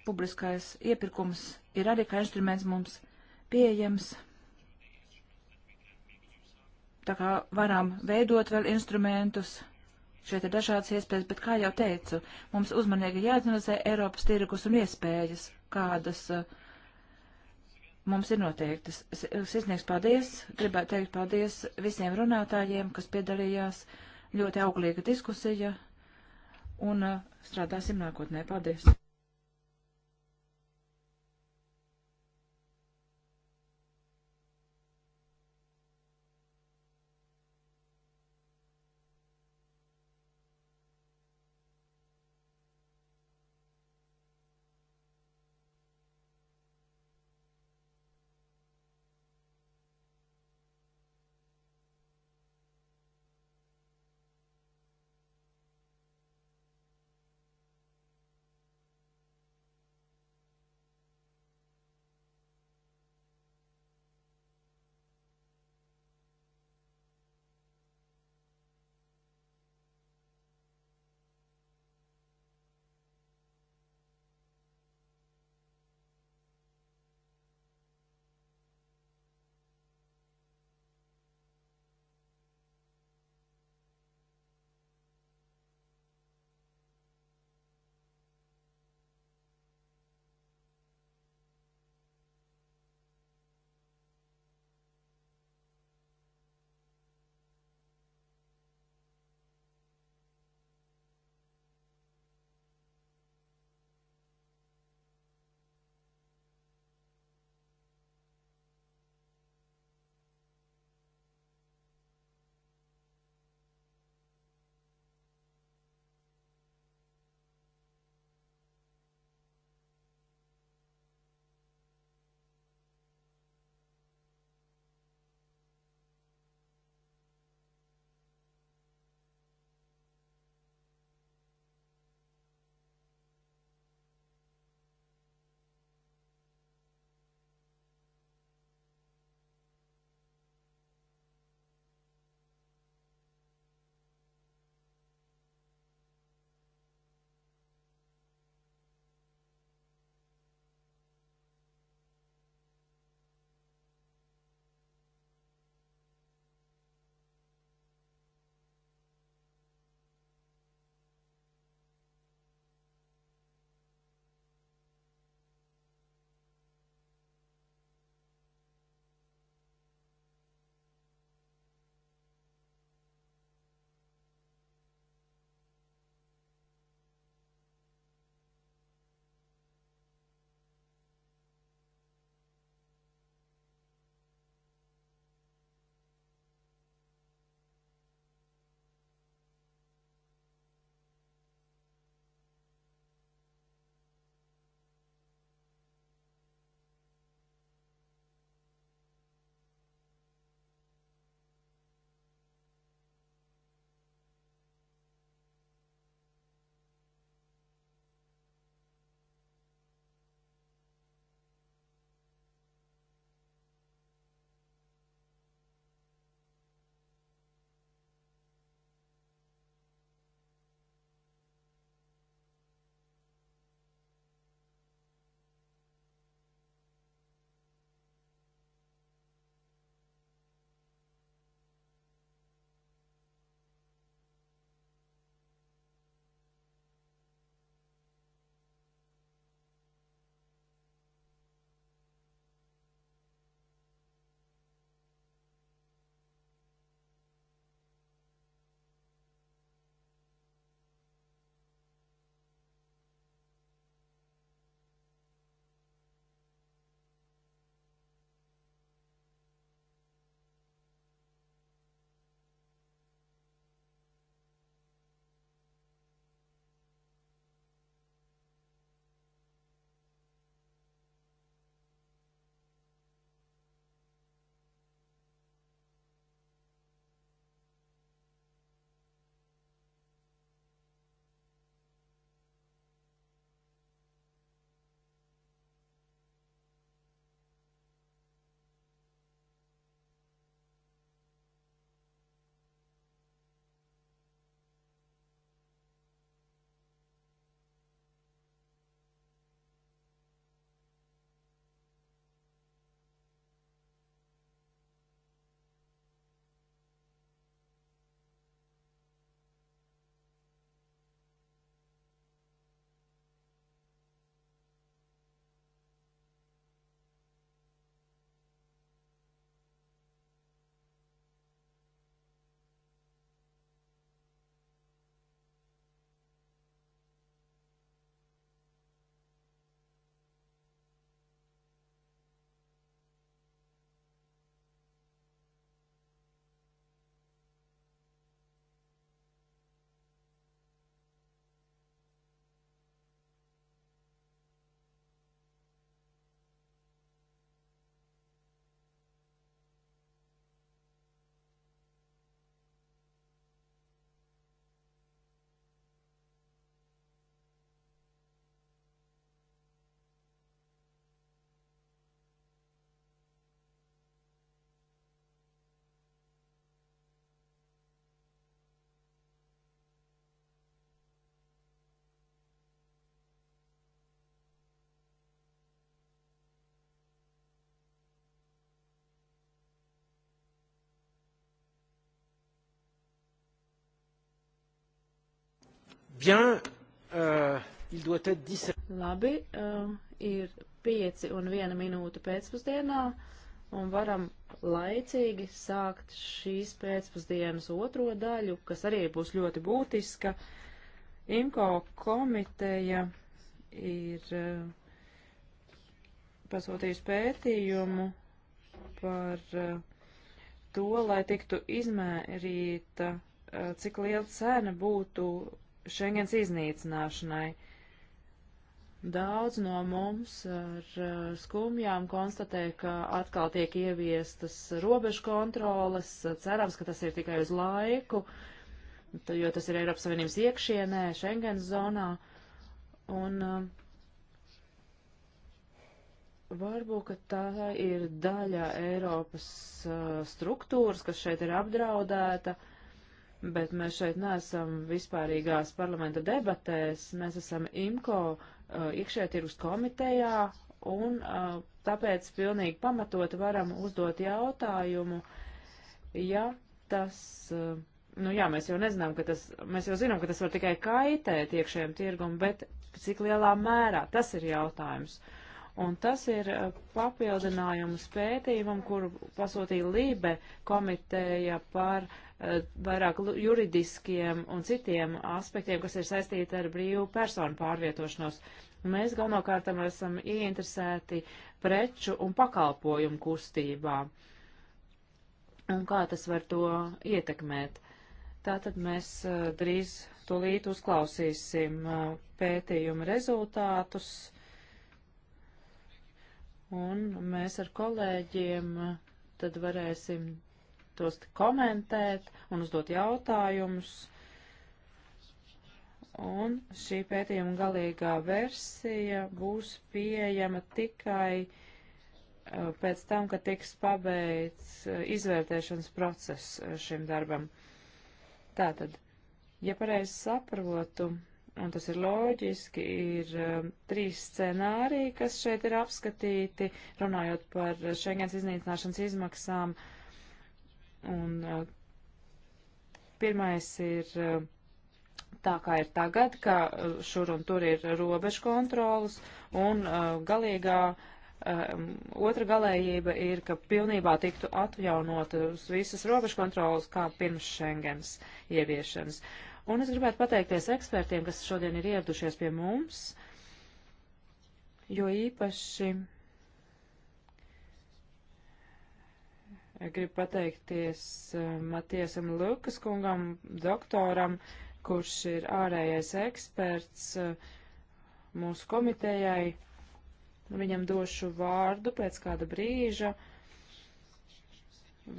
Publiskais iepirkums ir arī kā instruments mums pieejams. Tā kā varam veidot vēl instrumentus, šeit ir dažādas iespējas, bet, kā jau teicu, mums uzmanīgi jāanalizē Eiropas tirgus un iespējas, kādas uh, mums ir noteiktas. Uh, Sirsnieks paldies, gribētu teikt paldies visiem runātājiem, kas piedalījās. Ļoti auglīga diskusija un uh, strādāsim nākotnē. Paldies! Bien, uh, il doit être 17. Labi, uh, ir 5 un 1 minūte pēcpusdienā un varam laicīgi sākt šīs pēcpusdienas otro daļu, kas arī būs ļoti būtiska. IMCO komiteja ir uh, pasūtījusi pētījumu par uh, to, lai tiktu izmērīta, uh, cik liela cena būtu Schengens iznīcināšanai. Daudz no mums ar eh, skumjām konstatē, ka atkal tiek ieviestas robežu kontroles, cerams, ka tas ir tikai uz laiku, jo tas ir Eiropas Savienības iekšienē, Schengens zonā. Un eh, varbūt, ka tā ir daļa Eiropas eh, struktūras, kas šeit ir apdraudēta. Uh, bet mēs šeit neesam vispārīgās parlamenta debatēs, mēs esam IMCO uh, iekšē tirgus komitejā un uh, tāpēc pilnīgi pamatot varam uzdot jautājumu, ja tas, uh, nu jā, mēs jau nezinām, ka tas, mēs jau zinām, ka tas var tikai kaitēt iekšējiem tirgum, bet cik lielā mērā tas ir jautājums. Un tas ir papildinājums pētījumam, kuru pasūtīja Lībe komiteja par uh, Eh, vairāk juridiskiem un citiem aspektiem, kas ir saistīti ar brīvu personu pārvietošanos. Mēs galvenokārt esam ieinteresēti preču un pakalpojumu kustībā un kā tas var to ietekmēt. Tātad mēs eh, drīz tūlīt uzklausīsim eh, pētījuma rezultātus un mēs ar kolēģiem tad varēsim tos komentēt un uzdot jautājumus. Un šī pētījuma galīgā versija būs pieejama tikai uh, pēc tam, kad tiks pabeigts uh, izvērtēšanas process uh, šim darbam. Tātad, ja pareizi saprotu, un tas ir loģiski, ir um, trīs scenāriji, kas šeit ir apskatīti, runājot par Schengens iznīcināšanas izmaksām, uh, Un uh, pirmais ir uh, tā, kā ir tagad, ka uh, šur un tur ir robežu kontrolas un galīgā um, otra galējība ir, ka pilnībā tiktu atjaunotas visas robežkontrolas kā pirms Schengens ieviešanas. Un es gribētu pateikties ekspertiem, kas šodien ir ieradušies pie mums, jo īpaši Gribu pateikties eh, Matiesam Lukas kungam, doktoram, kurš ir ārējais eksperts eh, mūsu komitejai. Viņam došu vārdu pēc kāda brīža.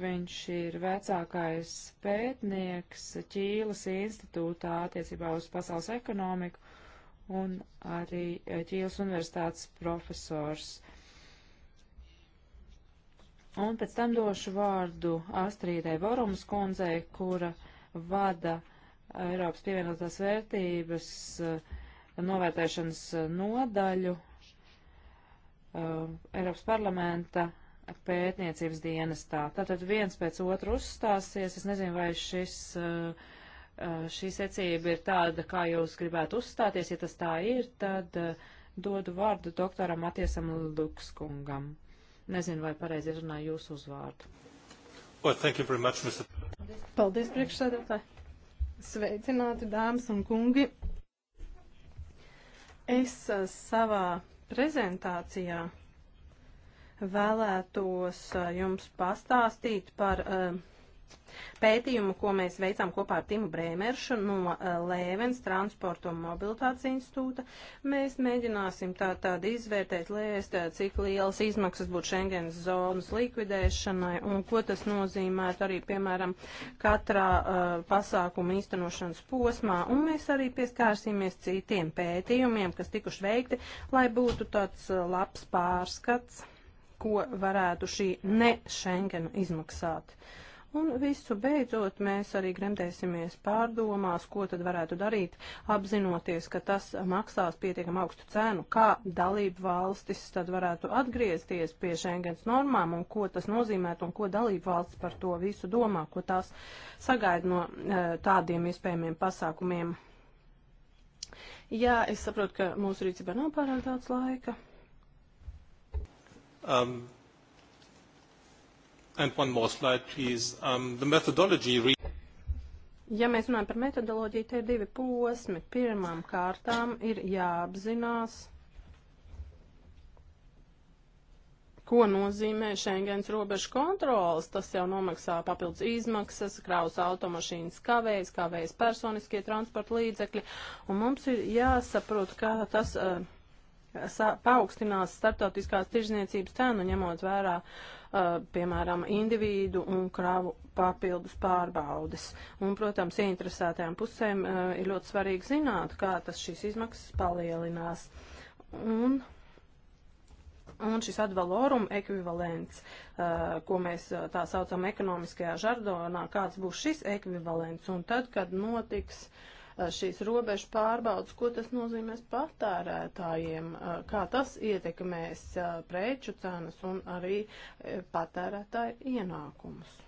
Viņš ir vecākais pētnieks Ķīlas institūtā attiecībā uz pasaules ekonomiku un arī Ķīlas universitātes profesors. Un pēc tam došu vārdu Astrīdai Vorums kundzei, kura vada Eiropas pievienotās vērtības eh, novērtēšanas eh, nodaļu eh, Eiropas parlamenta pētniecības dienestā. Tātad viens pēc otru uzstāsies. Es nezinu, vai šis, šī secība ir tāda, kā jūs gribētu uzstāties. Ja tas tā ir, tad dodu vārdu doktoram Matiesam Lukskungam. Nezinu, vai pareizi runāju jūsu uzvārdu. Well, thank you very much, Mr. Paldies, priekšsēdētāji. Sveicināti, dāmas un kungi. Es savā prezentācijā vēlētos jums pastāstīt par uh, Pētījumu, ko mēs veicām kopā ar Timu Brēmeršu no eh, Lēvens Transporta un Mobilitātes institūta, mēs mēģināsim tā tādu izvērtēt, lēst, eh, cik lielas izmaksas būtu Schengens zonas likvidēšanai un ko tas nozīmētu arī, piemēram, katrā uh, pasākuma īstenošanas posmā. Un mēs arī pieskārsīmies citiem pētījumiem, kas tikuši veikti, lai būtu tāds uh, labs pārskats, ko varētu šī ne Schengenu izmaksāt. Uh, Un visu beidzot mēs arī gremdēsimies pārdomās, ko tad varētu darīt, apzinoties, ka tas maksās pietiekam augstu cenu, kā dalību valstis tad varētu atgriezties pie Schengens normām un ko tas nozīmētu un ko dalību valsts par to visu domā, ko tās sagaida no eh, tādiem iespējamiem pasākumiem. Jā, es saprotu, ka mūsu rīcībā nav pārāk daudz laika. Um. And one more slide, please. Um, the methodology. Re- Ja mēs runājam par metodoloģiju, te ir divi posmi. Pirmām kārtām ir jāapzinās, ko nozīmē Schengens robežu kontrols. Tas jau nomaksā papildus izmaksas, kraus automašīnas kavējas, kavējas personiskie transporta līdzekļi. Un mums ir jāsaprot, kā tas uh, sa, paaugstinās starptautiskās tirzniecības cenu, ņemot vērā uh, Uh, piemēram, individu un kravu papildus pārbaudes. Un, protams, ieinteresētajām pusēm uh, ir ļoti svarīgi zināt, kā tas šīs izmaksas palielinās. Un, un šis advalorum ekvivalents, uh, ko mēs tā saucam ekonomiskajā žardonā, kāds būs šis ekvivalents. Un tad, kad notiks uh, Eh, šīs robežu pārbaudas, ko tas nozīmēs patērētājiem, eh, kā tas ietekmēs eh, preču cenas un arī patērētāju ienākumus.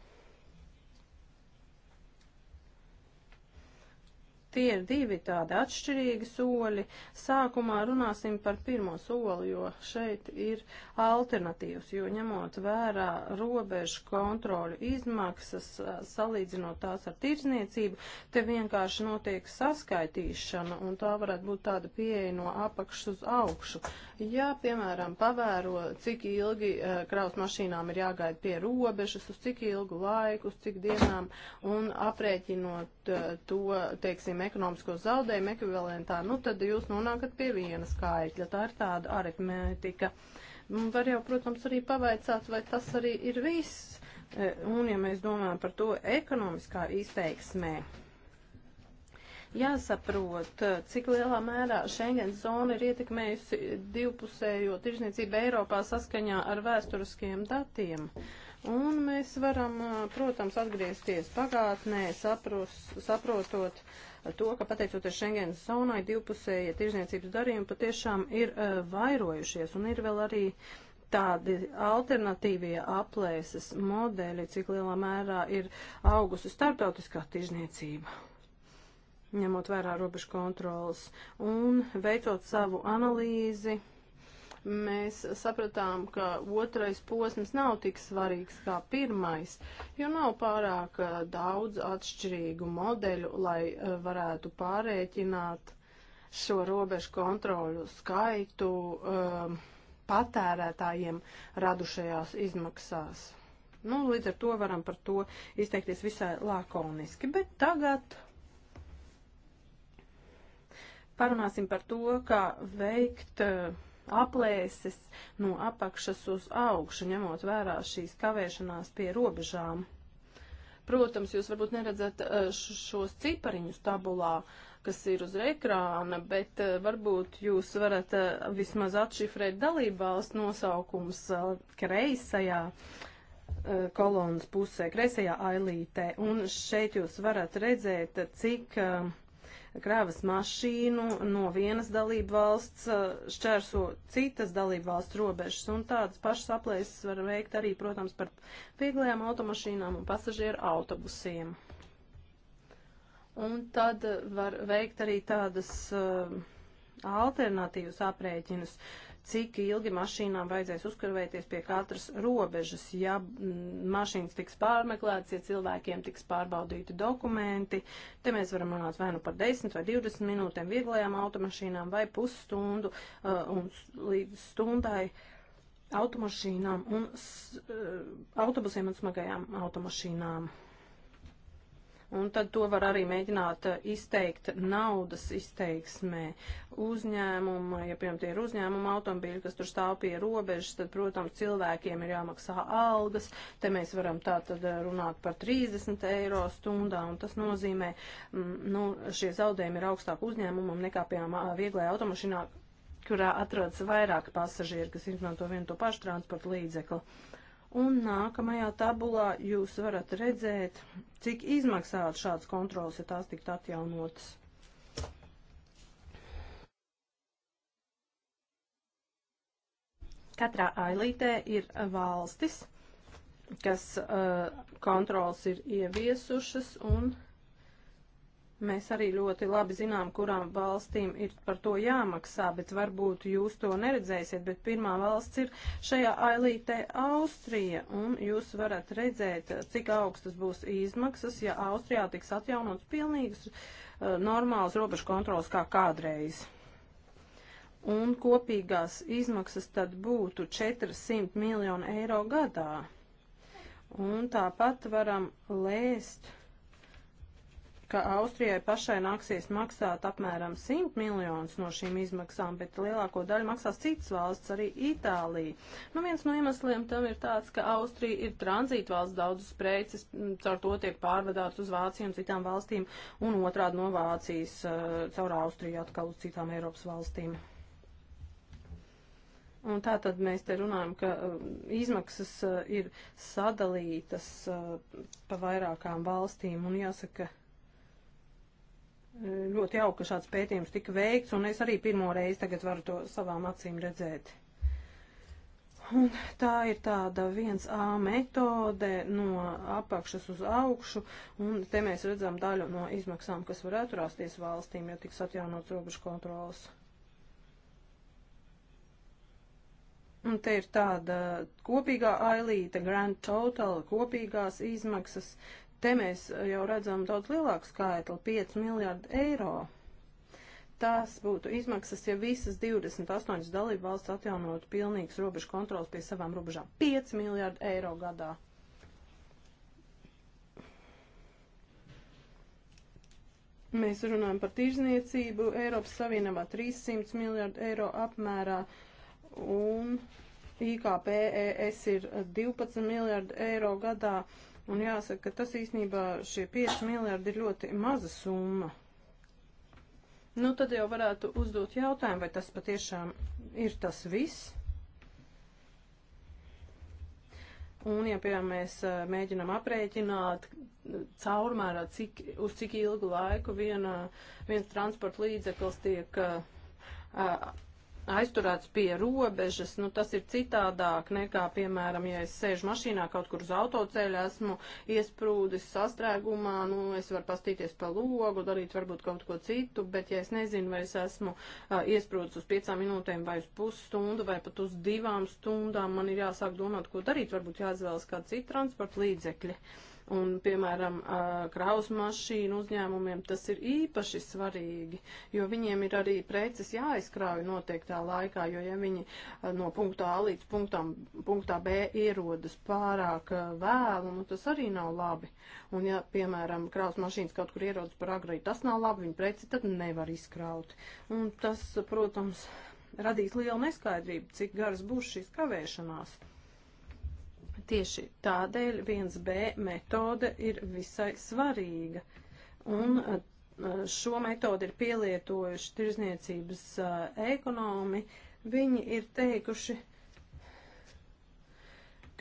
Tie ir divi tādi atšķirīgi soļi. Sākumā runāsim par pirmo soli, jo šeit ir alternatīvas, jo ņemot vērā robežu kontroļu izmaksas, salīdzinot tās ar tirzniecību, te vienkārši notiek saskaitīšana, un tā varētu būt tāda pieeja no apakšas uz augšu. Ja, piemēram, pavēro, cik ilgi kraus mašīnām ir jāgaida pie robežas, uz cik ilgu laiku, uz cik dienām, un aprēķinot to, teiksim, ekonomisko zaudējumu ekvivalentā, nu tad jūs nonākat pie viena skaitļa. Tā ir tāda aritmētika. Var jau, protams, arī pavaicāt, vai tas arī ir viss. E, un ja mēs domājam par to ekonomiskā izteiksmē, jāsaprot, e, cik lielā mērā Schengen zona ir ietekmējusi divpusējo tirzniecību Eiropā saskaņā ar vēsturiskiem datiem. Un mēs varam, e, protams, atgriezties pagātnē, sapros, saprotot, uh, to, ka pateicoties Schengenas zonai, divpusējie tirzniecības darījumi patiešām ir uh, vairojušies un ir vēl arī tādi alternatīvie aplēses modeļi, cik lielā mērā ir augusi starptautiskā tirzniecība ņemot vērā robežu kontrolas un veicot savu analīzi, mēs sapratām, ka otrais posms nav tik svarīgs kā pirmais, jo nav pārāk eh, daudz atšķirīgu modeļu, lai eh, varētu pārēķināt šo robežu kontroļu skaitu um, patērētājiem radušajās izmaksās. Nu, līdz ar to varam par to izteikties visai lakoniski, bet tagad parunāsim par to, kā veikt uh, aplēses no apakšas uz augšu, ņemot vērā šīs kavēšanās pie robežām. Protams, jūs varbūt neredzat e, šos cipariņus tabulā, kas ir uz ekrāna, bet e, varbūt jūs varat e, vismaz atšifrēt dalībvalsts nosaukums kreisajā kolonas pusē, kreisajā ailītē. Un šeit jūs varat redzēt, cik uh, krāvas mašīnu no vienas dalību valsts eh, šķērso citas dalību valsts robežas, un tādas pašas aplēses var veikt arī, protams, par vieglajām automašīnām un pasažieru autobusiem. Un tad var veikt arī tādas uh, alternatīvas aprēķinus. Uh, cik ilgi mašīnām vajadzēs uzkurvēties pie katras robežas, ja mašīnas tiks pārmeklētas, ja cilvēkiem tiks pārbaudīti dokumenti. Te mēs varam runāt vai nu par 10 vai 20 minūtēm vieglajām automašīnām vai pusstundu uh, un līdz stundai automašīnām un uh, autobusiem un smagajām automašīnām un tad to var arī mēģināt eh, izteikt naudas izteiksmē. Uzņēmuma, ja piemēram tie ir uzņēmuma automobīļi, kas tur stāv pie robežas, tad, protams, cilvēkiem ir jāmaksā algas. Te mēs varam tā tad eh, runāt par 30 eiro stundā, un tas nozīmē, mm, nu, šie zaudējumi ir augstāk uzņēmumam nekā, piemēram, vieglajā automašīnā, kurā atrodas vairāki pasažieri, kas izmanto vienu to pašu transporta līdzekli. Un nākamajā tabulā jūs varat redzēt, cik izmaksātu šādas kontrolas, ja tās tiktu atjaunotas. Katrā ailītē ir valstis, kas uh, kontrols ir ieviesušas un Mēs arī ļoti labi zinām, kurām valstīm ir par to jāmaksā, bet varbūt jūs to neredzēsiet, bet pirmā valsts ir šajā ailītē Austrija, un jūs varat redzēt, cik augstas būs izmaksas, ja Austrijā tiks atjaunots pilnīgs uh, normāls robežu kontrols kā kādreiz. Un kopīgās izmaksas tad būtu 400 miljonu eiro gadā. Un tāpat varam lēst ka Austrijai pašai nāksies maksāt apmēram 100 miljonus no šīm izmaksām, bet lielāko daļu maksās citas valsts, arī Itālija. Nu, viens no iemesliem tam ir tāds, ka Austrija ir tranzītvalsts daudzas preces, caur to tiek pārvadāts uz Vāciju un citām valstīm, un otrādi no Vācijas caur Austriju atkal uz citām Eiropas valstīm. Un tā tad mēs te runājam, ka uh, izmaksas uh, ir sadalītas uh, pa vairākām valstīm, un jāsaka, ka Ļoti jauki, ka šāds pētījums tika veikts, un es arī pirmo reizi tagad varu to savām acīm redzēt. Un tā ir tāda viens A metode no apakšas uz augšu, un te mēs redzam daļu no izmaksām, kas varētu rasties valstīm, ja tiks atjaunots robežu kontrols. Un te ir tāda kopīgā ailīta, grand total, kopīgās izmaksas, uh, Te mēs jau redzam daudz lielāku skaitli - 5 miljārdu eiro. Tas būtu izmaksas, ja visas 28 dalību valsts atjaunotu pilnīgas robežu kontrolas pie savām robežām - 5 miljārdu eiro gadā. Mēs runājam par tirzniecību Eiropas Savienībā 300 miljārdu eiro apmērā un IKP ES ir 12 miljārdu eiro gadā. Uh, Un jāsaka, ka tas īstenībā šie 5 miljardi ir ļoti maza summa. Nu, tad jau varētu uzdot jautājumu, vai tas patiešām ir tas viss. Un, ja, piemēram, mēs eh, mēģinām aprēķināt eh, caurmērā, cik, uz cik ilgu laiku viena, viens transporta līdzeklis tiek uh, aizturēts pie robežas, nu tas ir citādāk nekā, piemēram, ja es sēžu mašīnā kaut kur uz autoceļa, esmu iesprūdis sastrēgumā, nu es varu pastīties pa logu, darīt varbūt kaut ko citu, bet ja es nezinu, vai es esmu uh, iesprūdis uz piecām minūtēm vai uz pusstundu vai pat uz divām stundām, man ir jāsāk domāt, ko darīt, varbūt jāizvēlas kāda cita transporta līdzekļa. Uh, Un, piemēram, kraus mašīnu uzņēmumiem tas ir īpaši svarīgi, jo viņiem ir arī preces jāizkrauj noteiktā laikā, jo ja viņi no punktā A līdz punktam, punktā B ierodas pārāk vēlu, nu tas arī nav labi. Un, ja, piemēram, kraus mašīnas kaut kur ierodas par agrai, tas nav labi, viņa preci tad nevar izkraut. Un tas, protams, radīs lielu neskaidrību, cik garas būs šīs kavēšanās. Tieši tādēļ 1B metode ir visai svarīga. Un šo metodu ir pielietojuši tirzniecības ekonomi. Viņi ir teikuši,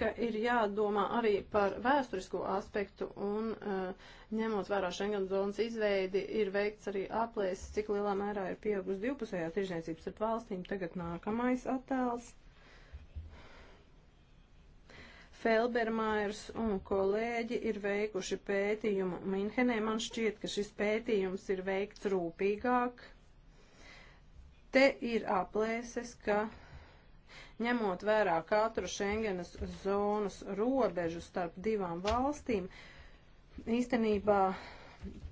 ka ir jādomā arī par vēsturisko aspektu un uh, ņemot vērā Schengen zonas izveidi, ir veikts arī aplēses, cik lielā mērā ir pieaugusi divpusējā tirzniecības ar valstīm. Tagad nākamais attēls. Felbermairs un kolēģi ir veikuši pētījumu Minhenē. Man šķiet, ka šis pētījums ir veikts rūpīgāk. Te ir aplēses, ka ņemot vērā katru Schengenas zonas robežu starp divām valstīm, īstenībā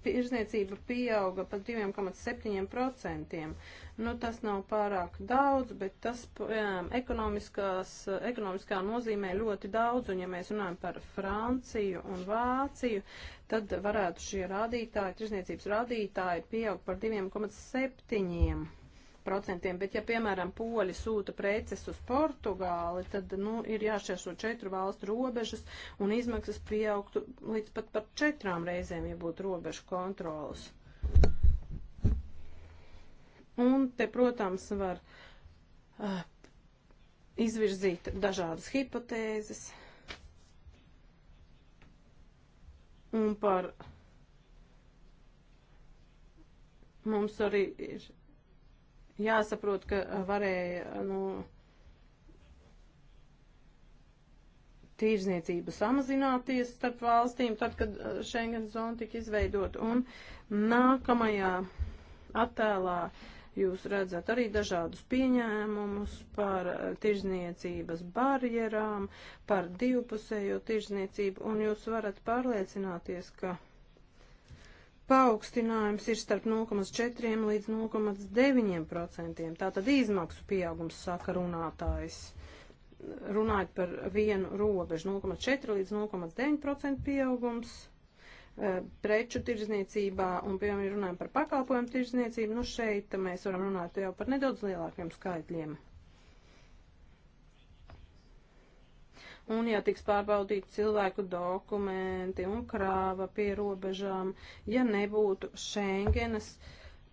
tirzniecība pieauga par 2,7%. Nu, tas nav pārāk daudz, bet tas jā, ekonomiskā nozīmē ļoti daudz, un ja mēs runājam par Franciju un Vāciju, tad varētu šie rādītāji, tirzniecības rādītāji pieaug par 2,7 procentiem, bet ja, piemēram, poļi sūta preces uz Portugāli, tad, nu, ir jāšķērso četru valstu robežas un izmaksas pieaugtu līdz pat par četrām reizēm, ja būtu robežu kontrolas. Un te, protams, var uh, izvirzīt dažādas hipotēzes un par mums arī ir jāsaprot, ka varēja, nu, tīrzniecība samazināties starp valstīm, tad, kad eh, Schengen zona tika izveidota. Un nākamajā attēlā uh, Jūs redzat arī dažādus pieņēmumus par eh, tirzniecības barjerām, par divpusējo tirzniecību, un jūs varat pārliecināties, ka paaugstinājums ir starp 0,4 līdz 0,9%. Tātad izmaksu pieaugums saka runātājs runājot par vienu robežu 0,4 līdz 0,9% pieaugums. Eh, preču tirzniecībā un, piemēram, runājam par pakalpojumu tirzniecību, nu šeit mēs varam runāt jau par nedaudz lielākiem skaitļiem. Un, ja tiks pārbaudīti cilvēku dokumenti un krāva pie robežām, ja nebūtu Schengenas,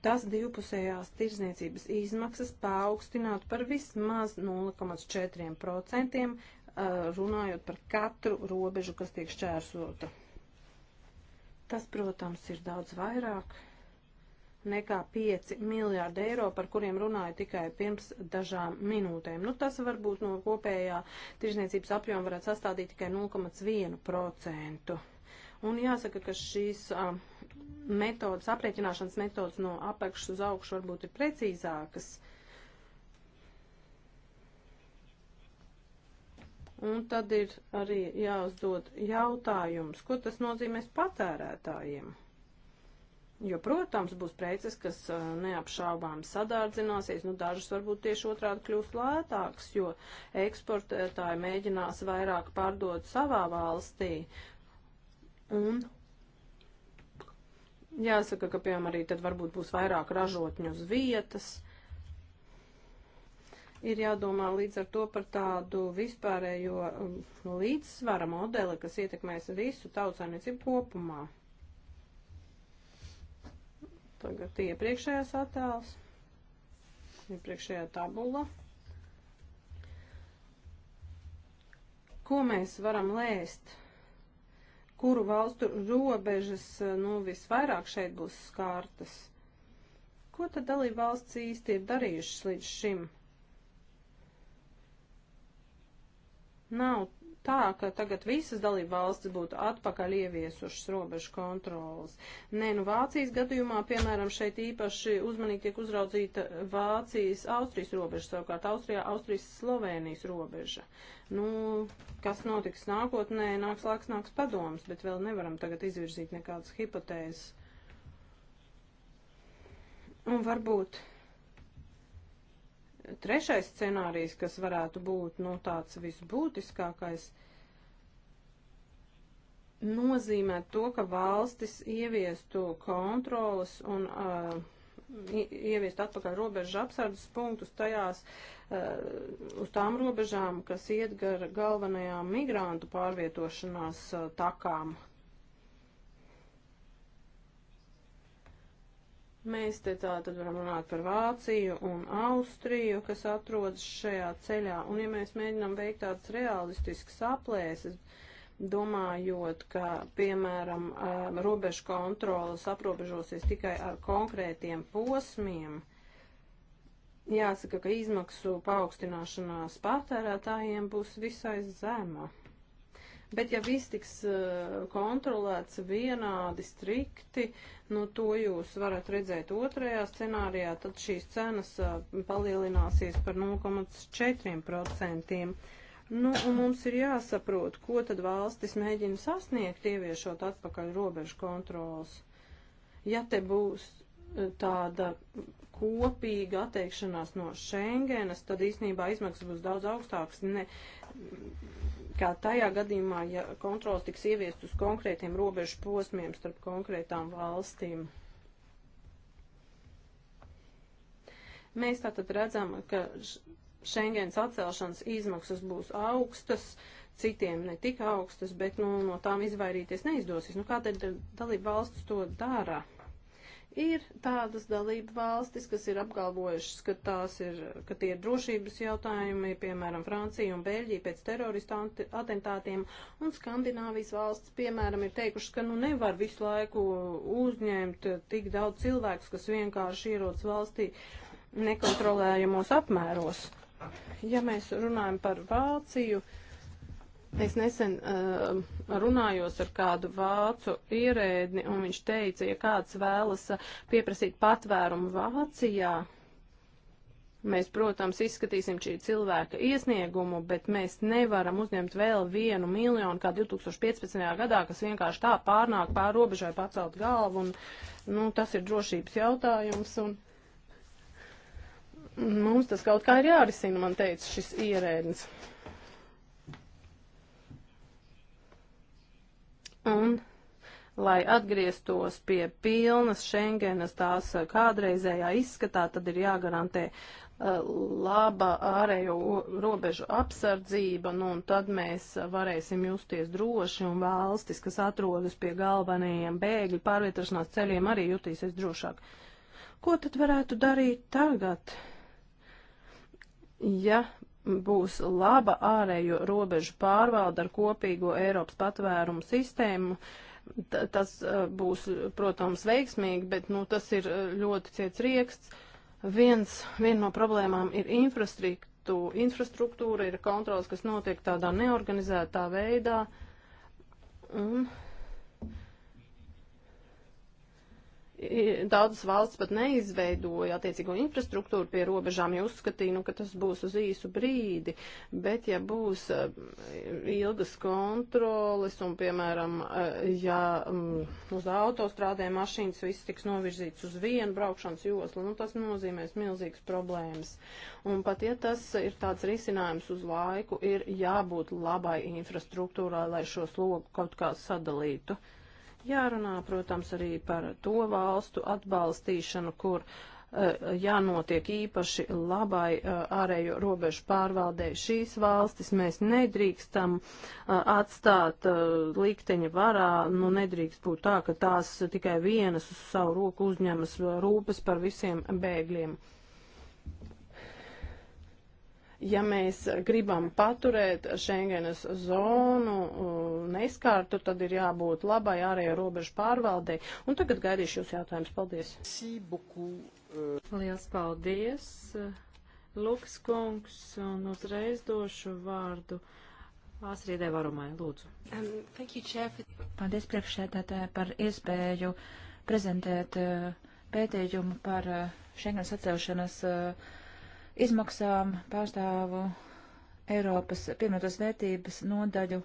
tas divpusējās tirzniecības izmaksas paaugstinātu par vismaz 0,4%, eh, runājot par katru robežu, kas tiek šķērsota. Tas, protams, ir daudz vairāk nekā 5 miljārdi eiro, par kuriem runāju tikai pirms dažām minūtēm. Nu, tas varbūt no kopējā tirzniecības apjoma varētu sastādīt tikai 0,1%. Un jāsaka, ka šīs uh, metodas, aprēķināšanas metodas no apakšas uz augšu varbūt ir precīzākas. Uh, Un tad ir arī jāuzdod jautājums, ko tas nozīmēs patērētājiem. Jo, protams, būs preces, kas uh, neapšaubām sadārdzināsies, nu dažas varbūt tieši otrādi kļūst lētāks, jo eksportētāji mēģinās vairāk pārdot savā valstī. Un jāsaka, ka, piemēram, arī tad varbūt būs vairāk ražotņu uz vietas ir jādomā līdz ar to par tādu vispārējo um, līdzsvara modeli, kas ietekmēs visu tautsāniecību kopumā. Tagad iepriekšējās attēls, iepriekšējā tabula. Ko mēs varam lēst? Kuru valstu robežas uh, nu, visvairāk šeit būs skārtas? Ko tad dalība valsts īsti ir darījušas līdz šim? Nav tā, ka tagad visas dalība valstis būtu atpakaļ ieviesušas robežu kontrolas. Nē, nu Vācijas gadījumā, piemēram, šeit īpaši uzmanīgi tiek uzraudzīta Vācijas, Austrijas robeža, savukārt Austrijā, Austrijas, Slovēnijas robeža. Nu, kas notiks nākotnē, nāks laiks, nāks padoms, bet vēl nevaram tagad izvirzīt nekādas hipotēzes. Un varbūt trešais scenārijs, kas varētu būt nu, tāds visbūtiskākais, nozīmē to, ka valstis ieviestu kontrolas un uh, ieviest atpakaļ robežu apsardzes punktus tajās, uh, uz tām robežām, kas iet gar galvenajām migrantu pārvietošanās uh, takām. Mēs te tā tad varam runāt par Vāciju un Austriju, kas atrodas šajā ceļā. Un ja mēs mēģinām veikt tādas realistiskas aplēses, domājot, ka, piemēram, robežu kontrolas aprobežosies tikai ar konkrētiem posmiem, jāsaka, ka izmaksu paaugstināšanās patērētājiem būs visai zema. Bet ja viss tiks eh, kontrolēts vienādi strikti, nu to jūs varat redzēt otrajā scenārijā, tad šīs cenas eh, palielināsies par 0,4%. Nu, un mums ir jāsaprot, ko tad valstis mēģina sasniegt, ieviešot atpakaļ robežu kontrols. Ja te būs eh, tāda kopīga atteikšanās no Schengenas, tad īsnībā izmaksas būs daudz augstākas. Ne, kā tajā gadījumā, ja kontrols tiks ieviest uz konkrētiem robežu posmiem starp konkrētām valstīm. Mēs tātad redzam, ka Schengens atcelšanas izmaksas būs augstas, citiem ne tik augstas, bet nu, no tām izvairīties neizdosies. Nu, kādēļ dalība valsts to dara? Ir tādas dalība valstis, kas ir apgalvojušas, ka, ir, ka tie ir drošības jautājumi, piemēram, Francija un Beļģija pēc teroristu atentātiem, un Skandināvijas valsts, piemēram, ir teikušas, ka nu nevar visu laiku uzņemt tik daudz cilvēkus, kas vienkārši ierodas valstī nekontrolējamos apmēros. Ja mēs runājam par Vāciju, uh, Es nesen uh, runājos ar kādu vācu ierēdni, un viņš teica, ja kāds vēlas uh, pieprasīt patvērumu Vācijā, mēs, protams, izskatīsim šī cilvēka iesniegumu, bet mēs nevaram uzņemt vēl vienu miljonu, kā 2015. gadā, kas vienkārši tā pārnāk pār robežai pacelt galvu, un, nu, tas ir drošības jautājums, un mums tas kaut kā ir jārisina, man teica šis ierēdnis. un lai atgrieztos pie pilnas Schengenas tās eh, kādreizējā izskatā, tad ir jāgarantē uh, laba ārējo robežu apsardzība, nu un tad mēs varēsim justies droši un valstis, kas atrodas pie galvenajiem bēgļu pārvietošanās ceļiem, arī jutīsies drošāk. Ko tad varētu darīt tagad? Ja būs laba ārējo robežu pārvalda ar kopīgo Eiropas patvērumu sistēmu. T tas uh, būs, protams, veiksmīgi, bet nu, tas ir uh, ļoti ciets rieksts. Viens, viena no problēmām ir infrastruktūra. Infrastruktūra ir kontrols, kas notiek tādā neorganizētā veidā. Un Daudzas valsts pat neizveidoja attiecīgo infrastruktūru pie robežām, ja uzskatīja, nu, ka tas būs uz īsu brīdi, bet ja būs eh, ilgas kontroles un, piemēram, eh, ja mm, uz autostrādē mašīnas viss tiks novirzīts uz vienu braukšanas joslu, nu, tas nozīmēs milzīgas problēmas. Un pat ja tas ir tāds risinājums uz laiku, ir jābūt labai infrastruktūrai, lai šo slogu kaut kā sadalītu. Jārunā, protams, arī par to valstu atbalstīšanu, kur uh, jānotiek īpaši labai uh, ārējo robežu pārvaldē. Šīs valstis mēs nedrīkstam uh, atstāt likteņa varā, nu nedrīkst būt tā, ka tās tikai vienas uz savu roku uzņemas rūpes par visiem bēgļiem ja mēs gribam paturēt Schengenas zonu uh, neskārtu, tad ir jābūt labai ārējo robežu pārvaldei. Un tagad gaidīšu jūs jautājumus. Paldies! Euh, Liels paldies, uh, Lukas kungs, un uzreiz došu vārdu. Asrīdē varumai, lūdzu. Um, you, Chair, for... Paldies priekšsēdētāji par iespēju prezentēt uh, pētījumu par uh, Schengens atcelšanas uh, izmaksām pārstāvu Eiropas pievienotās vērtības nodaļu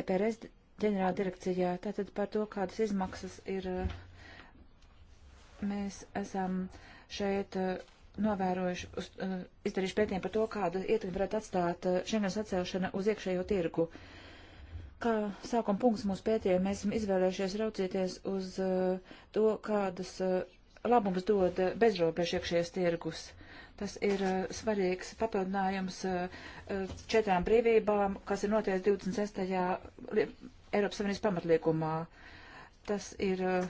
EPRS ģenerāla direkcijā. Tātad par to, kādas izmaksas ir, mēs esam šeit eh, novērojuši, uz, eh, izdarījuši pētījumu par to, kādu ietekmi varētu atstāt šengens eh, atcelšana uz iekšējo tirgu. Kā sākuma punkts mūsu pētījumā, mēs esam izvēlējušies raucīties uz to, kādas labumus dod bezrobežu iekšējais tirgus. Uh, Tas ir uh, svarīgs papildinājums uh, četrām brīvībām, kas ir noteikts 26. Eiropas Savienības pamatliekumā. Tas ir uh,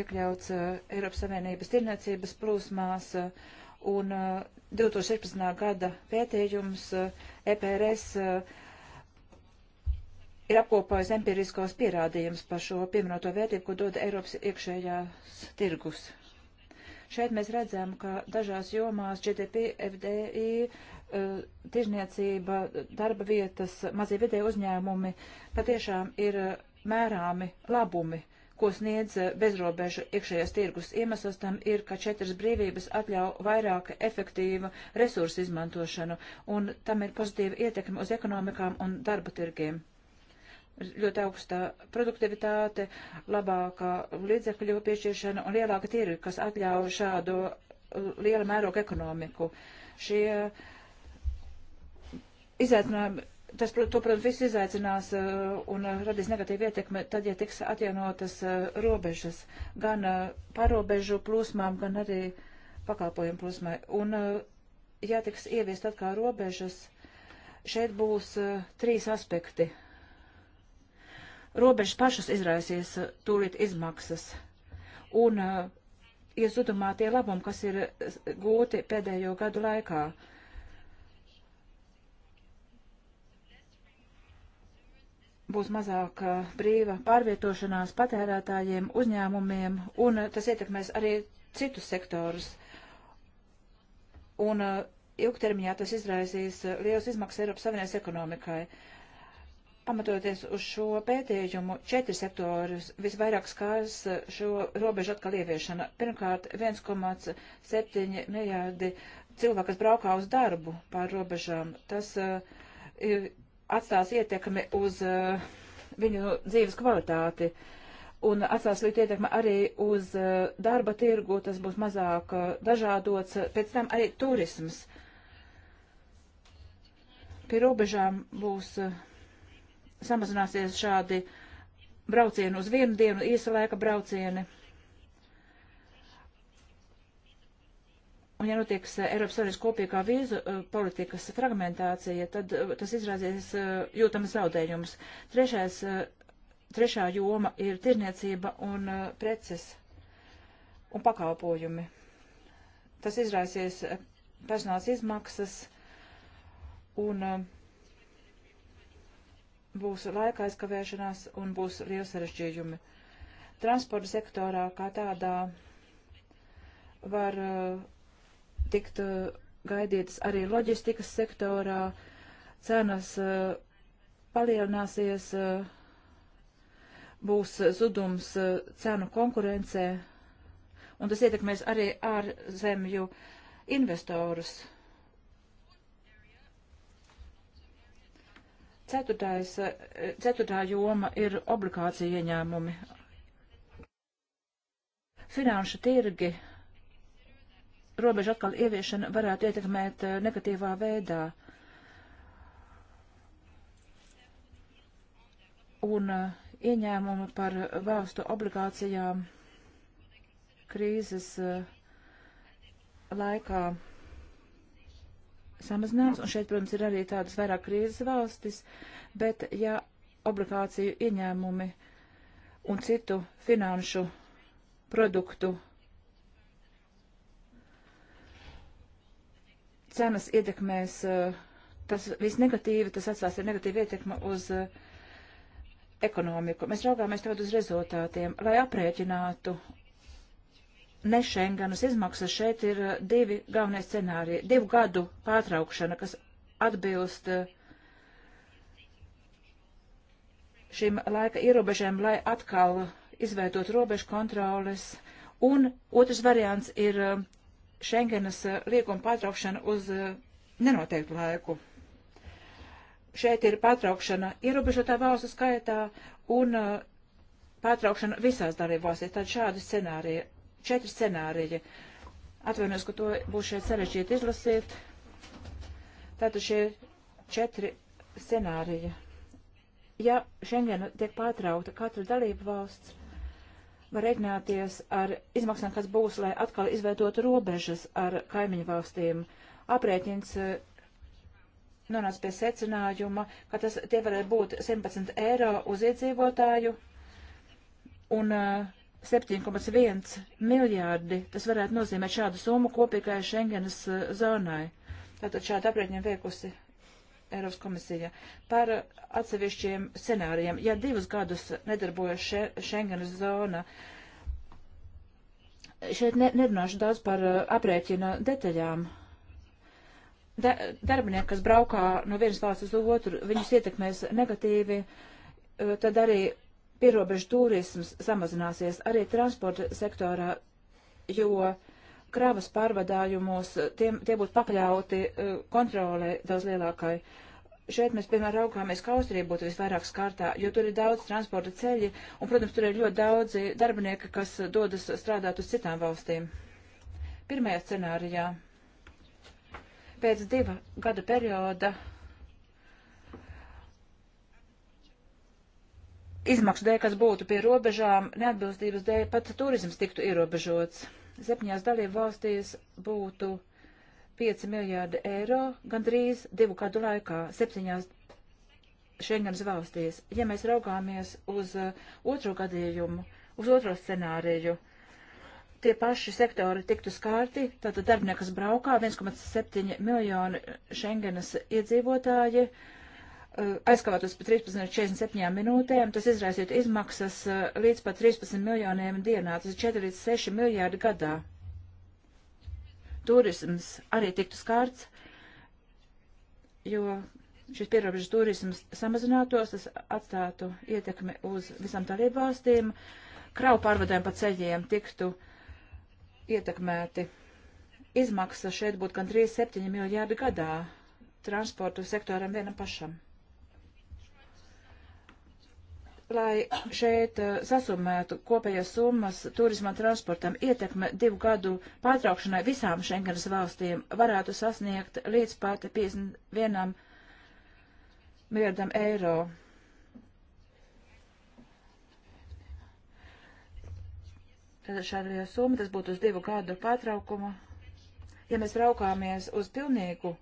iekļauts uh, Eiropas Savienības tirniecības plūsmās uh, un uh, 2016. gada pētījums uh, EPRS uh, ir apkopojis empiriskos pierādījumus par šo pievienoto vērtību, ko dod Eiropas iekšējās tirgus Šeit mēs redzam, ka dažās jomās GDP, FDI, eh, tirzniecība, darba vietas, mazie vidēji uzņēmumi patiešām ir eh, mērāmi labumi ko sniedz eh, bezrobežu iekšējās tirgus. Iemesls tam ir, ka četras brīvības atļauj vairāk efektīvu resursu izmantošanu, un tam ir pozitīva ietekme uz ekonomikām un darba tirgiem ļoti augsta produktivitāte, labāka līdzekļu piešķiršana un lielāka tirgi, kas atļauj šādu uh, liela mēroga ekonomiku. Šie izaicinājumi, tas, to, protams, viss izaicinās uh, un uh, radīs negatīvu ietekmi, tad, ja tiks atjaunotas robežas, gan pārobežu plūsmām, gan arī pakalpojumu plūsmai. Un, ja tiks ieviest atkal robežas, šeit būs trīs aspekti robežas pašas izraisīs eh, tūlīt izmaksas. Un uh, eh, iezudumā tie labumi, kas ir eh, gūti pēdējo gadu laikā. Būs mazāk uh, brīva pārvietošanās patērētājiem, uzņēmumiem, un uh, tas ietekmēs arī citus sektorus. Un ilgtermiņā tas izraisīs liels izmaksas Eiropas Savienības ekonomikai. Uh, pamatoties uz šo pētījumu, četri sektorus visvairāk skārs šo robežu atkal ieviešana. Pirmkārt, 1,7 miljārdi cilvēku, kas braukā uz darbu pār robežām. Tas uh, atstās ietekmi uz uh, viņu dzīves kvalitāti. Un atstās līdz ietekme arī uz uh, darba tirgu, tas būs mazāk uh, dažādots, pēc tam arī turisms. Pie robežām būs uh, samazināsies šādi braucieni uz vienu dienu, īsa laika braucieni. Un ja notiks eh, Eiropas Savienības kopīgā vīzu eh, politikas fragmentācija, tad eh, tas izrādīs jūtamas zaudējumus. Trešais, trešā joma ir tirniecība un preces un pakalpojumi. Tas izraisīs personāls izmaksas un uh, būs laika aizkavēšanās un būs liela sarežģījumi. Transporta sektorā kā tādā var uh, tikt uh, gaidītas arī loģistikas sektorā, cenas uh, palielināsies, uh, būs zudums uh, cenu konkurencē, un tas ietekmēs arī ārzemju investorus. Ar Ceturtais, eh, ceturtā joma ir obligācija ieņēmumi. Finanšu tirgi robežu atkal ieviešana varētu ietekmēt eh, negatīvā veidā. Un eh, ieņēmumi par valstu obligācijām krīzes laikā samazinās, un šeit, protams, ir arī tādas vairāk krīzes valstis, bet ja obligāciju ieņēmumi un citu finanšu produktu cenas ietekmēs, eh, tas viss negatīvi, tas atstās ir negatīvi ietekma uz eh, ekonomiku. Mēs raugāmies tagad uz rezultātiem, lai aprēķinātu ne Schengenas izmaksas šeit ir uh, divi galvenie scenāriji. Divu gadu pārtraukšana, kas atbilst uh, šim laika ierobežēm, lai atkal izveidot robežu kontroles. Un otrs variants ir uh, Schengenas liekuma pārtraukšana uz nenoteiktu laiku. Šeit ir pārtraukšana ierobežotā valstu skaitā un pārtraukšana visās dalībvalstīs. Tad šādi scenāriji četri scenāriji. Atvainojos, ka to būs šeit sarežģīti izlasīt. Tātad šie četri scenāriji. Ja Schengen tiek pārtraukta, katra dalība valsts var rēķināties ar izmaksām, kas būs, lai atkal izveidotu robežas ar kaimiņu valstīm. Aprēķins eh, nonāca pie secinājuma, ka tas tie varētu būt 17 eiro uz iedzīvotāju, un uh, 7,1 miljārdi, tas varētu nozīmēt šādu summu kopīgai Schengenas eh, zonai. Tātad šādu aprēķinu veikusi Eiropas komisija par eh, atsevišķiem scenārijiem. Ja divus gadus nedarbojas še, Schengenas zona, šeit ne, nerunāšu daudz par eh, aprēķina detaļām. Da, darbinieki, kas braukā no vienas valsts uz otru, viņus ietekmēs negatīvi, tad arī pierobežu turisms samazināsies arī transporta sektorā, jo kravas pārvadājumos tiem, tie būtu pakļauti e, kontrolē daudz lielākai. Šeit mēs, piemēram, raugāmies, ka Austrija būtu visvairāk skārtā, jo tur ir daudz transporta ceļi, un, protams, tur ir ļoti daudzi darbinieki, kas dodas strādāt uz citām valstīm. Pirmajā scenārijā pēc diva gada perioda izmaksu dēļ, kas būtu pie robežām, neatbilstības dēļ pat turisms tiktu ierobežots. Septiņās dalību valstīs būtu 5 miljārdi eiro gandrīz divu kādu laikā, septiņās Schengens valstīs. Ja mēs raugāmies uz uh, otro gadījumu, uz otro scenāriju, tie paši sektori tiktu skārti, tātad darbinieks braukā 1,7 miljoni Schengenas iedzīvotāji. Uh, Eh, aizkavētos pa 13,47 minūtēm, tas izraisītu izmaksas eh, līdz pat 13 miljoniem dienā, tas ir 4 līdz 6 miljārdi gadā. Turisms arī tiktu skārts, jo šis pierobežas turisms samazinātos, tas atstātu ietekmi uz visām dalību valstīm, kravu pārvadēm pa ceļiem tiktu ietekmēti. Izmaksas šeit būtu gan 3,7 miljārdi gadā transportu sektoram vienam pašam lai šeit uh, sasummētu kopējas summas turisma transportam ietekme divu gadu pārtraukšanai visām Schengenas valstīm varētu sasniegt līdz pat 51 miljardam eiro. Tad šāda liela summa, tas būtu uz divu gadu pārtraukumu. Ja mēs raukāmies uz pilnīgu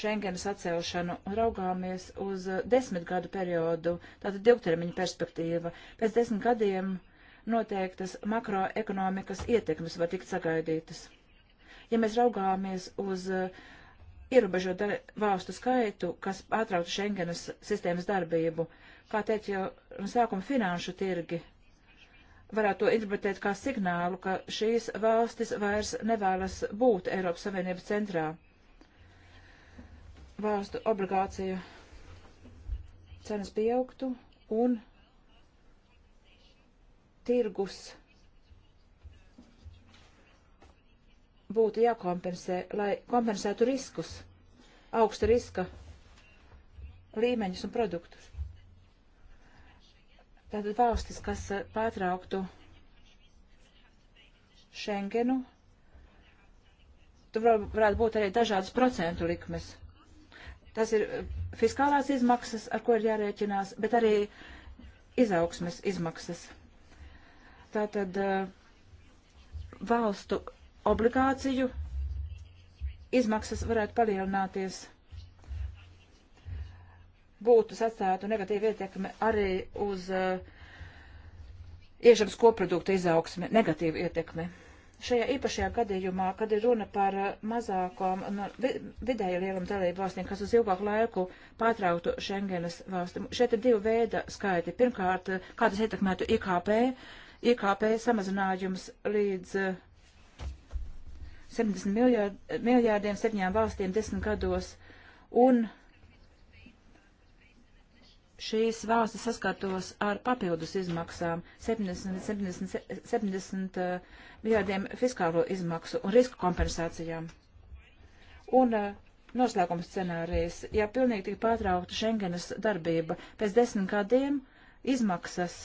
Schengenas atcelšanu un raugāmies uz desmit gadu periodu, tātad divtermiņa perspektīva. Pēc desmit gadiem noteiktas makroekonomikas ietekmes var tikt sagaidītas. Ja mēs raugāmies uz uh, ierobežot valstu skaitu, kas pārtrauktu Schengenas sistēmas darbību, kā teicu jau no sākuma finanšu tirgi, varētu to interpretēt kā signālu, ka šīs valstis vairs nevēlas būt Eiropas Savienības centrā valstu obligāciju cenas pieaugtu un tirgus būtu jākompensē, lai kompensētu riskus, augsta riska līmeņus un produktus. Tātad valstis, kas eh, pārtrauktu Schengenu, tur varētu būt arī dažādas procentu likmes. Tas ir eh, fiskālās izmaksas, ar ko ir jārēķinās, bet arī izaugsmes izmaksas. Tātad eh, valstu obligāciju izmaksas varētu palielināties būtu atstātu negatīvu ietekmi arī uz uh, iešanas koprodukta izaugsmi, negatīvu ietekmi. Šajā īpašajā gadījumā, kad ir runa par eh, mazākām un nu, vidēju lielumu dalību valstīm, kas uz ilgāku laiku pārtrauktu Schengenas valsti, šeit ir divi veida skaiti. Pirmkārt, eh, kā tas ietekmētu IKP, IKP samazinājums līdz 70 eh, miljārdiem septiņām valstīm desmit gados un šīs valstis saskārtos ar papildus izmaksām 70, 70, 70 uh, miljārdiem fiskālo izmaksu un risku kompensācijām. Un uh, noslēgums scenārijas, ja pilnīgi tik pārtraukta Schengenas darbība, pēc desmit gadiem izmaksas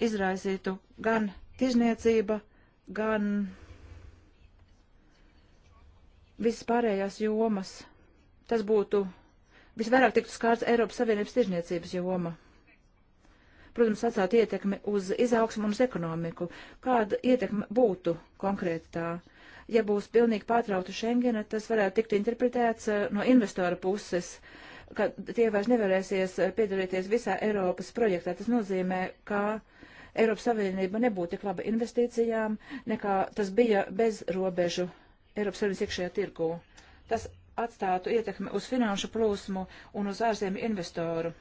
izraisītu gan tirzniecība, gan visas pārējās jomas tas būtu visvairāk tiktu skārts Eiropas Savienības tirzniecības joma. Protams, atstāt ietekmi uz izaugsmu un uz ekonomiku. Kāda ietekme būtu konkrēti tā? Ja būs pilnīgi pārtraukta Schengena, tas varētu tikt interpretēts eh, no investora puses, ka tie vairs nevarēsies eh, piedalīties visā Eiropas projektā. Tas nozīmē, ka Eiropas Savienība nebūtu tik laba investīcijām, nekā tas bija bez robežu Eiropas Savienības iekšējā tirgū. Tas atstātu ietekmi uz finanšu plūsmu un uz ārzemju investoru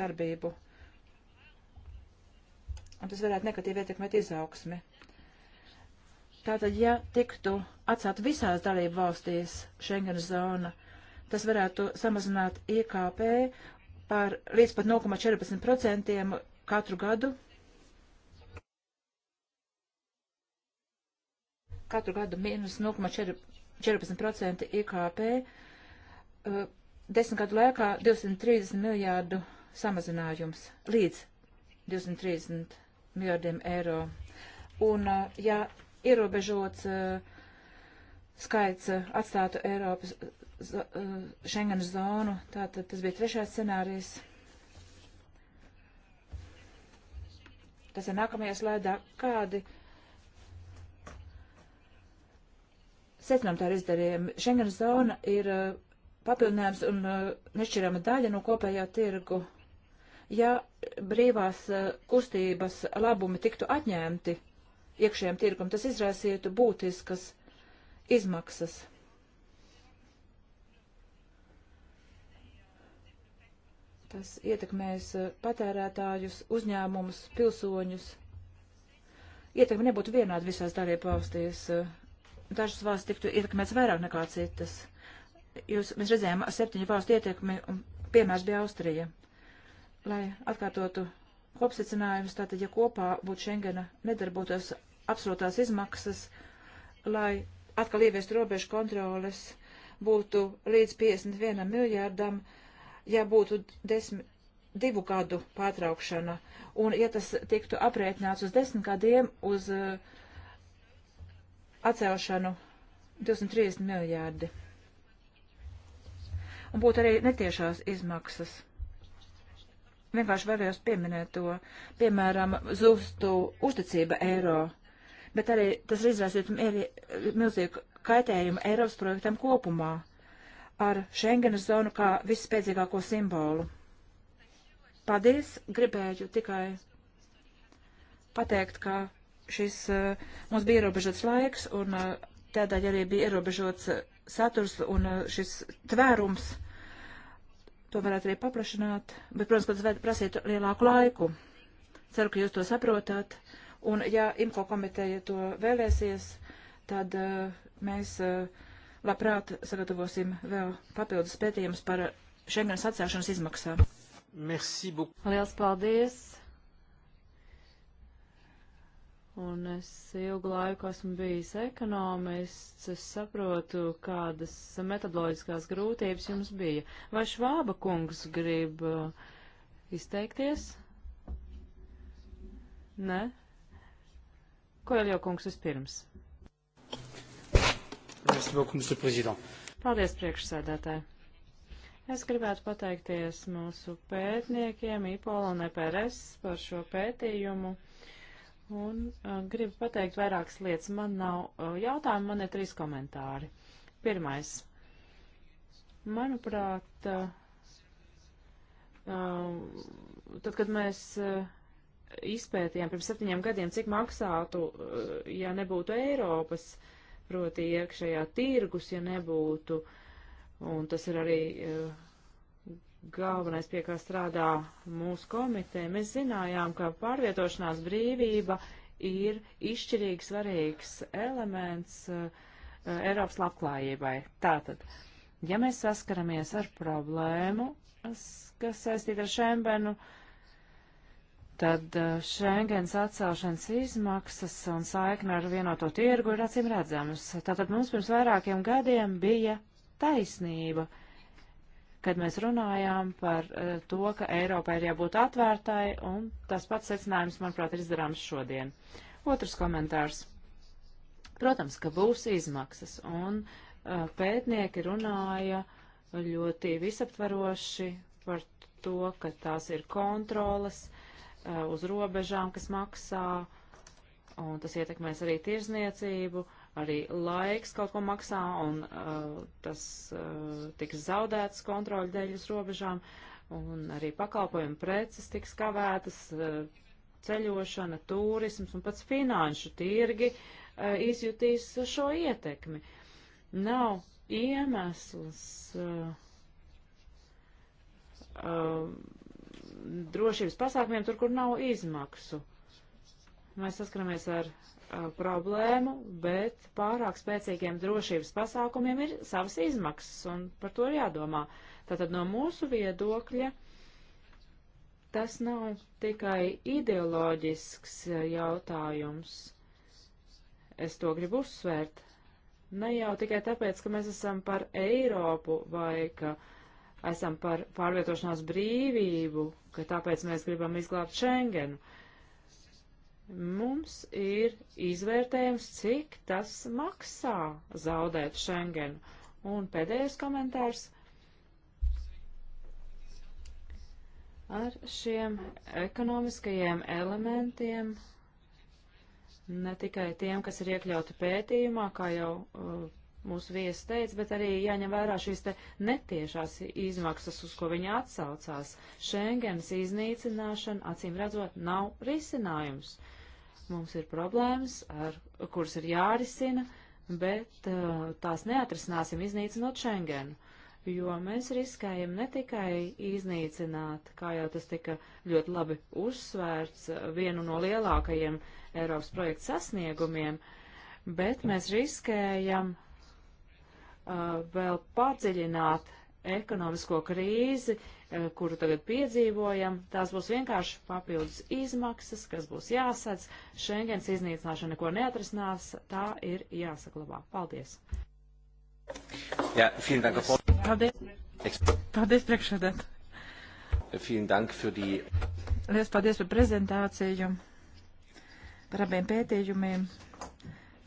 darbību. Un tas varētu negatīvi ietekmēt izaugsmi. Tātad, ja tiktu atstāt visās dalību valstīs Schengen zona, tas varētu samazināt IKP par līdz pat 0,14% katru gadu. Katru gadu mīnus 0,14%. 14% IKP, uh, desmit gadu laikā 230 miljārdu samazinājums līdz 230 miljārdiem eiro. Un, uh, ja ierobežots uh, skaits uh, atstātu Eiropas uh, Schengen zonu, tātad tas bija trešais scenārijs. Tas ir nākamajā slēdā, kādi secinām tā ir izdarījumi. Schengen zona ir uh, papildinājums un uh, nešķirama daļa no kopējā tirgu. Ja brīvās uh, kustības labumi tiktu atņemti iekšējiem tirgum, tas izraisītu būtiskas izmaksas. Tas ietekmēs uh, patērētājus, uzņēmumus, pilsoņus. Ietekme nebūtu vienāda visās darīja paustīs. Uh, dažas valsts tiktu ietekmēts vairāk nekā citas. Jūs, mēs redzējām septiņu valstu ietekmi, un piemērs bija Austrija. Lai atkārtotu kopsacinājumus, tātad, ja kopā būtu Schengena nedarbotos absolūtās izmaksas, lai atkal ieviestu robežu kontroles, būtu līdz 51 miljārdam, ja būtu desmit, divu gadu pārtraukšana, un ja tas tiktu aprēķināts uz desmit gadiem, uz uh, atcelšanu 230 miljārdi. Un būtu arī netiešās izmaksas. Vienkārši vēlējos pieminēt to, piemēram, zustu uzticība eiro, bet arī tas izraisītu milzīgu kaitējumu Eiropas projektam kopumā ar Schengenas zonu kā visspēcīgāko simbolu. Paldies, gribēju tikai pateikt, ka šis, eh, mums bija ierobežots laiks, un eh, tādēļ arī bija ierobežots eh, saturs un šis tvērums. To varētu arī paplašināt, bet, protams, ka tas prasītu lielāku laiku. Ceru, ka jūs to saprotat. Un, ja IMCO komiteja to vēlēsies, tad uh, mēs uh, labprāt sagatavosim vēl papildus pētījumus par Schengenas atcelšanas izmaksām. Merci beaucoup. Liels paldies! un es ilgu laiku esmu bijis ekonomists, es saprotu, kādas metodoloģiskās grūtības jums bija. Vai Švāba kungs grib uh, izteikties? Nē? Ko jau kungs vispirms? Paldies, priekšsēdētāji! Es gribētu pateikties mūsu pētniekiem, IPOL un EPRS par šo pētījumu. Un uh, gribu pateikt vairākas lietas. Man nav uh, jautājumu, man ir trīs komentāri. Pirmais. Manuprāt, uh, uh, tad, kad mēs. Uh, izpētījām pirms septiņiem gadiem, cik maksātu, uh, ja nebūtu Eiropas, proti iekšējā tirgus, ja nebūtu, un tas ir arī uh, galvenais, pie kā strādā mūsu komiteja, mēs zinājām, ka pārvietošanās brīvība ir izšķirīgi svarīgs elements uh, Eiropas labklājībai. Tātad, ja mēs saskaramies ar problēmu, kas saistīta ar Šembenu, tad Šengens eh, atcelšanas izmaksas un saikna ar vienoto tirgu ir acīm redzamas. Tātad mums pirms vairākiem gadiem bija taisnība. Uh, kad mēs runājām par eh, to, ka Eiropai ir jābūt atvērtai, un tas pats secinājums, manuprāt, ir izdarāms šodien. Otrs komentārs. Protams, ka būs izmaksas, un eh, pētnieki runāja ļoti visaptvaroši par to, ka tās ir kontrolas eh, uz robežām, kas maksā, un tas ietekmēs arī tirzniecību. Uh, arī laiks kaut ko maksā, un uh, tas uh, tiks zaudēts kontroļu dēļ uz robežām, un arī pakalpojumu preces tiks kavētas, uh, ceļošana, turisms un pats finanšu tirgi uh, izjutīs šo ietekmi. Nav iemesls. Uh, uh, drošības pasākumiem tur, kur nav izmaksu. Mēs saskaramies ar uh, problēmu, bet pārāk spēcīgiem drošības pasākumiem ir savas izmaksas, un par to ir jādomā. Tātad no mūsu viedokļa tas nav tikai ideoloģisks jautājums. Es to gribu uzsvērt. Ne jau tikai tāpēc, ka mēs esam par Eiropu vai ka esam par pārvietošanās brīvību, ka tāpēc mēs gribam izglābt Schengenu. Uh, Mums ir izvērtējums, cik tas maksā zaudēt Schengenu. Un pēdējais komentārs. Ar šiem ekonomiskajiem elementiem, ne tikai tiem, kas ir iekļauti pētījumā, kā jau uh, mūsu viesis teica, bet arī jāņem vērā šīs te netiešās izmaksas, uz ko viņa atsaucās. Šengenas iznīcināšana, acīm redzot, nav risinājums. Mums ir problēmas, ar, kuras ir jārisina, bet uh, tās neatrisināsim iznīcinot Šengenu. Jo mēs riskējam ne tikai iznīcināt, kā jau tas tika ļoti labi uzsvērts, uh, vienu no lielākajiem Eiropas projekta sasniegumiem, bet mēs riskējam Uh, vēl padziļināt ekonomisko krīzi, uh, kuru tagad piedzīvojam. Tās būs vienkārši papildus izmaksas, kas būs jāsadz. Šengens iznīcināšana neko neatrisinās, tā ir jāsaglabā. Paldies! Jā, dank, paldies, paldies priekšsēdēt! Die... Liels paldies par prezentāciju, par abiem pētījumiem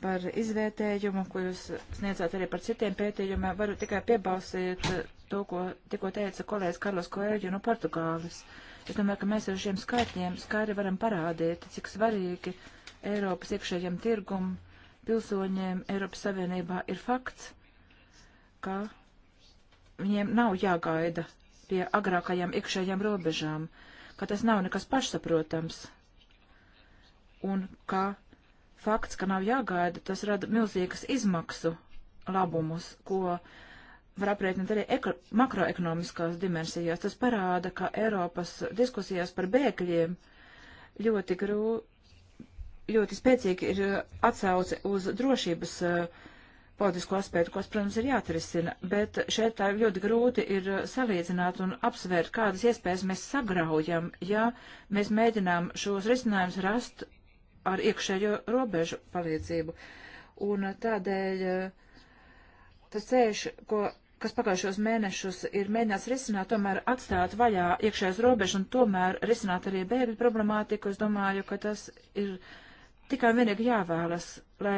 par izvērtējumu, ko jūs sniedzāt arī par citiem pētījumiem. Varu tikai piebalstīt eh, to, ko tikko teica kolēģis Karlos Koēģi no Portugāles. Es domāju, ka mēs ar šiem skaitļiem skaidri varam parādīt, cik svarīgi Eiropas iekšējiem tirgum pilsoņiem Eiropas Savienībā ir fakts, ka viņiem nav jāgaida pie agrākajām iekšējām robežām, ka tas nav nekas pašsaprotams un ka fakts, ka nav jāgaida, tas rada milzīgas izmaksu labumus, ko var aprēķināt arī makroekonomiskās dimensijās. Tas parāda, ka Eiropas diskusijās par bēgļiem ļoti grūti ļoti spēcīgi ir atsauce uz drošības uh, eh, politisko aspektu, kas, protams, ir jāatrisina, bet šeit tā ļoti grūti ir salīdzināt un apsvērt, kādas iespējas mēs sagraujam, ja mēs mēģinām šos risinājumus rast ar iekšējo robežu palīdzību. Un tādēļ eh, tas ceļš, ko, kas pagājušos mēnešus ir mēģināts risināt, tomēr atstāt vaļā iekšējās robežas un tomēr risināt arī bēgļu problemātiku, es domāju, ka tas ir tikai vienīgi jāvēlas, lai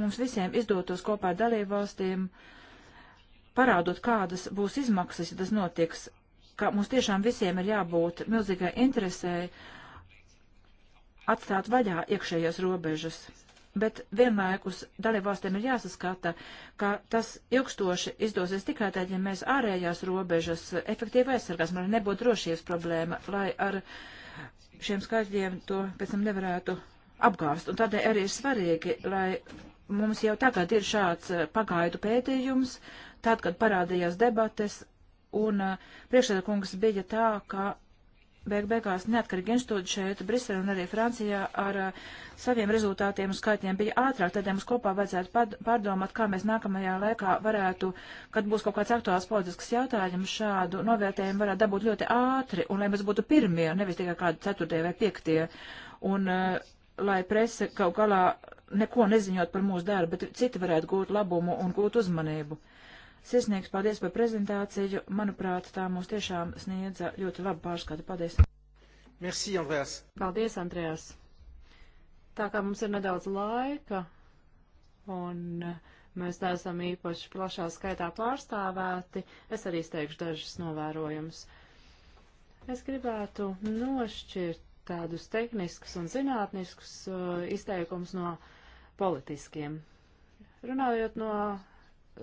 mums visiem izdotos kopā ar dalībvalstīm parādot, kādas būs izmaksas, ja tas notiks, ka mums tiešām visiem ir jābūt milzīgai interesēji atstāt vaļā iekšējās robežas, bet vienlaikus dalībvalstīm ir jāsaskata, ka tas ilgstoši izdosies tikai tad, ja mēs ārējās robežas efektīvi aizsargāsim, lai nebūtu drošības problēma, lai ar šiem skaitļiem to pēc tam nevarētu apgāst. Un tādēļ arī ir svarīgi, lai mums jau tagad ir šāds eh, pagaidu pētījums, tad, kad parādījās debates, un eh, priekšsēdētājs bija tā, ka beig beigās neatkarīgi institūti šeit, Briselē un arī Francijā ar uh, saviem rezultātiem un skaitļiem bija ātrāk, tad mums kopā vajadzētu pārdomāt, kā mēs nākamajā laikā varētu, kad būs kaut kāds aktuāls politisks jautājums, šādu novērtējumu varētu dabūt ļoti ātri, un lai mēs būtu pirmie, nevis tikai kādi ceturtie vai piektie, un uh, lai prese kaut galā neko neziņot par mūsu darbu, bet citi varētu gūt labumu un gūt uzmanību. Uh, Sirsnieks, paldies par prezentāciju. Manuprāt, tā mums tiešām sniedza ļoti labu pārskatu. Paldies. Merci, Andreas. Paldies, Andreas. Tā kā mums ir nedaudz laika un eh, mēs neesam īpaši plašā skaitā pārstāvēti, es arī izteikšu dažus novērojumus. Es gribētu nošķirt tādus tehniskus un zinātniskus uh, izteikumus no politiskiem. Runājot no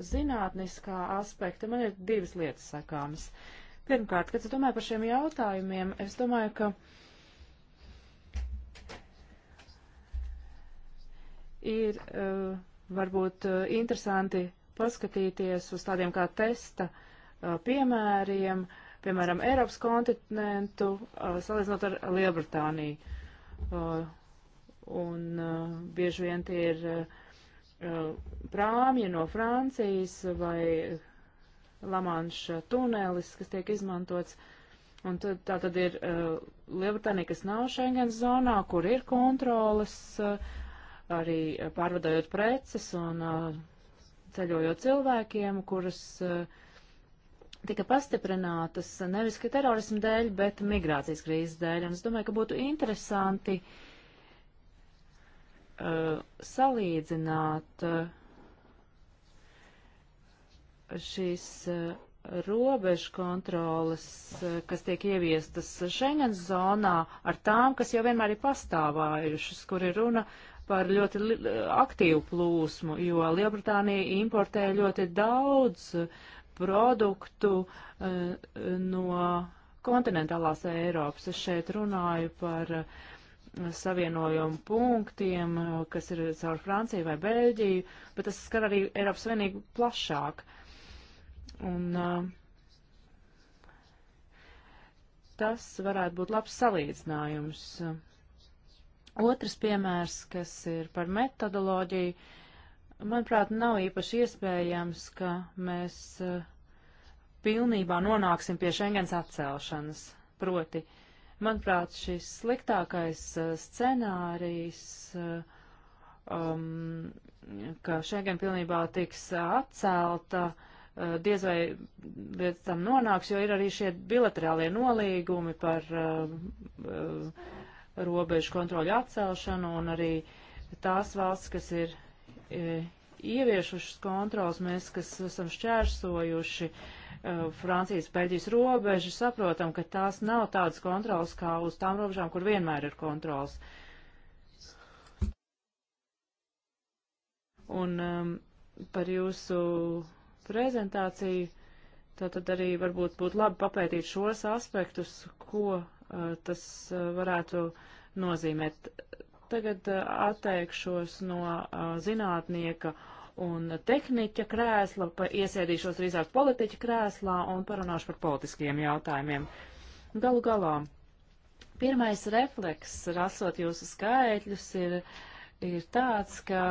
zinātniskā aspekta man ir divas lietas sakāmas. Pirmkārt, kad es domāju par šiem jautājumiem, es domāju, ka ir uh, varbūt uh, interesanti paskatīties uz tādiem kā testa uh, piemēriem, piemēram, Eiropas kontinentu, uh, salīdzinot ar Lielbritāniju. Uh, un uh, bieži vien tie ir uh, Eh, prāmja no Francijas vai Lamanša tunelis, kas tiek izmantots. Un tad, tā tad ir uh, Lielbritānija, kas nav Schengen zonā, kur ir kontrolas, uh, eh, arī pārvadājot preces un uh, ceļojot cilvēkiem, kuras uh, tika pastiprinātas nevis ka terorismu dēļ, bet migrācijas krīzes dēļ. Un es domāju, ka būtu interesanti uh, uh, salīdzināt uh, šīs uh, robežu kontroles, uh, kas tiek ieviestas Schengen zonā, ar tām, kas jau vienmēr ir pastāvājušas, kur ir runa par ļoti aktīvu plūsmu, jo Lielbritānija importē ļoti daudz uh, produktu uh, no kontinentālās Eiropas. Es šeit runāju par uh, savienojumu punktiem, kas ir caur Franciju vai Beļģiju, bet tas skar arī Eiropas Savienību plašāk. Un tas varētu būt labs salīdzinājums. Otrs piemērs, kas ir par metodoloģiju, manuprāt, nav īpaši iespējams, ka mēs pilnībā nonāksim pie Schengens atcelšanas. Proti, uh, Manuprāt, šis sliktākais uh, scenārijs, uh, um, ka Schengen pilnībā tiks uh, atcelta, diez vai līdz tam nonāks, jo ir arī šie bilaterālie nolīgumi par um, robežu kontroļu atcelšanu un arī tās valsts, kas ir ieviesušas kontrols, mēs, kas esam šķērsojuši uh, Uh, Francijas, Beļģijas robežu, saprotam, ka tās nav tādas kontrolas kā uz tām robežām, kur vienmēr ir kontrols. Un um, par jūsu prezentāciju, tātad arī varbūt būtu labi papētīt šos aspektus, ko uh, tas uh, varētu nozīmēt. Tagad uh, atteikšos no uh, zinātnieka un tehniķa krēsla, pa, iesēdīšos drīzāk politiķa krēslā un parunāšu par politiskiem jautājumiem. Galu galā, pirmais refleks, rasot jūsu skaitļus, ir, ir tāds, ka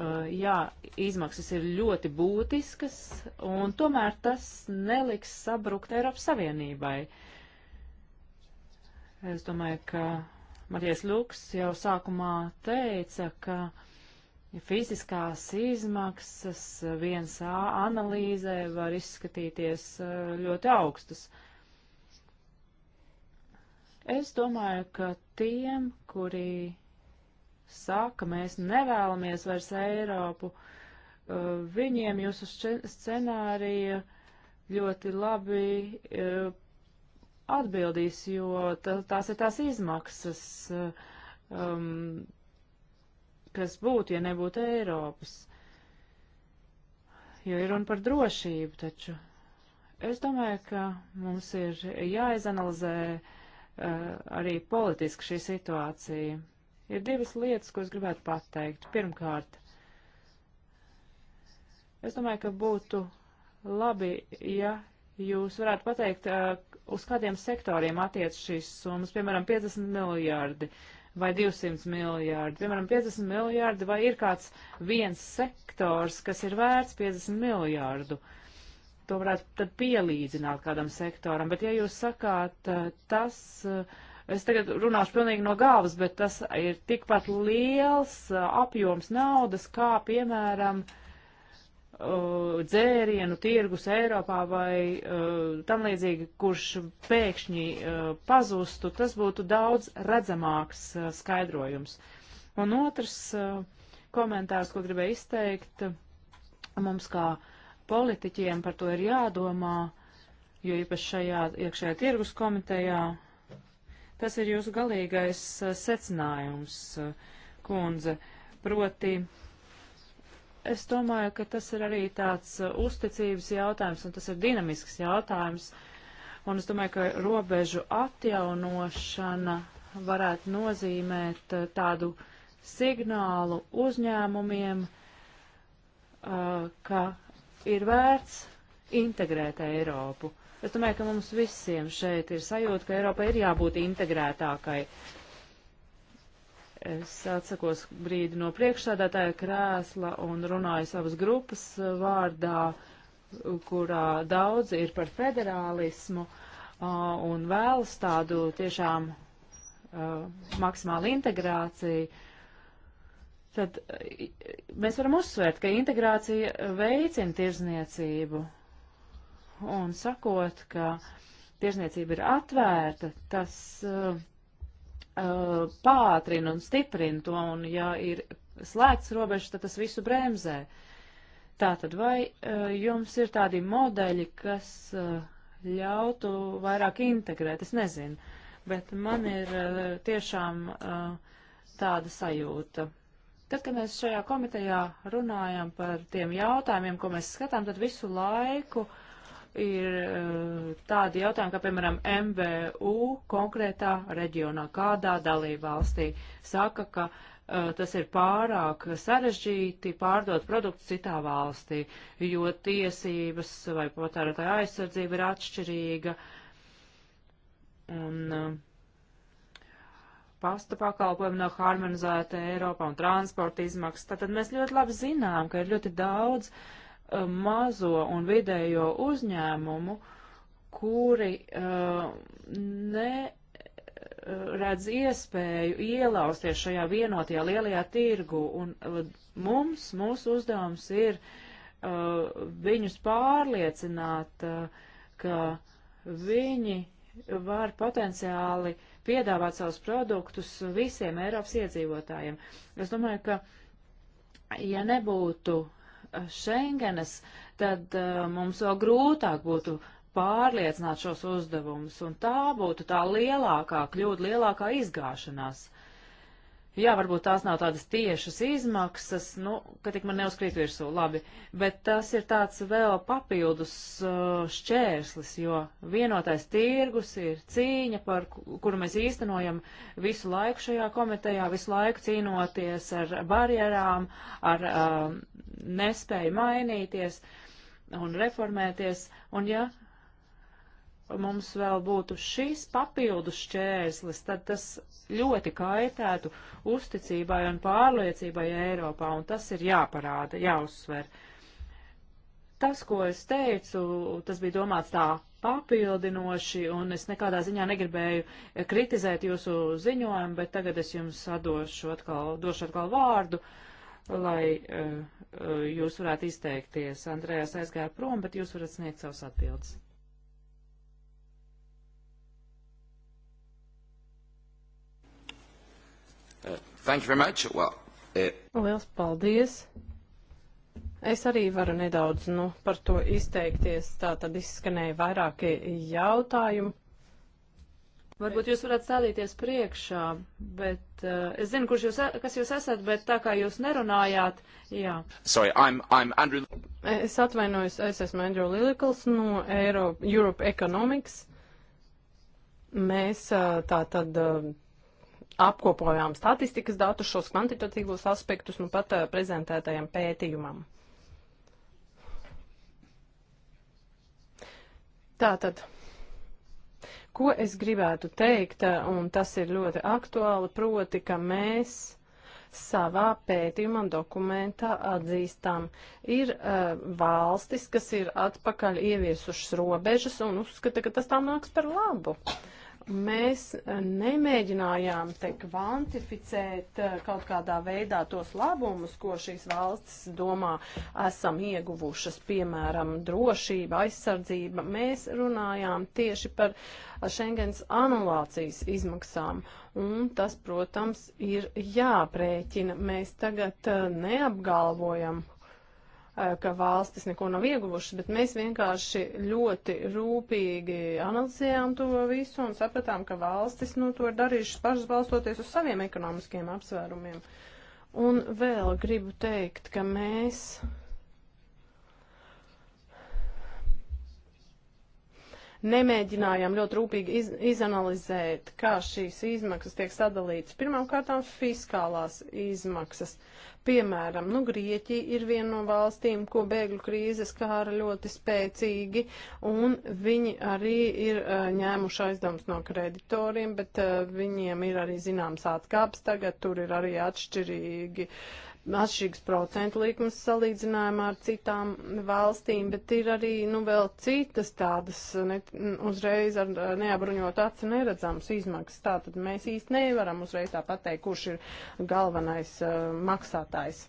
Uh, jā, izmaksas ir ļoti būtiskas, un tomēr tas neliks sabrukt Eiropas Savienībai. Es domāju, ka Marijas Luks jau sākumā teica, ka Fiziskās izmaksas 1A analīzē var izskatīties eh, ļoti augstas. Es domāju, ka tiem, kuri saka, mēs nevēlamies vairs Eiropu, eh, viņiem jūsu scenārija ļoti labi eh, atbildīs, jo tās ir tās izmaksas. Um, kas būtu, ja nebūtu Eiropas. Jo ir runa par drošību taču. Es domāju, ka mums ir jāizanalizē uh, arī politiski šī situācija. Ir divas lietas, ko es gribētu pateikt. Pirmkārt, es domāju, ka būtu labi, ja jūs varētu pateikt, uh, uz kādiem sektoriem attiec šīs summas, piemēram, 50 miljārdi. Uh, vai 200 miljārdi. Piemēram, 50 miljārdi vai ir kāds viens sektors, kas ir vērts 50 miljārdu. To varētu tad pielīdzināt kādam sektoram, bet ja jūs sakāt, eh, tas, eh, es tagad runāšu pilnīgi no galvas, bet tas ir tikpat liels eh, apjoms naudas, kā piemēram, uh, uh, dzērienu tirgus Eiropā vai uh, tam līdzīgi, kurš pēkšņi uh, pazustu, tas būtu daudz redzamāks uh, skaidrojums. Un otrs uh, komentārs, ko gribēju izteikt, mums kā politiķiem par to ir jādomā, jo īpaši šajā iekšējā tirgus komitejā tas ir jūsu galīgais uh, secinājums, uh, kundze. Proti, uh, Es domāju, ka tas ir arī tāds uh, uzticības jautājums, un tas ir dinamisks jautājums. Un es domāju, ka robežu atjaunošana varētu nozīmēt uh, tādu signālu uzņēmumiem, uh, ka ir vērts integrēt Eiropu. Es domāju, ka mums visiem šeit ir sajūta, ka Eiropa ir jābūt integrētākai. Uh, Es atsakos brīdi no priekšsādātāja krēsla un runāju savas grupas eh, vārdā, kurā daudzi ir par federālismu un vēlas tādu tiešām maksimālu integrāciju. Tad mēs varam uzsvērt, ka integrācija veicina tirzniecību un sakot, ka tirzniecība ir atvērta, tas uh, uh, pātrina un stiprina to, un ja ir slēgts robežas, tad tas visu bremzē. Tātad, vai uh, jums ir tādi modeļi, kas uh, ļautu vairāk integrēt? Es nezinu, bet man ir uh, tiešām uh, tāda sajūta. Tad, kad mēs šajā komitejā runājam par tiem jautājumiem, ko mēs skatām, tad visu laiku uh, ir eh, tādi jautājumi, kā piemēram MVU konkrētā reģionā, kādā dalībvalstī saka, ka uh, tas ir pārāk sarežģīti pārdot produktu citā valstī, jo tiesības vai patērētāja aizsardzība ir atšķirīga. Un, uh, pasta pakalpojumi nav harmonizēti Eiropā un transporta izmaksas. Tātad mēs ļoti labi zinām, ka ir ļoti daudz uh, mazo un vidējo uzņēmumu, kuri uh, neredz uh, iespēju ielausties šajā vienotajā lielajā tirgu. Un uh, mums, mūsu uzdevums ir uh, viņus pārliecināt, uh, ka viņi var potenciāli piedāvāt savus produktus visiem Eiropas iedzīvotājiem. Es domāju, ka ja nebūtu Schengenes, tad uh, mums vēl grūtāk būtu pārliecināt šos uzdevumus, un tā būtu tā lielākā kļūda, lielākā izgāšanās. Uh, Jā, varbūt tās nav tādas tiešas izmaksas, nu, ka tik man neuzkrīt virsū, labi, bet tas ir tāds vēl papildus uh, šķērslis, jo vienotais tirgus ir cīņa, par kuru mēs īstenojam visu laiku šajā komitejā, visu laiku cīnoties ar barjerām, ar uh, nespēju mainīties un reformēties, un ja mums vēl būtu šīs papildus šķērslis, tad tas ļoti kaitētu uzticībai un pārliecībai Eiropā, un tas ir jāparāda, jāuzsver. Tas, ko es teicu, tas bija domāts tā papildinoši, un es nekādā ziņā negribēju kritizēt jūsu ziņojumu, bet tagad es jums atdošu atkal, došu atkal vārdu lai uh, jūs varētu izteikties. Andrējās aizgāja prom, bet jūs varat sniegt savus atbildes. Thank you very much. Well, it... Eh, Liels paldies. Es arī varu nedaudz nu, par to izteikties. Tā tad izskanēja vairāki jautājumi. Varbūt jūs varat stādīties priekšā, bet uh, es zinu, kurš jūs, e, kas jūs esat, bet tā kā jūs nerunājāt, jā. Sorry, I'm, I'm Andrew. Es atvainojos, es esmu Andrew Lilikals no Euro, Europe Economics. Mēs eh, tā tad apkopojām statistikas datus, šos kvantitatīvos aspektus, nu pat uh, prezentētajam pētījumam. Tātad, ko es gribētu teikt, eh, un tas ir ļoti aktuāli, proti, ka mēs savā pētījumā dokumentā atzīstam, ir uh, valstis, kas ir atpakaļ ieviesušas robežas un uzskata, ka tas tām nāks par labu. Uh, Mēs eh, nemēģinājām te kvantificēt eh, kaut kādā veidā tos labumus, ko šīs valstis domā esam ieguvušas, piemēram, drošība, aizsardzība. Mēs runājām tieši par eh, Schengens anulācijas izmaksām un tas, protams, ir jāprēķina. Mēs tagad neapgalvojam, Eh, ka valstis neko nav ieguvušas, bet mēs vienkārši ļoti rūpīgi analizējām to visu un sapratām, ka valstis nu, to ir darījušas pašas balstoties uz saviem ekonomiskiem apsvērumiem. Un vēl gribu teikt, ka mēs nemēģinājām ļoti rūpīgi iz, izanalizēt, kā šīs izmaksas tiek sadalītas. Pirmkārt, fiskālās izmaksas. Piemēram, nu, Grieķija ir viena no valstīm, ko bēgļu krīzes kāra ļoti spēcīgi, un viņi arī ir uh, ņēmuši aizdomus no kreditoriem, bet uh, viņiem ir arī zināms atkāps tagad, tur ir arī atšķirīgi uh, atšķirīgs procentu likums salīdzinājumā ar citām valstīm, bet ir arī nu, vēl citas tādas ne, uzreiz ar neabruņot aci neredzams izmaksas. Tātad mēs īsti nevaram uzreiz tā pateikt, kurš ir galvenais uh, maksātājs.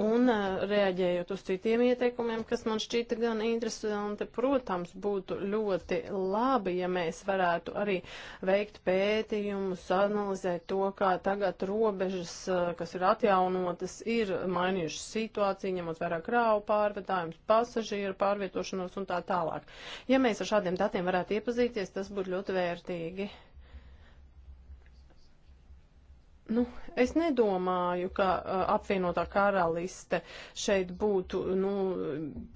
Un eh, reaģējot uz citiem ieteikumiem, kas man šķita gan interesanti, protams, būtu ļoti labi, ja mēs varētu arī veikt pētījumus, analizēt to, kā tagad robežas, eh, kas ir atjaunotas, ir mainījušas situāciju, ņemot vērā krāvu pārvedājumus, pasažieru pārvietošanos un tā tālāk. Ja mēs ar šādiem datiem varētu iepazīties, tas būtu ļoti vērtīgi. Nu, es nedomāju, ka uh, apvienotā karaliste šeit būtu nu,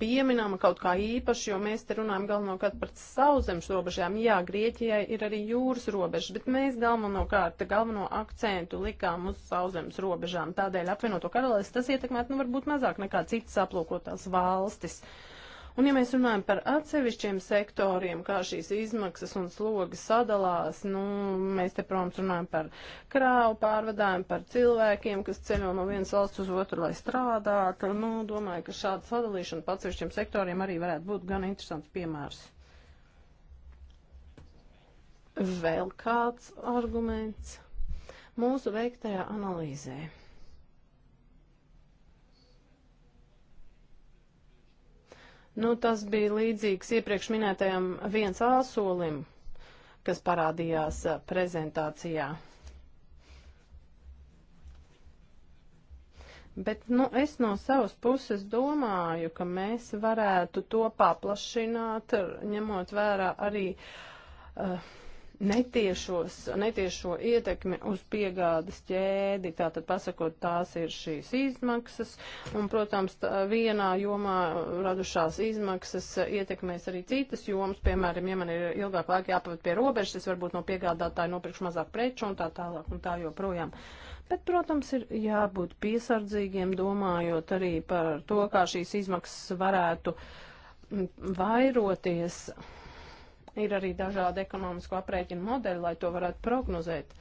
pieminama kaut kā īpaši, jo mēs te runājam galvenokārt par sauszemes robežām. Jā, Grieķijai ir arī jūras robežas, bet mēs galvenokārt galveno akcentu likām uz sauszemes robežām. Tādēļ apvienoto karalisti tas ietekmētu nu, varbūt mazāk nekā citas aplūkotās valstis. Uh, Un ja mēs runājam par atsevišķiem sektoriem, kā šīs izmaksas un slogi sadalās, nu, mēs te, protams, runājam par krāvu pārvadājumu, par cilvēkiem, kas ceļo no vienas valsts uz otru, lai strādātu. Nu, domāju, ka šāda sadalīšana pa atsevišķiem sektoriem arī varētu būt gan interesants piemērs. Vēl kāds arguments mūsu veiktajā analīzē. Nu, tas bija līdzīgs iepriekš minētajam viens āsolim, kas parādījās prezentācijā. Bet nu, es no savas puses domāju, ka mēs varētu to paplašināt, ņemot vērā arī uh, netiešos, netiešo ietekmi uz piegādes ķēdi. Tātad, pasakot, tās ir šīs izmaksas, un, protams, tā, vienā jomā radušās izmaksas ietekmēs arī citas jomas, piemēram, ja man ir ilgāk laika jāpavat pie robežas, es varbūt no piegādātāja nopirkšu mazāk preču un tā tālāk un tā joprojām. Bet, protams, ir jābūt piesardzīgiem, domājot arī par to, kā šīs izmaksas varētu vairoties. Ir arī dažādi ekonomisko aprēķinu modeļi, lai to varētu prognozēt.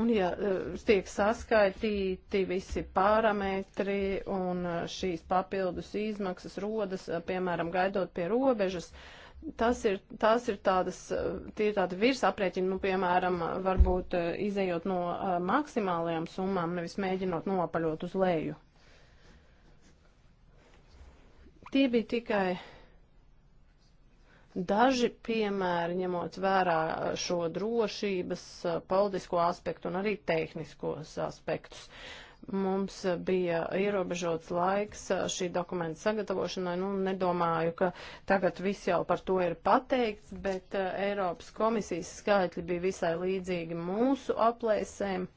Un ja eh, tiek saskaitīti visi parametri un eh, šīs papildus izmaksas rodas, eh, piemēram, gaidot pie robežas, tas ir, tās ir tādas, tie ir tādi virsaprēķini, nu, piemēram, varbūt izējot no maksimālajām summām, nevis mēģinot nopaļot uz leju. Tie bija tikai Daži piemēri, ņemot vērā šo drošības, eh, politisko aspektu un arī tehniskos aspektus. Mums bija ierobežots laiks eh, šī dokumenta sagatavošanai, nu nedomāju, ka tagad viss jau par to ir pateikts, bet eh, Eiropas komisijas skaitļi bija visai līdzīgi mūsu aplēsēm.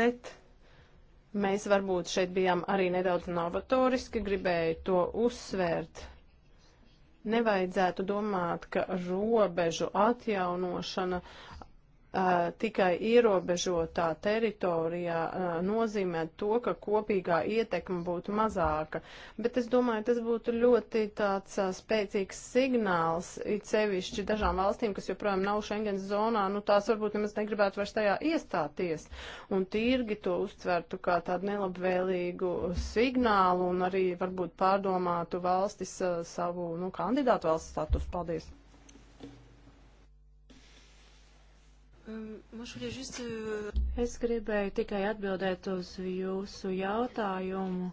Bet Mēs varbūt šeit bijām arī nedaudz novatoriski, gribēju to uzsvērt. Nevajadzētu domāt, ka robežu atjaunošana Uh, tikai ierobežotā teritorijā uh, nozīmē to, ka kopīgā ietekme būtu mazāka. Bet es domāju, tas būtu ļoti tāds uh, spēcīgs signāls, it sevišķi dažām valstīm, kas joprojām nav Schengens zonā, nu tās varbūt nemaz negribētu vairs tajā iestāties. Un tirgi to uztvertu kā tādu nelabvēlīgu signālu un arī varbūt pārdomātu valstis savu, nu, kandidātu valsts status. Paldies! Um, uh, es gribēju tikai atbildēt uz jūsu jautājumu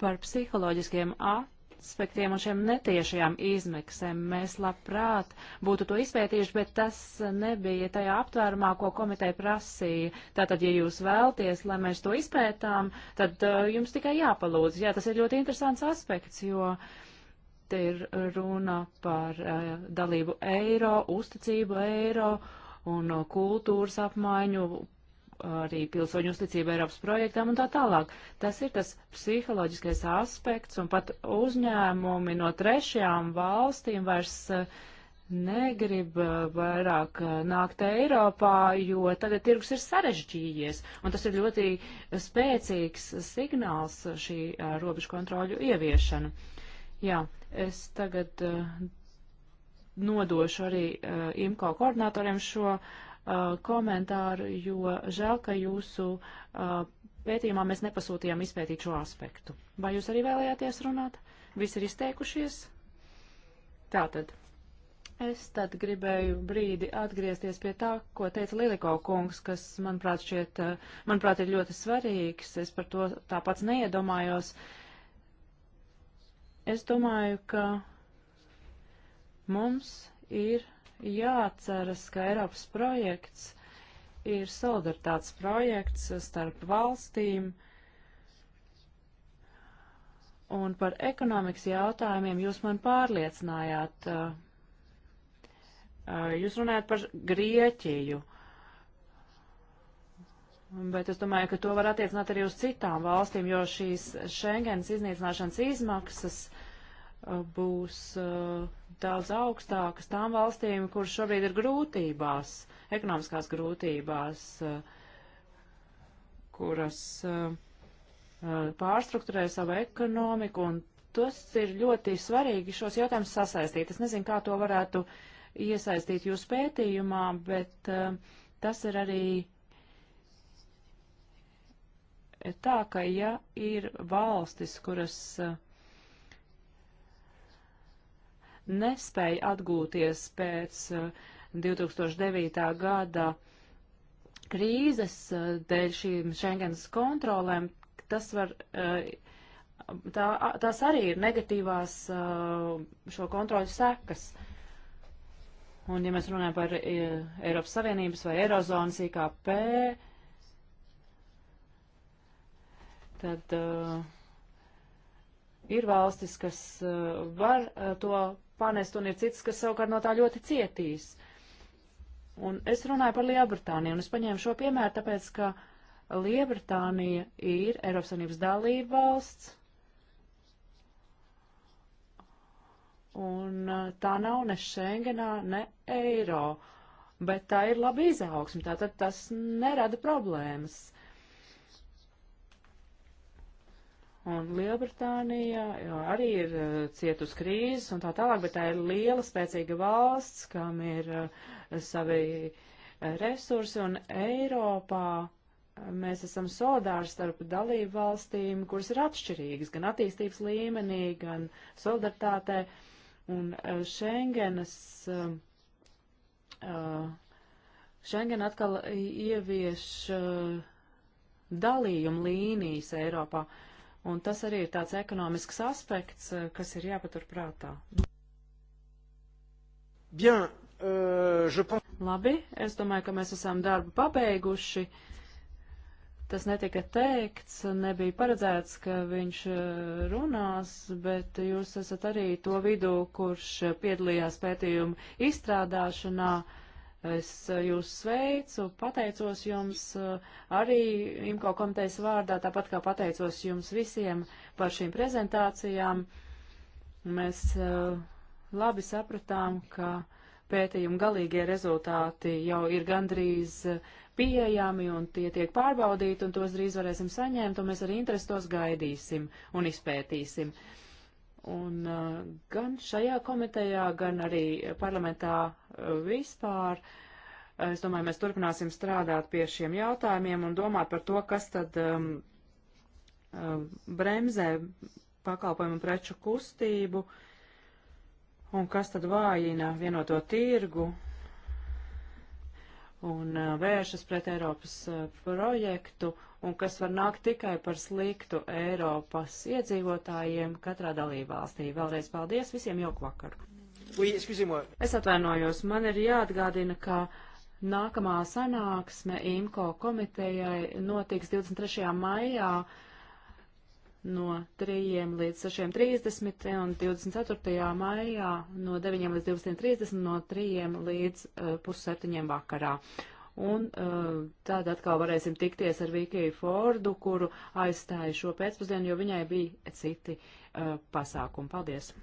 par psiholoģiskiem aspektiem un šiem netiešajām izmeksēm. Mēs labprāt būtu to izpētījuši, bet tas nebija tajā aptvērumā, ko komiteja prasīja. Tātad, ja jūs vēlties, lai mēs to izpētām, tad uh, jums tikai jāpalūdz. Jā, tas ir ļoti interesants aspekts, jo. Te ir runa par uh, dalību eiro, uzticību eiro, uh, un uh, kultūras apmaiņu, arī pilsoņu uzticību Eiropas projektām un tā tālāk. Tas ir tas psiholoģiskais aspekts, un pat uzņēmumi no trešajām valstīm vairs uh, negrib uh, vairāk nākt Eiropā, jo tagad tirgus ir sarežģījies, un tas ir ļoti spēcīgs signāls šī robežu kontroļu ieviešana. Jā, es tagad nodošu arī uh, IMCO koordinatoriem šo uh, komentāru, jo žēl, ka jūsu uh, pētījumā mēs nepasūtījām izpētīt šo aspektu. Vai jūs arī vēlējāties runāt? Visi ir izteikušies? Tātad. Es tad gribēju brīdi atgriezties pie tā, ko teica Liliko kungs, kas, manuprāt, šķiet, manuprāt, ir ļoti svarīgs. Es par to tāpats neiedomājos. Es domāju, ka Mums ir jāatceras, ka Eiropas projekts ir solidaritātes projekts starp valstīm, un par ekonomikas jautājumiem jūs man pārliecinājāt. Jūs runājat par Grieķiju, bet es domāju, ka to var attiecināt arī uz citām valstīm, jo šīs Schengens iznīcināšanas izmaksas būs uh, daudz augstākas tām valstīm, kuras šobrīd ir grūtībās, ekonomiskās grūtībās, eh, kuras eh, eh, pārstruktūrē savu ekonomiku, un tas ir ļoti svarīgi šos jautājumus sasaistīt. Es nezinu, kā to varētu iesaistīt jūsu pētījumā, bet tas ir arī tā, ka ja ir valstis, kuras uh, nespēja atgūties pēc 2009. Eh, gada krīzes eh, dēļ šīm Schengens kontrolēm, tas var, eh, tā, tās arī ir negatīvās šo kontroļu sekas. Un ja mēs runājam par Eiropas Savienības vai Eirozonas IKP, tad uh, ir valstis, kas uh, var uh, to panest, un ir citas, kas savukārt no tā ļoti cietīs. Un es runāju par Lielbritāniju, un es paņēmu šo piemēru, tāpēc, ka Lielbritānija ir Eiropas Savienības dalība valsts, un uh, tā nav ne Schengenā, ne Eiro, bet tā ir laba izaugsme, tātad tas nerada problēmas. Uh, Un Lielbritānija arī ir eh, cietus krīzes un tā tālāk, bet tā ir liela, spēcīga valsts, kam ir eh, savi eh, resursi, un Eiropā mēs esam solidāri starp dalību valstīm, kuras ir atšķirīgas gan attīstības līmenī, gan solidaritātē, un Schengenas. Schengen atkal ievieš dalījumu līnijas Eiropā. Uh, Un tas arī ir tāds ekonomisks aspekts, eh, kas ir jāpatur prātā. Bien, uh, je... Labi, es domāju, ka mēs esam darbu pabeiguši. Tas netika teikts, nebija paredzēts, ka viņš eh, runās, bet jūs esat arī to vidū, kurš piedalījās pētījuma izstrādāšanā. Uh, Es eh, jūs sveicu, pateicos jums eh, arī IMCO komitejas vārdā, tāpat kā pateicos jums visiem par šīm prezentācijām. Mēs eh, labi sapratām, ka pētījuma galīgie rezultāti jau ir gandrīz pieejami un tie tiek pārbaudīti un tos drīz varēsim saņemt un mēs ar interesi tos gaidīsim un izpētīsim. Uh, Un uh, gan šajā komitejā, gan arī parlamentā uh, vispār, es domāju, mēs turpināsim strādāt pie šiem jautājumiem un domāt par to, kas tad um, um, bremzē pakalpojumu un preču kustību un kas tad vājina vienoto tirgu un vēršas pret Eiropas projektu, un kas var nākt tikai par sliktu Eiropas iedzīvotājiem katrā dalībvalstī. Vēlreiz paldies visiem jauku vakaru. Es atvainojos, man ir jāatgādina, ka nākamā sanāksme IMCO komitejai notiks 23. maijā no 3 līdz 6.30 un 24. maijā no 9 līdz 12.30 no 3 līdz uh, pusseptiņiem vakarā. Un uh, tad atkal varēsim tikties ar Vikiju Fordu, kuru aizstāju šo pēcpusdienu, jo viņai bija citi uh, pasākumi. Paldies!